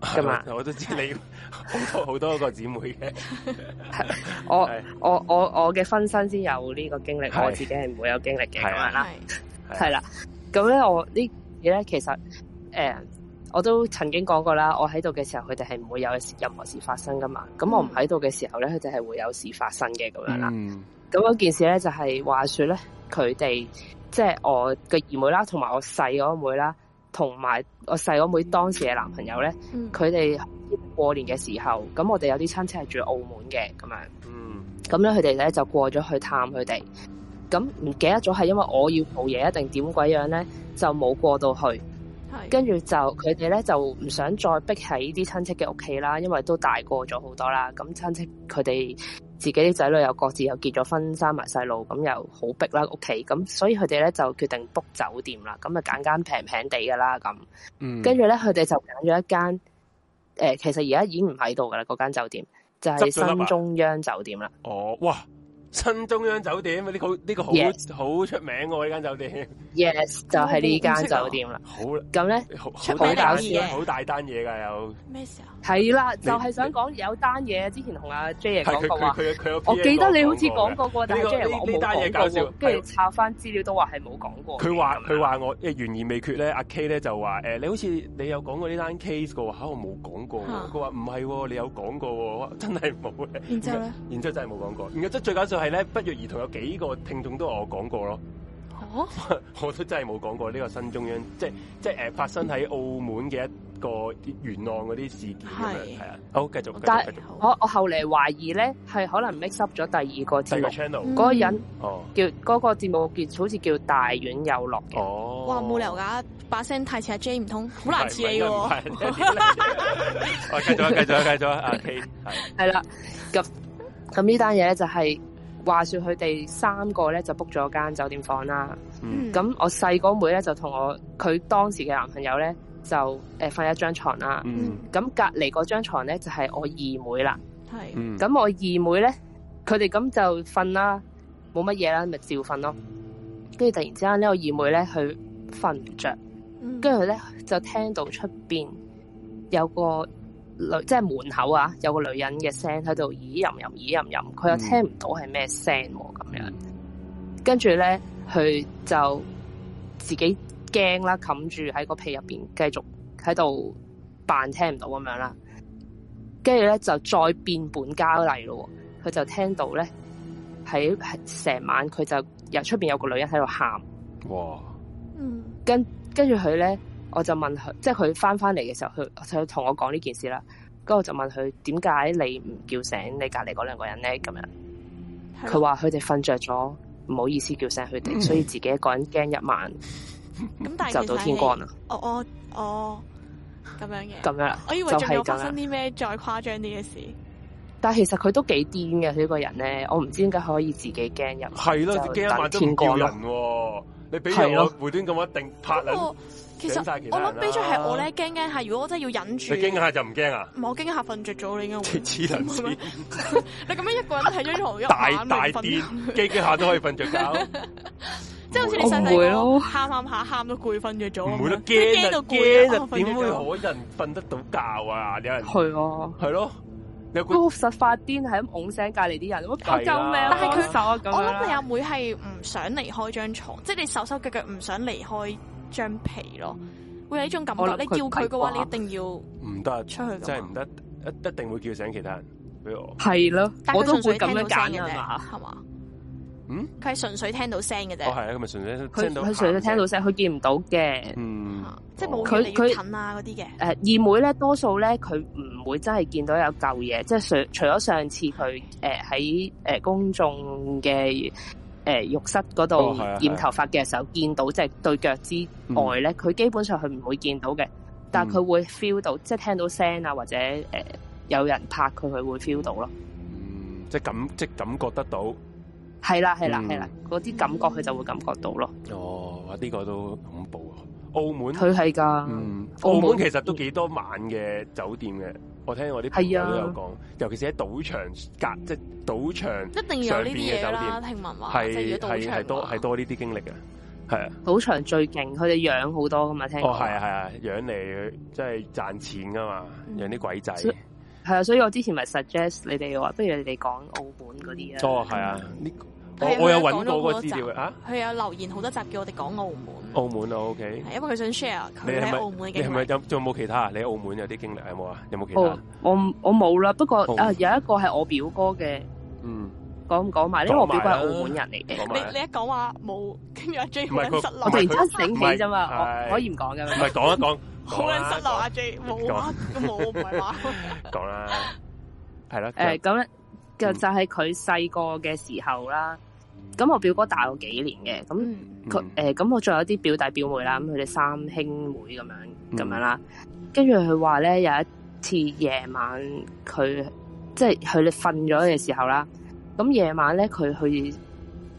Speaker 1: 噶嘛？ 我都知你好多好多個姊妹嘅。
Speaker 4: 我我我我嘅分身先有呢個經歷，我自己係唔會有經歷嘅咁樣啦。係啦，咁咧我呢嘢咧，其實誒、呃，我都曾經講過啦。我喺度嘅時候，佢哋係唔會有任何事發生噶嘛。咁我唔喺度嘅時候咧，佢哋係會有事發生嘅咁樣啦。咁、嗯、嗰件事咧，就係、是、話說咧，佢哋即係我嘅姨妹啦，同埋我細嗰個妹啦。同埋我細我妹，妹當時嘅男朋友咧，佢、嗯、哋過年嘅時候，咁我哋有啲親戚係住澳門嘅咁、嗯、樣，咁咧佢哋咧就過咗去探佢哋，咁唔記得咗係因為我要做嘢一定點鬼樣咧，就冇過到去，跟住就佢哋咧就唔想再逼喺啲親戚嘅屋企啦，因為都大過咗好多啦，咁親戚佢哋。自己啲仔女又各自又結咗婚，生埋細路，咁又好逼啦屋企，咁所以佢哋咧就決定 book 酒店啦，咁啊揀間平平地噶啦咁，
Speaker 3: 跟住咧
Speaker 4: 佢哋就揀咗一間，欸、其實而家已經唔喺度噶啦，嗰間酒店就係、是、新中央酒店啦。
Speaker 1: 哦，哇，新中央酒店呢、呢個呢、呢個好、yes. 好，好出名喎，呢、 yes, 間酒店。
Speaker 4: Yes，就係呢間酒店啦。好啦，咁咧好好搞笑好
Speaker 1: 大單嘢噶有。
Speaker 4: 咩？係啦，就係、是、想講有單嘢之前同阿 J
Speaker 1: 爺佢講過話，我記得你好似講過說過，但係 J 爺呢單嘢搞笑，跟住
Speaker 4: 查翻資料都話係冇講過。佢
Speaker 1: 話佢話我誒懸而未決咧，阿 K 咧就話誒你好似你有講過呢單 case 嘅話，吓我冇講過。佢話唔係，你有講過，過，現真係冇咧。然之後咧？然之後真係冇講過。然之後最搞笑係咧，不約而同有幾個聽眾都話我講過咯、啊。我都真係冇講過呢、這個新中央，即係即係誒發生喺澳門嘅一。嗯個沿岸嗰啲事件，係啊，好繼續，續，但我我後
Speaker 4: 嚟懷疑咧，係可能 mix up 咗第二個 channel，嗰個、那個人、嗯、叫嗰、哦那個節目好似叫大院有樂哦。哇冇
Speaker 2: 聊噶，把聲太似阿 J 唔通，好難似你喎。繼 、
Speaker 1: 哦、續，繼續，繼續 啊，繼續啊，繼續啊，阿
Speaker 4: K 係係啦，咁咁呢單嘢咧就係、是，話說佢哋三個咧就 book 咗間酒店房啦，咁、嗯、我細個妹咧就同我佢當時嘅男朋友咧。就誒瞓一張床啦，咁隔籬嗰張床咧就係我二妹啦。係，咁我二妹咧，佢哋咁就瞓啦，冇乜嘢啦，咪照瞓咯。跟住突然之間，我二妹咧，佢瞓唔着，跟住佢咧就聽到出邊有個女，即係門口啊有個女人嘅聲喺度，咦吟吟，咦吟吟，佢又聽唔到係咩聲咁樣。跟住咧，佢就自己。驚啦，冚住喺個被入邊，繼續喺度扮聽唔到咁樣啦。跟住咧就再變本加厲咯。佢就聽到咧喺成晚他，佢就由出邊有個女人喺度喊。哇！嗯，跟跟住佢咧，我就問佢，即係佢翻翻嚟嘅時候，佢佢同我講呢件事啦。跟住我就問佢，點解你唔叫醒你隔籬嗰兩個人咧？咁樣，佢話佢哋瞓着咗，唔好意思叫醒佢哋，嗯，所以自己一個人驚一晚。
Speaker 2: 但就到天光啦！哦哦哦咁樣嘅，咁樣啦、就是。我以為仲有發生啲咩再誇張啲嘅事。就
Speaker 4: 是、但係其實佢都幾癲嘅，佢個人咧，我唔知點解可以自己驚人。係咯，驚一晚真係吊人。天
Speaker 1: 人人啊、你俾咗我回端咁，一定拍兩。
Speaker 4: 其實其、啊、我諗，俾咗係我咧
Speaker 1: 驚
Speaker 2: 驚下。如果我真係要忍住，你驚
Speaker 1: 下就唔驚啊！
Speaker 2: 我驚下，瞓着咗你應該會。你咁樣一個人喺張床入邊，大大啲。驚驚下都可以瞓着覺。
Speaker 1: 即係、嗯哦、好似你細
Speaker 2: 細個喊喊下，喊到攰，瞓咗。咗。唔會咯，
Speaker 1: 驚就驚就，點會有人瞓得到覺啊？啲人係 啊，係、就、咯、是啊，
Speaker 4: 佢實發癲，係咁拱醒，隔籬啲人，我救命！但係佢，我諗你阿妹係唔想離開張
Speaker 1: 床，即
Speaker 2: 係你手手腳腳唔想離開張被咯，會有呢種感覺。你叫佢嘅話，你一定要
Speaker 1: 唔得出去，出去真係唔得，一一定會叫醒其他人俾我。係咯，但我都會咁樣揀係嘛。吧是吧嗯，
Speaker 2: 佢係純粹聽到聲嘅啫。係、哦、啊，佢咪
Speaker 1: 純
Speaker 4: 粹聽到聲。佢佢純粹聽到聲，佢見唔到嘅、嗯啊啊呃。嗯，即係冇佢佢近啊
Speaker 2: 嗰啲嘅。誒，二
Speaker 4: 妹咧，多數咧佢唔會真係見到有舊嘢，即係除咗上次佢誒喺誒公眾嘅誒浴室嗰度染頭髮嘅時候見到即係對腳之外咧，佢、嗯、基本上佢唔會見到嘅。但係佢會 feel 到，嗯、即係聽到聲啊，或者誒、呃、有人拍佢，佢會 feel 到咯。嗯，
Speaker 1: 嗯即係感即係感覺得到。
Speaker 4: 係啦，係啦，係、
Speaker 1: 嗯、啦，嗰啲感覺佢就會感覺到咯。哦，呢、呢個都恐怖啊！澳門
Speaker 4: 佢係噶，澳門其實
Speaker 1: 都幾多晚嘅酒店嘅，嗯。我聽我啲朋友都有講，啊，尤其是喺賭場隔，即係賭場上面嘅酒店。一定要有呢啲嘢啦，聽聞話係，係係多係多呢啲經歷嘅，係啊。
Speaker 4: 賭場最勁，佢哋養好多噶嘛，聽。哦，係啊係啊，養嚟即
Speaker 1: 係賺錢噶嘛，嗯，養啲鬼仔。
Speaker 4: 係啊，所以我之前咪 suggest 你哋話，不如你哋講澳
Speaker 1: 門嗰啲啊。哦，係啊，呢，嗯。呢個有有哦、我有揾過個資料啊，
Speaker 4: 佢
Speaker 2: 有留言好多集叫我哋講澳門。
Speaker 1: 澳門啊，OK。係因
Speaker 2: 為佢想 share 佢喺澳門嘅經歷。
Speaker 1: 你係咪？你有仲有冇其他啊？你喺澳門有啲經歷有冇、oh, oh. 啊？有冇其、嗯、他？我
Speaker 4: 我冇啦，不過啊有一
Speaker 1: 個係我表哥嘅。嗯，講唔講埋？呢個表哥係澳門人
Speaker 4: 嚟嘅。你你一講話
Speaker 1: 冇，
Speaker 2: 跟住阿 J 突然間失落，突然間醒起啫嘛，我
Speaker 1: 可以唔講噶。唔係講一講，好想失落，阿 J，冇啊，冇唔係啊，講啦，係咯。誒咁
Speaker 4: 就就係佢細個嘅時候啦。咁我表哥大我幾年嘅，咁佢誒，咁、嗯呃、我仲有啲表弟表妹啦，咁佢哋三兄妹咁樣咁、嗯、樣啦。跟住佢話咧，有一次夜晚佢即係佢哋瞓咗嘅時候啦，咁夜晚咧佢去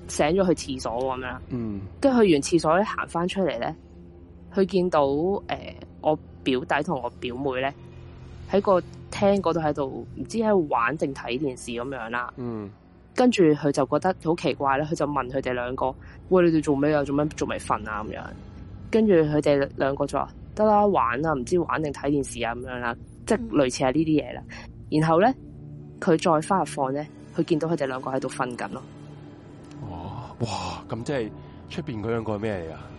Speaker 4: 醒咗去廁所咁樣，嗯，跟住去完廁所咧行翻出嚟咧，佢見到誒我表弟同我表妹咧喺個廳嗰度喺度唔知喺度玩定睇電視咁樣啦，嗯。跟住佢就覺得好奇怪啦，佢就問佢哋兩個：喂，你哋做咩啊？做咩仲未瞓啊？咁樣。跟住佢哋兩個就話：得啦，玩啦，唔知玩定睇電視啊咁樣啦，即係類似係呢啲嘢啦。然後咧，佢再翻入房咧，佢見到佢哋兩個喺度瞓緊咯。
Speaker 1: 哦，哇！咁即係出邊佢兩個係咩嚟啊？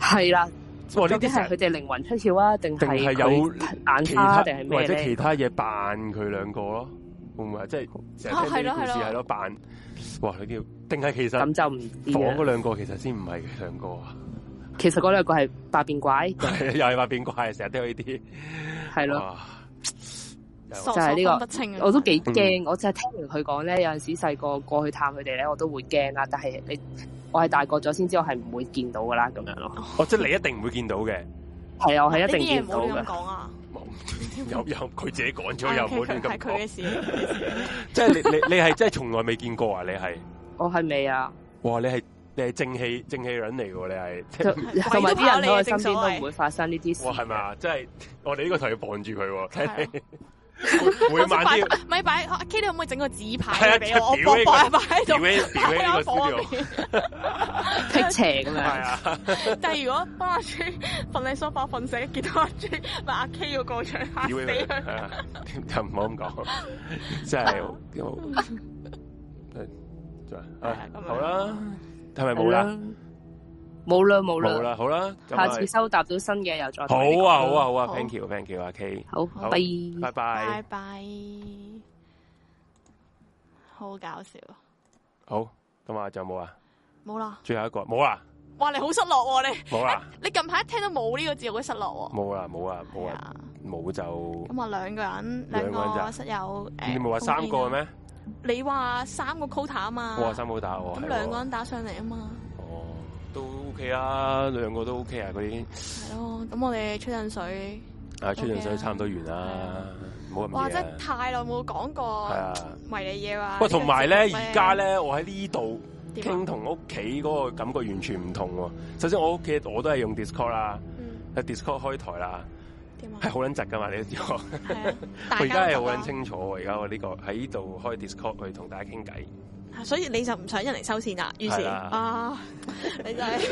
Speaker 4: 係啦，呢啲係佢哋靈魂出竅啊？定係有
Speaker 1: 眼他定係或者其他嘢扮佢兩個咯？會唔會即係成日聽呢啲故事係咯、啊、扮，哇！佢叫定係其實咁就唔，仿嗰兩個其實先唔係兩個啊。其實嗰兩個係八變怪， 又係八變怪，成日都有呢啲係咯，就係呢個。我都幾驚、
Speaker 4: 嗯，我就係聽完佢講咧。有陣時細個過去探佢哋咧，我都會驚啦。但係你我係大個咗先知，我係
Speaker 1: 唔會見到噶啦咁樣咯。 哦，即係你一定唔會見到嘅。係 啊，我係一定見唔到，唔好咁講啊！又又佢自己講咗又冇唔好佢嘅事？ 即係你你你係真係從來未見過啊！你係哦，係未啊？哇！你係你係正氣正氣人嚟噶？你係同埋啲人喺、啊、身邊都唔會發生呢啲事，係咪 啊？即係我哋呢個台要綁住佢睇每晚叫
Speaker 2: 咪擺阿 K，你可唔可以整個紙牌俾我、， 啊那個、我擺擺 放喺度火？放喺度，
Speaker 1: 劈斜咁樣。係啊。但
Speaker 2: 係如果阿 J 瞓喺梳化瞓醒，見到阿 J 阿 K 個過程嚇死佢。
Speaker 1: 點 唔、 啊 啊、好咁講？即係好，係好啦。係咪冇啦？冇啦冇啦，好啦好啦，下次收
Speaker 4: 集到新嘅又再。好啊好啊好啊 thank you
Speaker 1: thank you 阿 K，好，拜拜拜
Speaker 4: 拜，
Speaker 2: 好搞笑。
Speaker 1: 好，咁啊仲有冇啊？
Speaker 2: 冇啦，
Speaker 1: 最後一個冇啊，
Speaker 4: 哇
Speaker 2: 你好失落你，
Speaker 1: 冇啊，你、欸、
Speaker 2: 你近排一聽到冇呢個字好失落喎、
Speaker 1: 啊，冇啦冇啦冇啦冇就，
Speaker 2: 咁啊兩個人兩個人室友誒、呃啊，你唔係話三個咩？你、哦、話三個 quota 啊嘛，哇
Speaker 1: 三好打喎，咁兩個人
Speaker 2: 打上嚟啊嘛。
Speaker 1: 都 OK 啦，兩個都 OK 啊，嗰啲。係咯，
Speaker 2: 咁我哋吹陣水。OK、啊，吹陣水
Speaker 1: 差唔多完啦，冇乜嘢。真係
Speaker 2: 太耐冇講過，迷你嘢啊。不過同埋咧，而家咧，
Speaker 1: 我喺呢度傾同屋企嗰個感覺完全唔同。首先我屋企我都係用 Discord 啦，喺、嗯、Discord 開台啦，係好卵雜噶嘛，你知、啊、呵呵呵都知我。
Speaker 2: 我而家係好卵
Speaker 1: 清楚，而家我呢個喺度開 Discord 去同大家傾偈。
Speaker 2: 所以你就唔想人嚟收錢啊？於是啊，oh, 你真係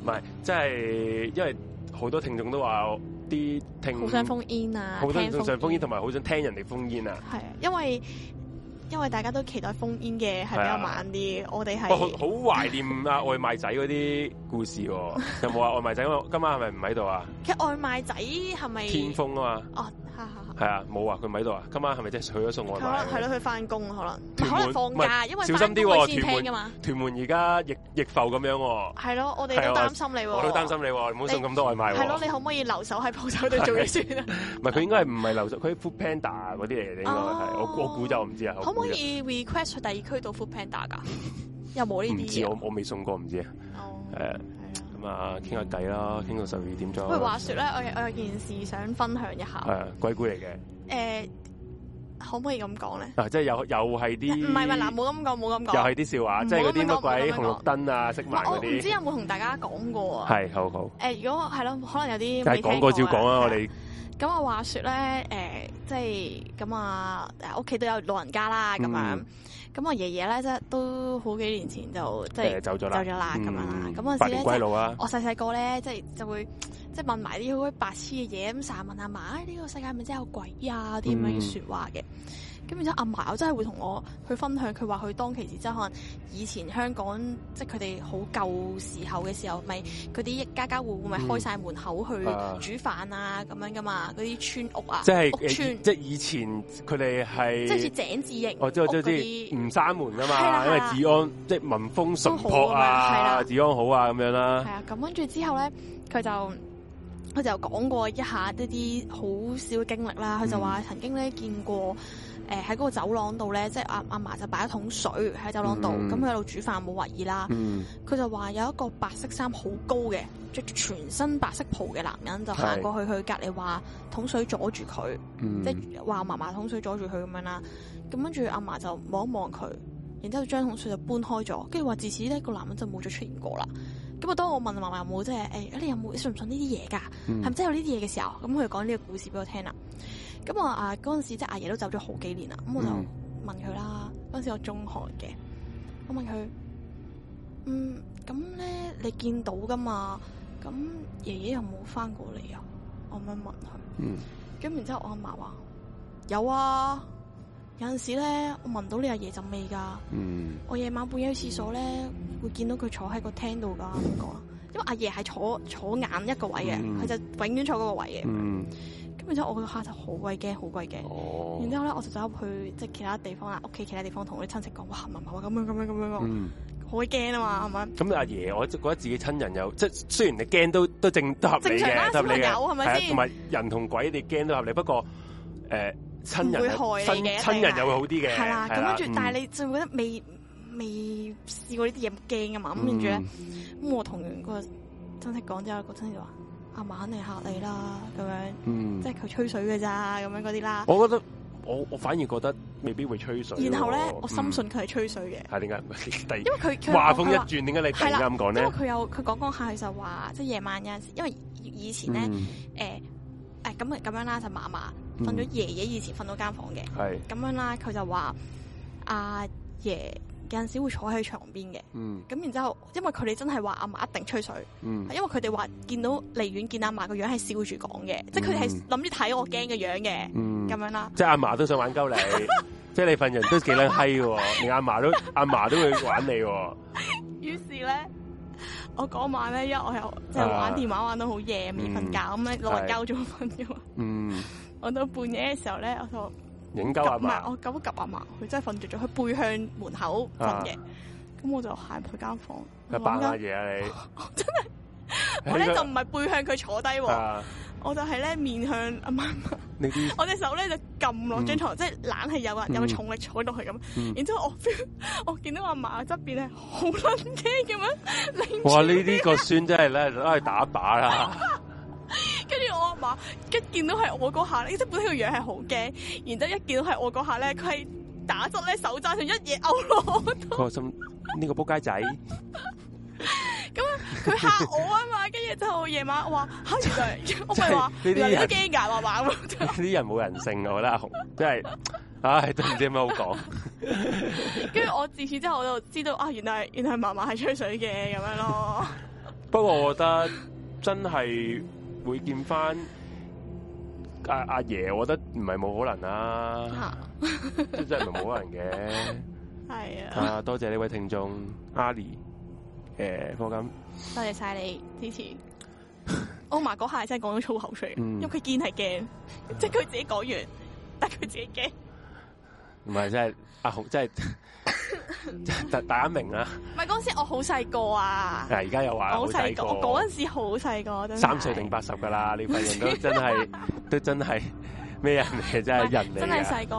Speaker 1: 唔係，即係因為好多聽眾都話啲聽好想封
Speaker 2: 煙啊，好多聽眾想封
Speaker 1: 煙，同埋好想聽人哋封煙啊。係，因為、啊
Speaker 2: 啊、因為因為大家都期待封煙嘅，係比較慢啲，我哋係
Speaker 1: 好懷念啊外賣仔嗰啲故事、啊。 有冇啊外賣仔？今晚係咪唔喺度啊？
Speaker 2: 其實外賣仔係咪天
Speaker 1: 風啊？哦、oh。係啊，冇啊，佢唔喺度啊。今晚係咪即係去咗送外賣？係咯，係咯，
Speaker 2: 佢翻工可
Speaker 1: 能，可能放假，因為翻工先聽噶嘛。屯門而家逆疫浮咁樣、啊。
Speaker 2: 係咯，我哋都擔心你、啊。我都擔心你，
Speaker 1: 唔好送咁多外賣、啊。係咯，你
Speaker 2: 可唔可以留守喺鋪頭度做嘢先
Speaker 1: 啊？唔 係， 佢應該係唔係留守，佢 Food Panda 嗰啲嚟嘅應該係、oh.。我我估就唔知啊。可唔可以
Speaker 2: request 第二區到 Food Panda 噶？又冇呢啲。唔
Speaker 1: 知我我未送過，唔知啊。係、oh. uh. 咁啊，傾下偈啦，傾到十二點鐘。不如話説咧，我
Speaker 2: 我有件事想分享一下。係、啊、
Speaker 1: 鬼故嚟嘅。
Speaker 2: 誒、欸，可唔可以咁講咧？
Speaker 1: 啊，即係又又係啲唔係唔係嗱，
Speaker 2: 冇咁講，冇咁講。又係啲
Speaker 1: 笑話，即係嗰啲乜鬼紅綠燈啊、色盲嗰啲。我唔知有
Speaker 2: 冇同大家講過啊。係，好好。誒、欸，如果係咯，可能有啲未聽過。就係、講過照講啊。我哋。咁我、嗯、話説咧，誒、欸，即係咁啊，屋企都有老人家啦，咁啊。嗯咁我爺爺咧即係都好幾年前就即係、即係、走咗啦，咁樣啦。咁、嗯、嗰、嗰、時咧，啊即係、我細細個咧即係就會即係問埋啲好鬼白痴嘅嘢，咁成日問阿嫲：呢個世界咪真係有鬼啊？啲咁樣嘅說話嘅。咁而且阿嫲，真係會同我去分享。佢話佢當其時，即係可能以前香港，即係佢哋好舊時候嘅時候，咪佢啲家家戶戶咪開晒門口去、嗯、煮飯啊咁樣噶嘛，嗰啲村屋啊，即係屋村。即
Speaker 1: 係以前佢哋係即係似
Speaker 2: 井字形，即係即知，
Speaker 1: 即係唔閂門噶嘛，因為治安即係民風淳樸啊，治安好啊咁樣啦。
Speaker 2: 係啊，咁跟住之後咧，佢就佢就講過一下一啲好少嘅經歷啦。佢就話曾經咧見過。誒喺嗰個走廊度咧，即係阿阿嫲就擺一桶水喺走廊度，咁佢喺度煮飯冇為意啦。佢、嗯、就話有一個白色衫好高嘅，即全身白色袍嘅男人就行過去，佢隔離話桶水阻住佢、嗯，即係話嫲嫲桶水阻住佢咁樣啦。咁跟住阿嫲就望一望佢，然之後將桶水就搬開咗，跟住話自此呢、呢個男人就冇再出現過啦。咁啊，當我問阿嫲有冇即係你有冇信唔信呢啲嘢㗎？係咪真係有呢啲嘢嘅時候？咁佢講呢個故事俾我聽啦。咁我啊嗰陣時即係阿爺都走咗好幾年啦，咁我就問佢啦。嗰、嗯、陣時我中學嘅，我問佢：，嗯，咁咧你見到噶嘛？咁爺爺有冇返過嚟啊？我咁樣問佢。嗯。咁然之後我阿嫲話：有啊，有陣時咧我聞到你阿爺就味噶。嗯。我夜晚半夜去廁所咧，會見到佢坐喺個廳度噶。咁講，因為阿爺係坐坐眼一個位嘅，佢、嗯、就永遠坐嗰個位嘅。嗯。嗯覺得的的然後我嗰下就好鬼驚，好鬼
Speaker 1: 驚。然之後
Speaker 2: 咧，我就走去即係其他地方啦，屋企其他地方同我啲親戚講：，哇，嫲嫲咁樣咁樣咁樣。好鬼驚啊嘛，
Speaker 1: 係嘛？咁阿爺，我就覺得自己親人又即係雖然你驚都都正都合理嘅，都合理同埋人同鬼你驚都合理，不過誒親、呃、人親人又會好啲嘅。係啦、啊，咁跟住，嗯、但係你
Speaker 2: 就覺得未未試過嗯嗯呢啲嘢，驚啊嘛。咁跟住咧，咁我同個親戚講之後，那個親戚就話。阿嫲肯定嚇你啦，咁樣，嗯、即係佢吹水嘅咋，咁樣嗰啲啦。
Speaker 1: 我覺得我我反而覺得未必會吹水。然後咧，嗯，我深信佢係吹水嘅。係點解？第二，因為佢話風一轉，點解你突然間咁講咧？因為佢
Speaker 2: 有佢講講下，佢就話，即係夜晚有陣時，因為以前咧，誒誒咁咁樣啦，就嫲嫲瞓咗，爺爺、嗯、以前瞓到間房嘅。係咁樣啦，佢就話阿爺。啊爺有陣時會坐喺床邊嘅，咁、嗯、然之後，因為佢哋真係話阿嫲一定吹水，嗯、因為佢哋話見到離遠見阿嫲個樣係笑住講嘅，嗯、即係佢哋係諗住睇我驚嘅樣嘅，嗯、咁樣啦。
Speaker 1: 即係阿嫲都想玩鳩你， 即係你份人都幾撚閪嘅， 連阿嫲都阿嫲都會玩你。
Speaker 2: 於是咧，我嗰晚咧，因為我又即係玩電話、啊、玩到好夜未瞓覺，咁咧落嚟交咗瞓啫嘛。了
Speaker 1: 嗯，
Speaker 2: 我到半夜嘅時候咧，我就。
Speaker 1: 影鳩唔係我
Speaker 2: 咁夾阿嫲，佢真係瞓着咗，佢背向門口瞓嘅。咁、啊、我就行入佢間房，做乜嘢啊你 我真的？我真係我咧就唔係背向佢坐低喎、啊，我就係咧面向阿嫲，我隻手咧就撳落張床，嗯、即係懶係有啊有重力坐落去咁、嗯嗯。然之後我 feel 我見到阿嫲側邊咧好撚驚咁樣
Speaker 1: 住。哇！呢啲個孫真係咧拉去打靶啊！
Speaker 2: 一見到係我嗰下咧，即本身個樣係好驚，然之後一見到係我嗰下咧，佢係打咗咧手揸住一嘢嘔咯。
Speaker 1: 開心呢 個仆街仔，咁佢嚇
Speaker 2: 我，我，我 啊嘛，跟住之後夜晚話，吓 完就是、我咪話你都驚噶，話麻。
Speaker 1: 啲 人冇人性噶，我覺得阿紅，真係唉都唔知有咩好講。跟住
Speaker 2: 我自此之後我就知道啊，原來原來麻麻係吹水嘅咁樣咯 。
Speaker 1: 不過我覺得真係。會見翻阿阿爺，啊、爺爺我覺得唔係冇可能啦、啊，即、啊、係 真係冇可能嘅、
Speaker 2: 啊。係 啊，啊，
Speaker 1: 多謝呢位聽眾阿里，誒，霍金，
Speaker 2: 多謝晒你支持。歐麻嗰下真係講咗粗口出嚟。因為佢見係驚，即係佢自己講完，得佢自己驚。
Speaker 1: 唔係，真係阿豪，真係。 大大家明啦，
Speaker 2: 唔係嗰陣時我好細個啊，
Speaker 1: 係而家又話好細個，嗰陣
Speaker 2: 時好細個，真三歲定
Speaker 1: 八十噶啦，呢份人都真係 都真係咩人嚟，真係人嚟，真係細
Speaker 2: 個。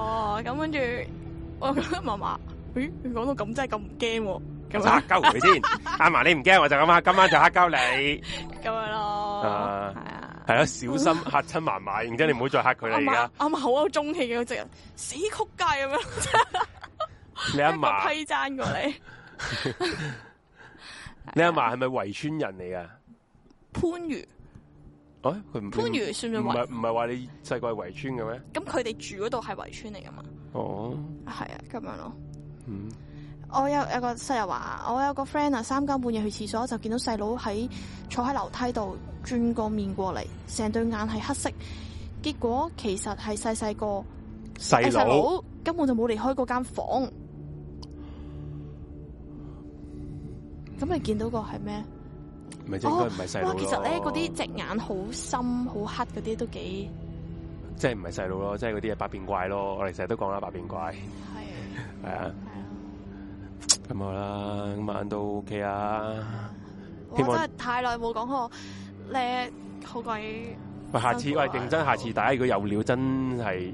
Speaker 2: 咁跟住我覺得嫲嫲，咦，你講到咁真係咁唔驚喎，
Speaker 1: 咁嚇鳩佢先，阿 嫲你唔驚，我就咁晚今晚就嚇鳩你，咁 樣咯，係、uh，啊，係啊，小心嚇親嫲嫲，然之後你唔好再嚇佢啦而家。
Speaker 2: 阿嫲好有中氣嘅嗰隻人，死曲街咁樣。
Speaker 1: 你阿嫲批讚過你，你阿嫲係咪圍村人嚟噶？番 禺，佢哎，番禺算唔唔係？唔係話你細個係圍村嘅咩？咁
Speaker 2: 佢哋住嗰度係圍村嚟噶嘛？
Speaker 1: 哦，係啊，咁樣咯。嗯，
Speaker 2: 我有有一個室友話，我有個 friend 啊，三更半夜去廁所就見到細佬喺坐喺樓梯度轉個面過嚟，成對眼係黑色，結果其實係細細個細佬，哎、弟弟根本就冇離開嗰間房間。咁你見到個係咩？
Speaker 1: 唔係，哦，應該唔係細路，其實咧嗰啲
Speaker 2: 隻眼好深好黑嗰啲都幾，
Speaker 1: 即係唔係細路咯，即係嗰啲係百變怪咯。我哋成日都講啦，百變怪係啊，係啊，係啊。咁好啦，今晚都 OK 啊。我真係
Speaker 2: 太耐冇講過，你好鬼。喂，下次喂認真，下次
Speaker 1: 大家如果有料真，真係。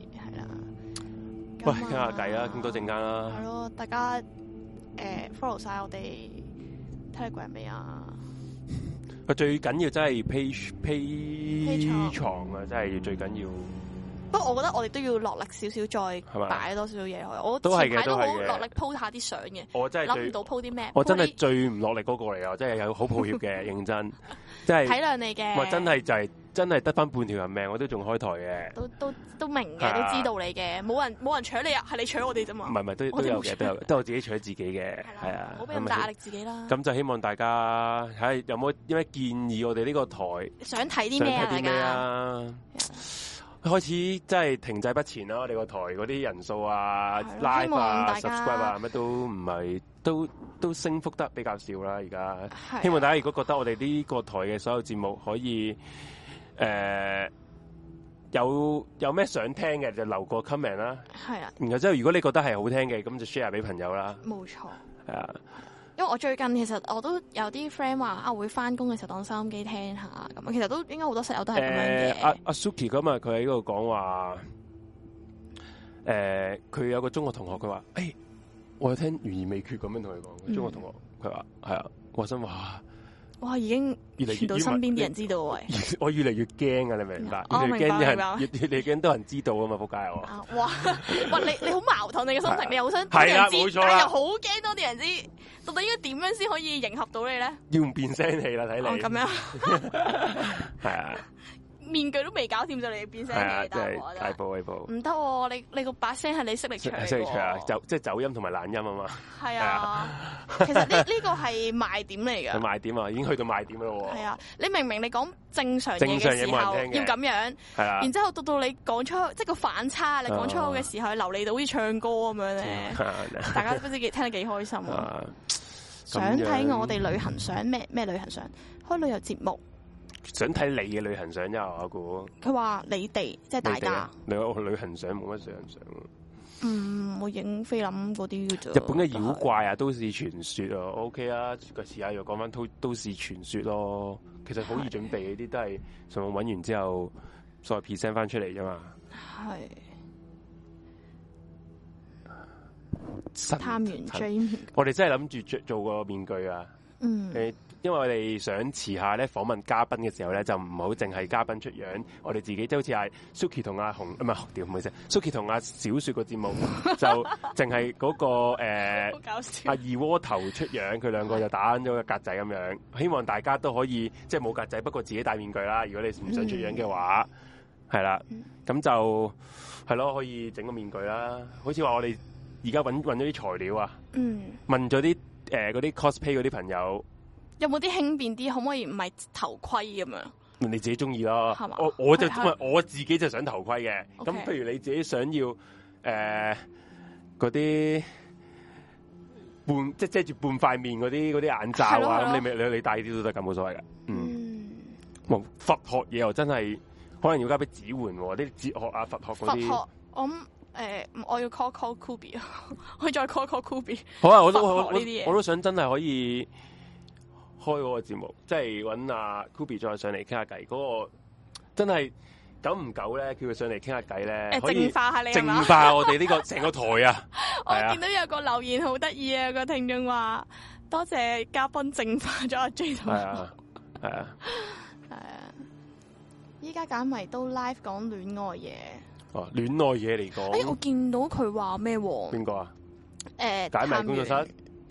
Speaker 1: 嗯、喂，傾下偈啦，咁多陣間啦，
Speaker 2: 係咯，大家誒 follow 晒我哋，Telegram 未啊？
Speaker 1: 最緊要真係 page page 床啊，真係最緊要。
Speaker 2: 不過我覺得我哋都要落力少少，再擺多少少嘢。我都係嘅，都係嘅。落力 po 下啲相嘅。我真係諗唔到 po 啲咩。我真係
Speaker 1: 最唔落力嗰個嚟啊！真係有好抱歉嘅， 認真，即係體諒你嘅。我真係就係、是。真係得翻半條人命，我都仲開台嘅。
Speaker 2: 都都都明嘅，啊、都知道你嘅。冇人冇人搶你啊，係你搶我哋啫嘛。唔係
Speaker 1: 唔係，都有都有嘅， 都有都我自己搶自己嘅。係啊，冇好俾咁大壓力自己啦。咁就希望大家，係、啊、有冇啲咩建議？我哋呢個台
Speaker 2: 想睇啲咩啊？大家
Speaker 1: 開始真係停滯不前啦、啊！我哋個台嗰啲人數啊、拉啊，live 啊、subscribe 啊，乜都唔係，都都升幅得比較少啦、啊。而家、啊、希望大家如果覺得我哋呢個台嘅所有節目可以。誒、呃，有有咩想聽嘅就留個 comment 啦。係啊。然後即係如果你覺得係好聽嘅，咁就 share 俾朋友啦。
Speaker 2: 冇錯。係啊。因為我最近其實我都有啲 friend 話啊，會翻工嘅時候當收音機聽下。咁其實都應該好多室友都係咁樣嘅。阿、呃、
Speaker 1: 阿、啊啊、Suki 今日佢喺度講話，誒、呃，佢有個中學同學佢、哎嗯啊、話，話，誒，我有聽懸而未決咁樣同佢講。中學同學佢話係啊，話真話。
Speaker 2: 哇！已經越嚟越到身邊啲人知道喂，
Speaker 1: 我越嚟越驚啊！你明唔明啊？我驚啲人越越你驚越越多人知道啊嘛！仆街我
Speaker 2: 哇！哇！你你好矛盾 你嘅心情，係啊、你又好想多人知道是、啊，但係又好驚多啲人知，啊、到底應該點樣先可以迎合到你咧？
Speaker 1: 要唔變聲器啦，睇你咁樣、啊。 係
Speaker 2: 啊 面具都未搞掂就嚟變聲器㗎，唔得，你你個把聲係你實力唱，實力唱啊，走、
Speaker 1: 就是哦、即係走音同埋懶音啊嘛，係啊， 其
Speaker 2: 實呢呢、這個係賣點嚟噶，
Speaker 1: 賣點啊，已經去到賣點啦，係
Speaker 2: 啊，你明明你講正常嘢嘅時候要咁樣，係啊，然之後到到你講出即係、就是、個反差，你講出口嘅時候、啊、流利到好似唱歌咁樣咧，
Speaker 1: 大家都不
Speaker 2: 知幾聽得幾開心啊，
Speaker 1: 想睇我哋旅
Speaker 2: 行相咩咩旅行相開旅遊節目。
Speaker 1: 想睇你嘅旅行相又阿古，
Speaker 2: 佢話你哋即係大家。
Speaker 1: 你我旅行相冇乜上相，嗯，唔
Speaker 2: 會影菲林嗰啲嘅。日本嘅妖
Speaker 1: 怪啊，是都市傳說啊，OK 啊，個時下又講翻都都市傳說咯。其實好易準備的，呢啲都係，什麼揾完之後再 present 翻出嚟啫嘛。係。探完，我哋真係諗住做做個面具啊！嗯。欸因為我哋想遲下咧訪問嘉賓嘅時候咧，就唔好淨係嘉賓出樣，我哋自己即好似係 Suki 同阿熊，唔係，屌唔好意思 Suki 同阿小雪個節目 就淨係嗰個誒、 呃，阿二鍋頭出樣，佢兩個就打咗個格仔咁樣。希望大家都可以即係冇格仔，不過自己戴面具啦。如果你唔想出樣嘅話，係、嗯、啦，咁就係咯，可以整個面具啦。好似話我哋而家揾揾咗啲材料啊，嗯、問咗啲嗰啲、呃、cosplay 嗰啲朋友。有冇啲
Speaker 2: 輕便啲？可唔可以唔係頭盔咁
Speaker 1: 樣？你自己中意咯。我我就咪我自己就想頭盔嘅。咁、okay。譬如你自己想要誒嗰啲半即係遮住半塊面嗰啲啲眼罩啊。咁你咪你你，你戴呢啲都得咁冇所謂嘅、嗯。嗯。佛學嘢又真係可能要交俾指煥啲哲學啊佛學嗰啲。學
Speaker 2: 我誒、呃、我要 call call Kubi， 我再 call call Kubi。好啊，我都我我呢啲我都
Speaker 1: 想真係可以。開嗰個節目，即係揾阿 Kobe 再上嚟傾下偈。嗰、嗰個真係久唔久咧，叫佢上嚟傾下偈咧，可以淨化下你是是，淨化我哋呢個成個台 啊！我見到
Speaker 2: 有個留言好得意啊，個聽眾話：多謝嘉賓淨化咗阿 J 台，係啊，係啊，依家解迷都 live 講戀愛嘢。
Speaker 1: 哦、啊，戀愛嘢嚟講。哎，我
Speaker 2: 見到佢話咩？邊個啊？誒、啊呃，解迷工作室。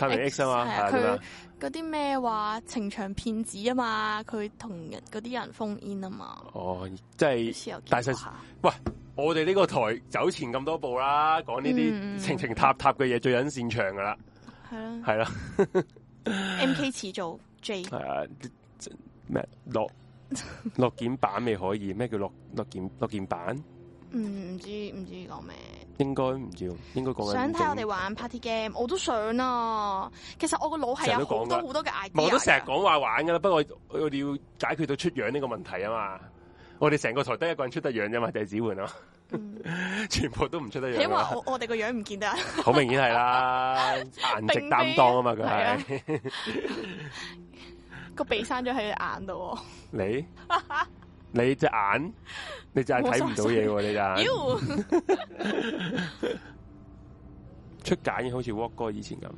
Speaker 1: X, X 啊，啊嘛，佢
Speaker 2: 嗰啲咩話情場騙子啊嘛，佢同人嗰啲人封煙啊嘛。
Speaker 1: 哦，即係，但係喂，我哋呢個台走前咁多步啦，講呢啲情情塔塔嘅嘢最緊擅長噶啦。係咯，係啦。
Speaker 2: M K 始祖 J 係啊，
Speaker 1: 咩、啊 啊、落落件板未可以？咩叫落落件落件板？
Speaker 2: 唔、嗯、知唔知講咩，
Speaker 1: 應該唔知道，應該講想睇我哋
Speaker 2: 玩 party game，我都想啊。其實我個腦係有好多好多嘅 idea 都成日
Speaker 1: 講話玩噶啦。不過我哋要解決到出樣呢個問題啊嘛。我哋成個台得一個人出得樣啫嘛，就係子煥咯。全部都唔出得樣。因為我，
Speaker 2: 我哋個樣唔見得。
Speaker 1: 好明顯係啦，顏 值擔當啊嘛，佢係、啊、
Speaker 2: 個鼻生咗喺眼度。
Speaker 1: 你？ 你隻眼，你就係睇唔到嘢喎，你只 You  出簡好似 Walk 哥以前咁，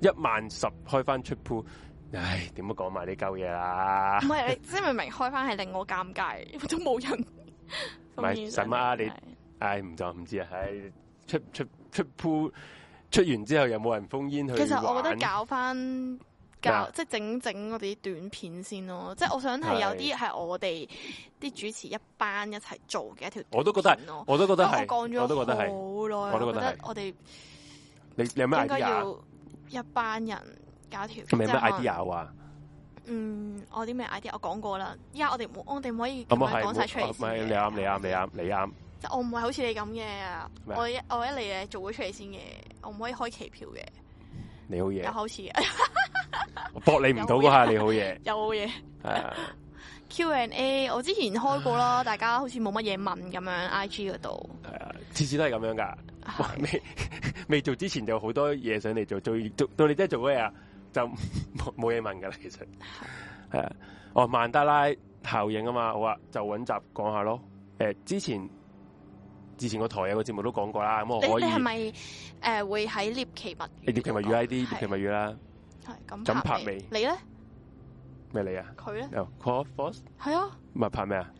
Speaker 1: 一萬十開翻出鋪，唉，點樣講埋呢嚿嘢啦？唔係，即
Speaker 2: 係明明開翻係令我尷尬，我都冇人係 不是 神媽，
Speaker 1: 你 唉唔就唔知啊，係出出出鋪出完之後又冇人封煙去，其實我覺得搞翻。弄即係
Speaker 2: 整整我哋啲短片先咯，即係我想係有啲係我哋啲主持一班一齊做嘅一條片，我都覺得係，我都覺得係。我都覺得係。我都覺得。我都覺得。我哋你
Speaker 1: 你有咩 idea 應該要
Speaker 2: 一班人搞條，咩 idea 啊？嗯，我啲咩 idea？我講過啦，依家我哋我哋唔可以講晒出嚟。
Speaker 1: 你啱，你啱，你啱，你啱。
Speaker 2: 即我唔係好似你咁嘅，我一我一嚟做咗出嚟先嘅，我唔可以開期票嘅。
Speaker 1: 你好嘢。好似 我駁你唔到噶吓， 你好嘢厲，有好嘢係啊。
Speaker 2: Q and A 我之前開過啦， 大家好似冇乜嘢問咁樣 I G 嗰度係
Speaker 1: 啊，次、uh, 次都係咁樣噶、uh,。未 未做之前就好多嘢上嚟做，做做到你真係做咩啊？就冇嘢問噶啦，其實係啊。哦、uh,，曼德拉效應啊嘛，好啊，就揾集講下咯。誒、uh,，之前之前個台有個節目都講過啦，咁我哋，可以係咪
Speaker 2: 誒會喺獵奇物？
Speaker 1: 獵奇物語 I D 獵奇物語啦。
Speaker 2: 係咁拍，拍，你咧
Speaker 1: 咩你啊？佢咧？Call force 係啊，唔係拍咩啊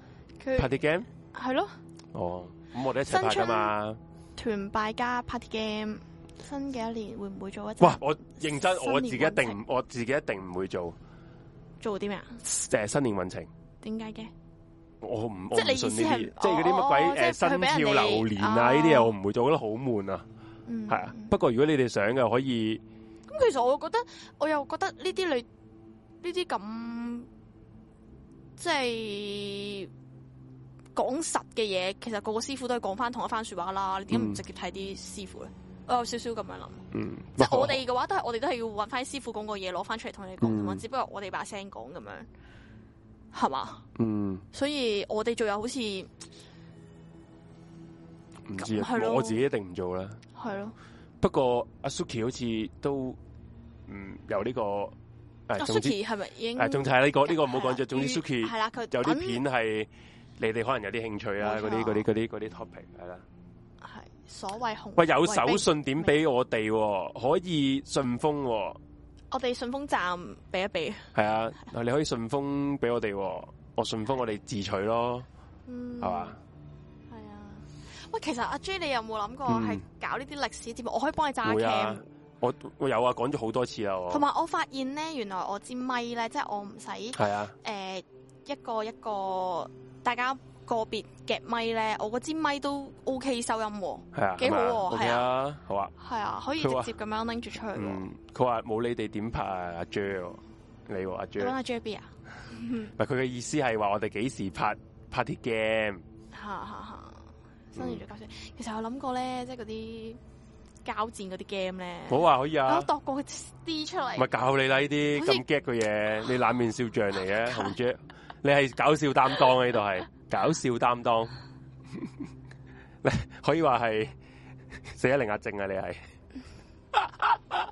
Speaker 1: ？party game 係咯。哦，咁我哋一齊拍噶嘛？
Speaker 2: 團拜 party game，新嘅一年會唔會做一？哇！我認真，我自己一定，
Speaker 1: 我自己一定唔會做。
Speaker 2: 做啲咩啊？就
Speaker 1: 係新年運程。
Speaker 2: 點解嘅？
Speaker 1: 我唔即係你意思係即係嗰啲乜鬼誒？生肖流年啊！呢啲嘢我唔會做得好悶啊。
Speaker 2: 係、嗯、啊。不
Speaker 1: 過如果你哋想嘅，可以。
Speaker 2: 咁其實我覺得我又覺得呢啲你呢啲咁即係講實嘅嘢，其實個個師傅都係講翻同一番說話啦。你點解唔直接睇啲師傅咧、嗯？我有少少咁樣諗、嗯，即係我哋嘅話、啊、都係我哋都係要揾翻啲師傅講個嘢攞翻出嚟同你講、嗯、只不過我哋把聲講咁樣係嘛，嗯，所以我哋做又好似
Speaker 1: 唔知啊我自己一定唔做啦。係、嗯、咯，不過阿 Suki 好似都。嗯、這個，由呢個誒，Suki 係
Speaker 2: 咪已經仲睇下呢個呢、啊這個唔好講咗。總之 Suki 係啦，佢、啊、有啲片
Speaker 1: 係、嗯、你哋可能有啲興趣啊，嗰啲嗰啲嗰啲嗰啲 topic 係啦、
Speaker 2: 啊，係所謂紅。喂，有手信
Speaker 1: 點俾我哋？可以順豐，
Speaker 2: 我哋順豐站俾一俾。
Speaker 1: 係啊，你可以順豐俾我哋，我順豐我哋自取咯，係、嗯、嘛？係啊,、嗯、
Speaker 2: 啊，喂，其實阿 J，你有冇諗過係搞呢啲歷史節目、嗯？我可以幫你揸 c
Speaker 1: 我我有啊，講咗好多次啊！同埋
Speaker 2: 我發現咧，原來我支咪咧，即、就、係、是、我唔使誒一個一個大家個別夾咪咧，我嗰支咪都 O、OK、K 收音喎、
Speaker 1: 哦，啊，幾好喎、啊，係啊，、okay、啊，啊，好啊，
Speaker 2: 係啊，可以直接咁樣拎住出去，
Speaker 1: 佢話冇你哋點拍啊，阿 J，o 你阿 J，你揾阿
Speaker 2: J B 啊？
Speaker 1: 唔，佢嘅意思係話我哋幾時拍拍啲 game？哈哈哈！新年最
Speaker 2: 搞笑，其實我諗過咧，即係嗰啲。交戰嗰啲 game 咧，冇話、啊、可以啊，我度過佢 D 出嚟，咪
Speaker 1: 教你啦，呢啲咁激嘅嘢，你冷面笑匠嚟嘅，你係搞笑擔當啊，呢度係搞笑擔當， 可以話係四一零壓症啊你係，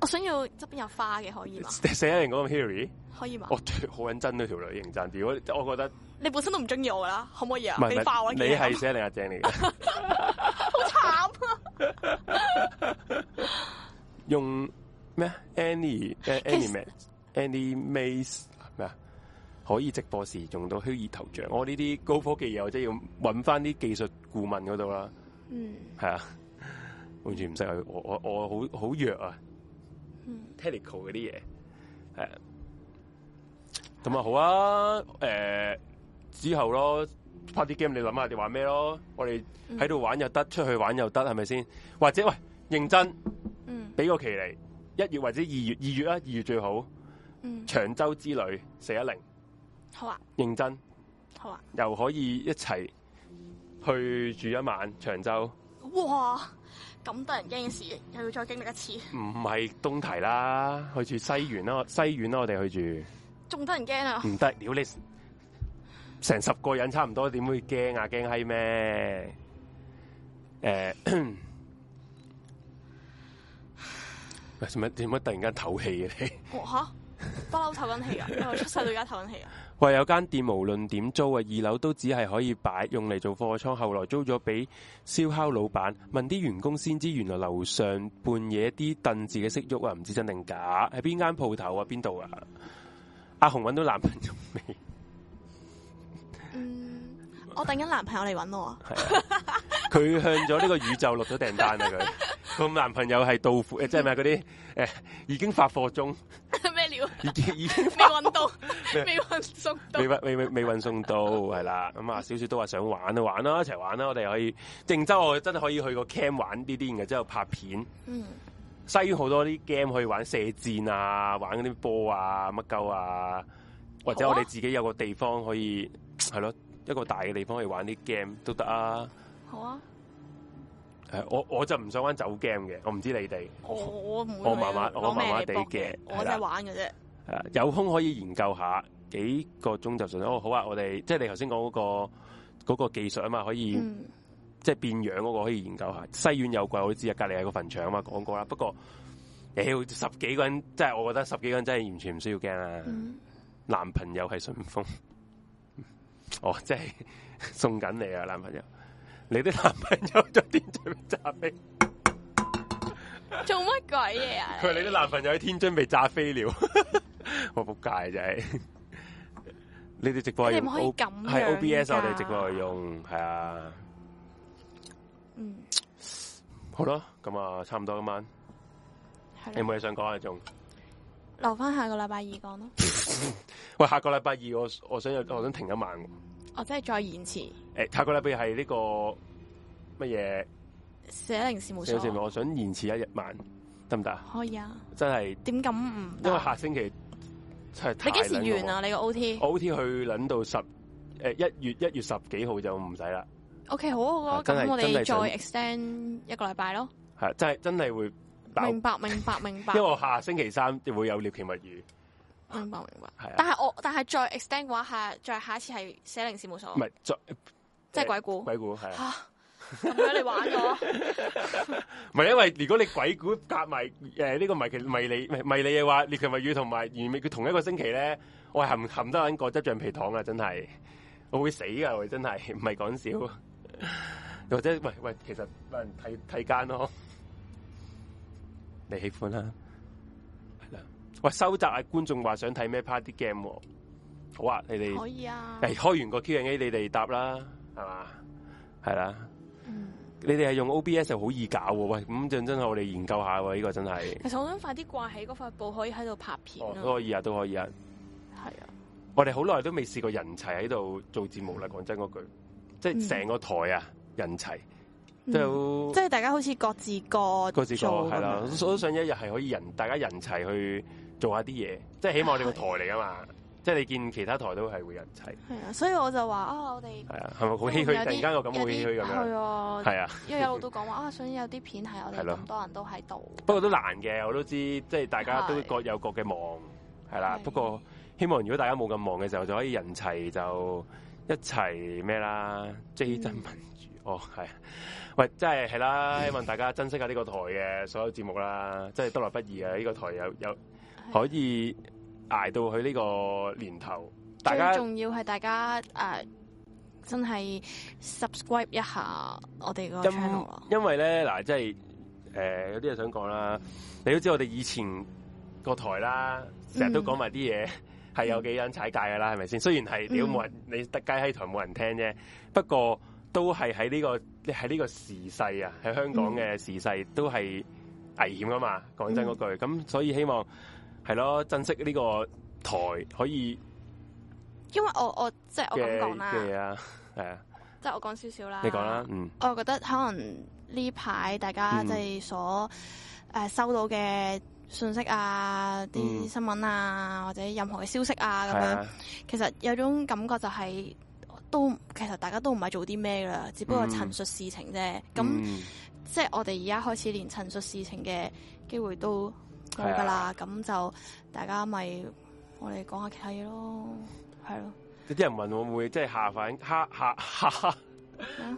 Speaker 2: 我想要側邊有花嘅可以
Speaker 1: 嘛？四一零嗰個 Harry 可以嘛？我好認真呢、啊、條女認真，如果我覺得。
Speaker 2: 你本身都唔中意我啦，可唔可以啊？你化運，你係寫 你
Speaker 1: 阿正嚟嘅，好慘啊！ 用咩 any，animations，animations 咩啊？可以直播時用到虛擬頭像，我呢啲高科技嘢，或者要揾翻啲技術顧問嗰度啦。嗯，係啊，完全唔識去，我我我好好弱啊。technical 嗰啲嘢係咁啊好啊，誒。呃之後咯，party game 你諗下你玩咩咯？我哋喺度玩又得，出去玩又得，係咪先？或者喂，認真，嗯，俾個期嚟，一月或者二月，二月啊，二月最好，嗯，長洲之旅四一零，410, 好啊，認真，好啊，又可以一齊去住一晚長洲，
Speaker 2: 哇，咁得人驚嘅事又要再經歷一次，
Speaker 1: 唔係東堤啦，去住西園啦，西園啦，我哋去住，
Speaker 2: 仲得人驚啊，唔
Speaker 1: 得了你。成十個人差唔多，點會驚啊？驚係咩？誒、uh,，點解點解突然間透氣嘅你？
Speaker 2: 吓，不嬲透緊氣噶，出世到而家透緊氣啊！
Speaker 1: 喂、 哦， 有間店無論點租啊，二樓都只係可以擺，用嚟做貨倉。後來租咗俾燒烤老闆，問啲員工先知，原來樓上半夜啲凳自己識喐啊！唔知真定假？喺邊間鋪頭啊？邊度啊？阿紅搵到男朋友未？
Speaker 2: 我等緊男朋友嚟揾我、 啊，
Speaker 1: 佢向咗呢個宇宙落咗訂單啊！佢，男朋友係到付，即係咩嗰啲誒，已經發貨中咩料？ 已經已經未
Speaker 2: 運到，未 運送到，
Speaker 1: 未未未運送到係啦。咁 啊，少少都話想玩啊，玩啦，一齊玩啦，我哋可以鄭州，我真係可以去個 camp 玩啲啲，然之後拍片。嗯，西邊好多啲 game 可以玩射箭啊，玩啲波啊，乜鳩啊，或者我哋自己有個地方可以係咯。 一個大嘅地方可以玩啲 game 都得啊！好啊！誒、啊，我我就唔想玩走 game 嘅，我唔知你哋。我我唔我麻麻，我麻麻地嘅，我即係玩嘅啫。係、啊、有空可以研究下幾個鐘就順啦。哦，好啊，我哋即係你頭先講嗰個、嗰個技術啊嘛，可以、嗯、即係變樣嗰個可以研究下。西苑有貴，我知啊，隔籬係個墳場啊嘛，講過啦。不過誒、哎，十幾個人即係，我覺得十幾個人真係完全唔需要驚啊、嗯！男朋友係順豐。哦，即係送緊你啊，男朋友！你啲男朋友在天津被炸飛，
Speaker 2: 做乜鬼嘢？佢
Speaker 1: 話你啲男朋友喺天津被炸飛了，我仆街真係。 你哋直播，你唔可以咁、啊。係 OBS 我哋直播去用，係啊，啊。嗯，好啦，咁啊，差唔多今晚，
Speaker 2: 你有冇
Speaker 1: 嘢想講啊？仲
Speaker 2: 留翻下個禮拜二講咯。
Speaker 1: 喂，下個禮拜二我我想我想停一晚。
Speaker 2: 我真係再延遲。
Speaker 1: 誒、欸，下、這個禮拜係呢個乜嘢？
Speaker 2: 寫零時冇錯。
Speaker 1: 我想延遲一日晚，得唔得？可以啊。真係。點
Speaker 2: 敢唔？因為下
Speaker 1: 星期真係太。你幾時完啊？你個 O T？O T 去捻到十誒一月一月十幾號就唔使啦。
Speaker 2: O K，好，好咁我哋再 extend 一個禮拜咯。
Speaker 1: 係真係真係會明白
Speaker 2: 明白明白。因為我下
Speaker 1: 星期三就會有獵奇物語。我、嗯、明白，但係我、
Speaker 2: 啊、但係再 extend 嘅話下，再下一次係寫靈異事務所唔係
Speaker 1: 再即係鬼故，鬼故係吓
Speaker 2: 唔好嚟玩我，
Speaker 1: 唔 係 因為如果你鬼故夾埋誒呢個迷奇迷你，迷你嘅話，獵奇物語同埋完美佢同一個星期咧，我係唔含,含得搵果汁橡皮糖啊，真係我會死噶，我真係唔係講笑，或者喂喂，其實俾人睇睇間咯，奸 你喜歡啦、啊。喂，收集啊！觀眾話想睇咩 party game？好啊，你哋可以啊！誒，開完個 Q&A，你哋答啦，係嘛？係啦，你哋係用 OBS 就好易搞喎。喂，咁陣真係我哋研究下喎，呢個真係。其實
Speaker 2: 我想快啲掛起嗰塊布，可以喺度拍片，都可
Speaker 1: 以啊，都可以啊，係啊。我哋好耐都未試過人齊喺度做節目啦。講真嗰句，即係成個台啊，人齊都即係
Speaker 2: 大家好似各自個各，各自個係啦。
Speaker 1: 我都想一日係可以人大家人齊去。做下啲嘢，即係希望你個台嚟啊嘛！即係你見其他台都係會人齊。
Speaker 2: 係啊，所以我就話啊、哦，我哋
Speaker 1: 係啊，係咪好唏噓？突然間個感好唏噓咁樣。係啊，因為有好多
Speaker 2: 講話啊，所以有啲片係我哋咁多人都喺度。
Speaker 1: 不過都難嘅，我都知道，即係大家都各有各嘅忙，係啦。不過希望如果大家冇咁忙嘅時候，就可以人齊就一齊咩啦？即係真民主、嗯、哦，係喂，即係係啦、嗯，希望大家珍惜下呢個台嘅所有節目啦，即係得來不易啊！呢、嗯這個台有有。可以捱到去呢個年頭，大家，最重
Speaker 2: 要係大家、uh, 真係 subscribe 一下我哋個 channel。
Speaker 1: 因為咧嗱，即係、呃、有啲嘢想講啦。你都知我哋以前個台啦，成日都講埋啲嘢係有幾人踩界噶啦，係咪先？雖然係冇人，嗯、你得雞喺台冇人聽啫。不過都係喺呢個喺呢個時勢啊，喺香港嘅時勢都係危險噶嘛。講真嗰句，咁、嗯、所以希望。係咯，珍惜呢個台可以。
Speaker 2: 因為我我即係、就是、我咁講啦。啊，係
Speaker 1: 啊。
Speaker 2: 即係我講少少啦。你
Speaker 1: 講啦，嗯。
Speaker 2: 我覺得可能呢排大家即係所誒、呃、收到嘅信息啊，啲、嗯、新聞啊，或者任何嘅消息啊，咁、嗯、樣，其實有一種感覺就係、是、都其實大家都唔係做啲咩噶啦，只不過陳述事情啫。咁、嗯嗯、即係我哋而家開始連陳述事情嘅機會都。噶啦，咁就大家咪我哋講下其他嘢咯，係
Speaker 1: 咯。有啲人問我會唔會即係下翻下下下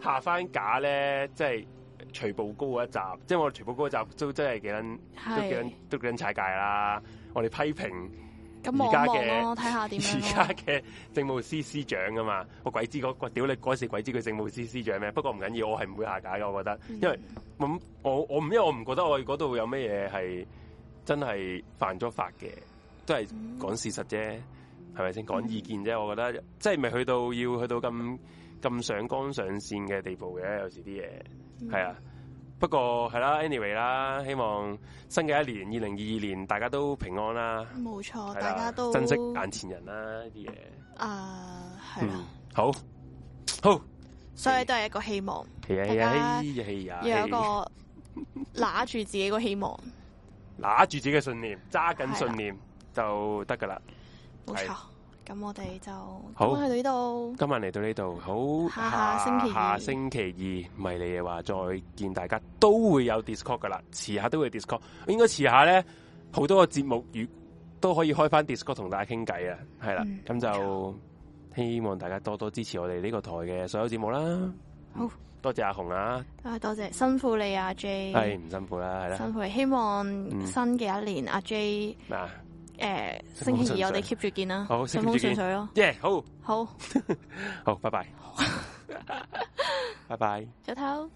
Speaker 1: 下翻架咧？即係徐步高一集，即係我哋徐步高一集都真係幾撚，都幾撚都幾撚踩界啦。我哋批評
Speaker 2: 而家嘅而家
Speaker 1: 嘅政務司司長啊嘛，我鬼知嗰個屌你嗰時鬼知佢政務司司長咩？不過唔緊要，我係唔會下架㗎。我覺得，因為咁我我唔因為我唔覺得我嗰度有咩嘢係。真係犯咗法嘅，都係講事實啫，係咪先？講意見啫，嗯，我覺得，即係未去到要去到咁咁上綱上線嘅地步嘅，有時啲嘢係啊。不過係啦，anyway 啦，希望新嘅一年二零二二年，大家都平安啦。
Speaker 2: 冇錯，啊，大家都珍惜眼
Speaker 1: 前人啦，呢啲嘢。呃、係啊，係、嗯、好好，
Speaker 2: 所以都係一個希望。
Speaker 1: 係啊，係啊，啊，啊，要有一個
Speaker 2: 拿住自己個希望。
Speaker 1: 拿住自己嘅信念，揸緊信念、啊、就得噶啦。冇錯，
Speaker 2: 咁我哋就好，今晚嚟到呢度。今
Speaker 1: 晚嚟到呢度，好下,下星期二，下星期二咪你嘅話再見大家，都會有 Discord 噶啦，遲下都會有 Discord。應該遲下咧，好多個節目與都可以開翻 Discord 同大家傾偈啊，係啦，咁、嗯、就、嗯、希望大家多多支持我哋呢個台嘅所有節目啦。
Speaker 2: 好。嗯多謝阿紅啊！啊，多謝辛苦你阿 J，係唔
Speaker 1: 辛苦啦，係啦。辛苦你，希
Speaker 2: 望新嘅一年阿 J 誒，星期二我哋 keep 住見
Speaker 1: 啦，好，順風順水咯，耶！Yeah, 好，好， 好，拜 bye 拜，拜 拜 ，
Speaker 4: 早唞。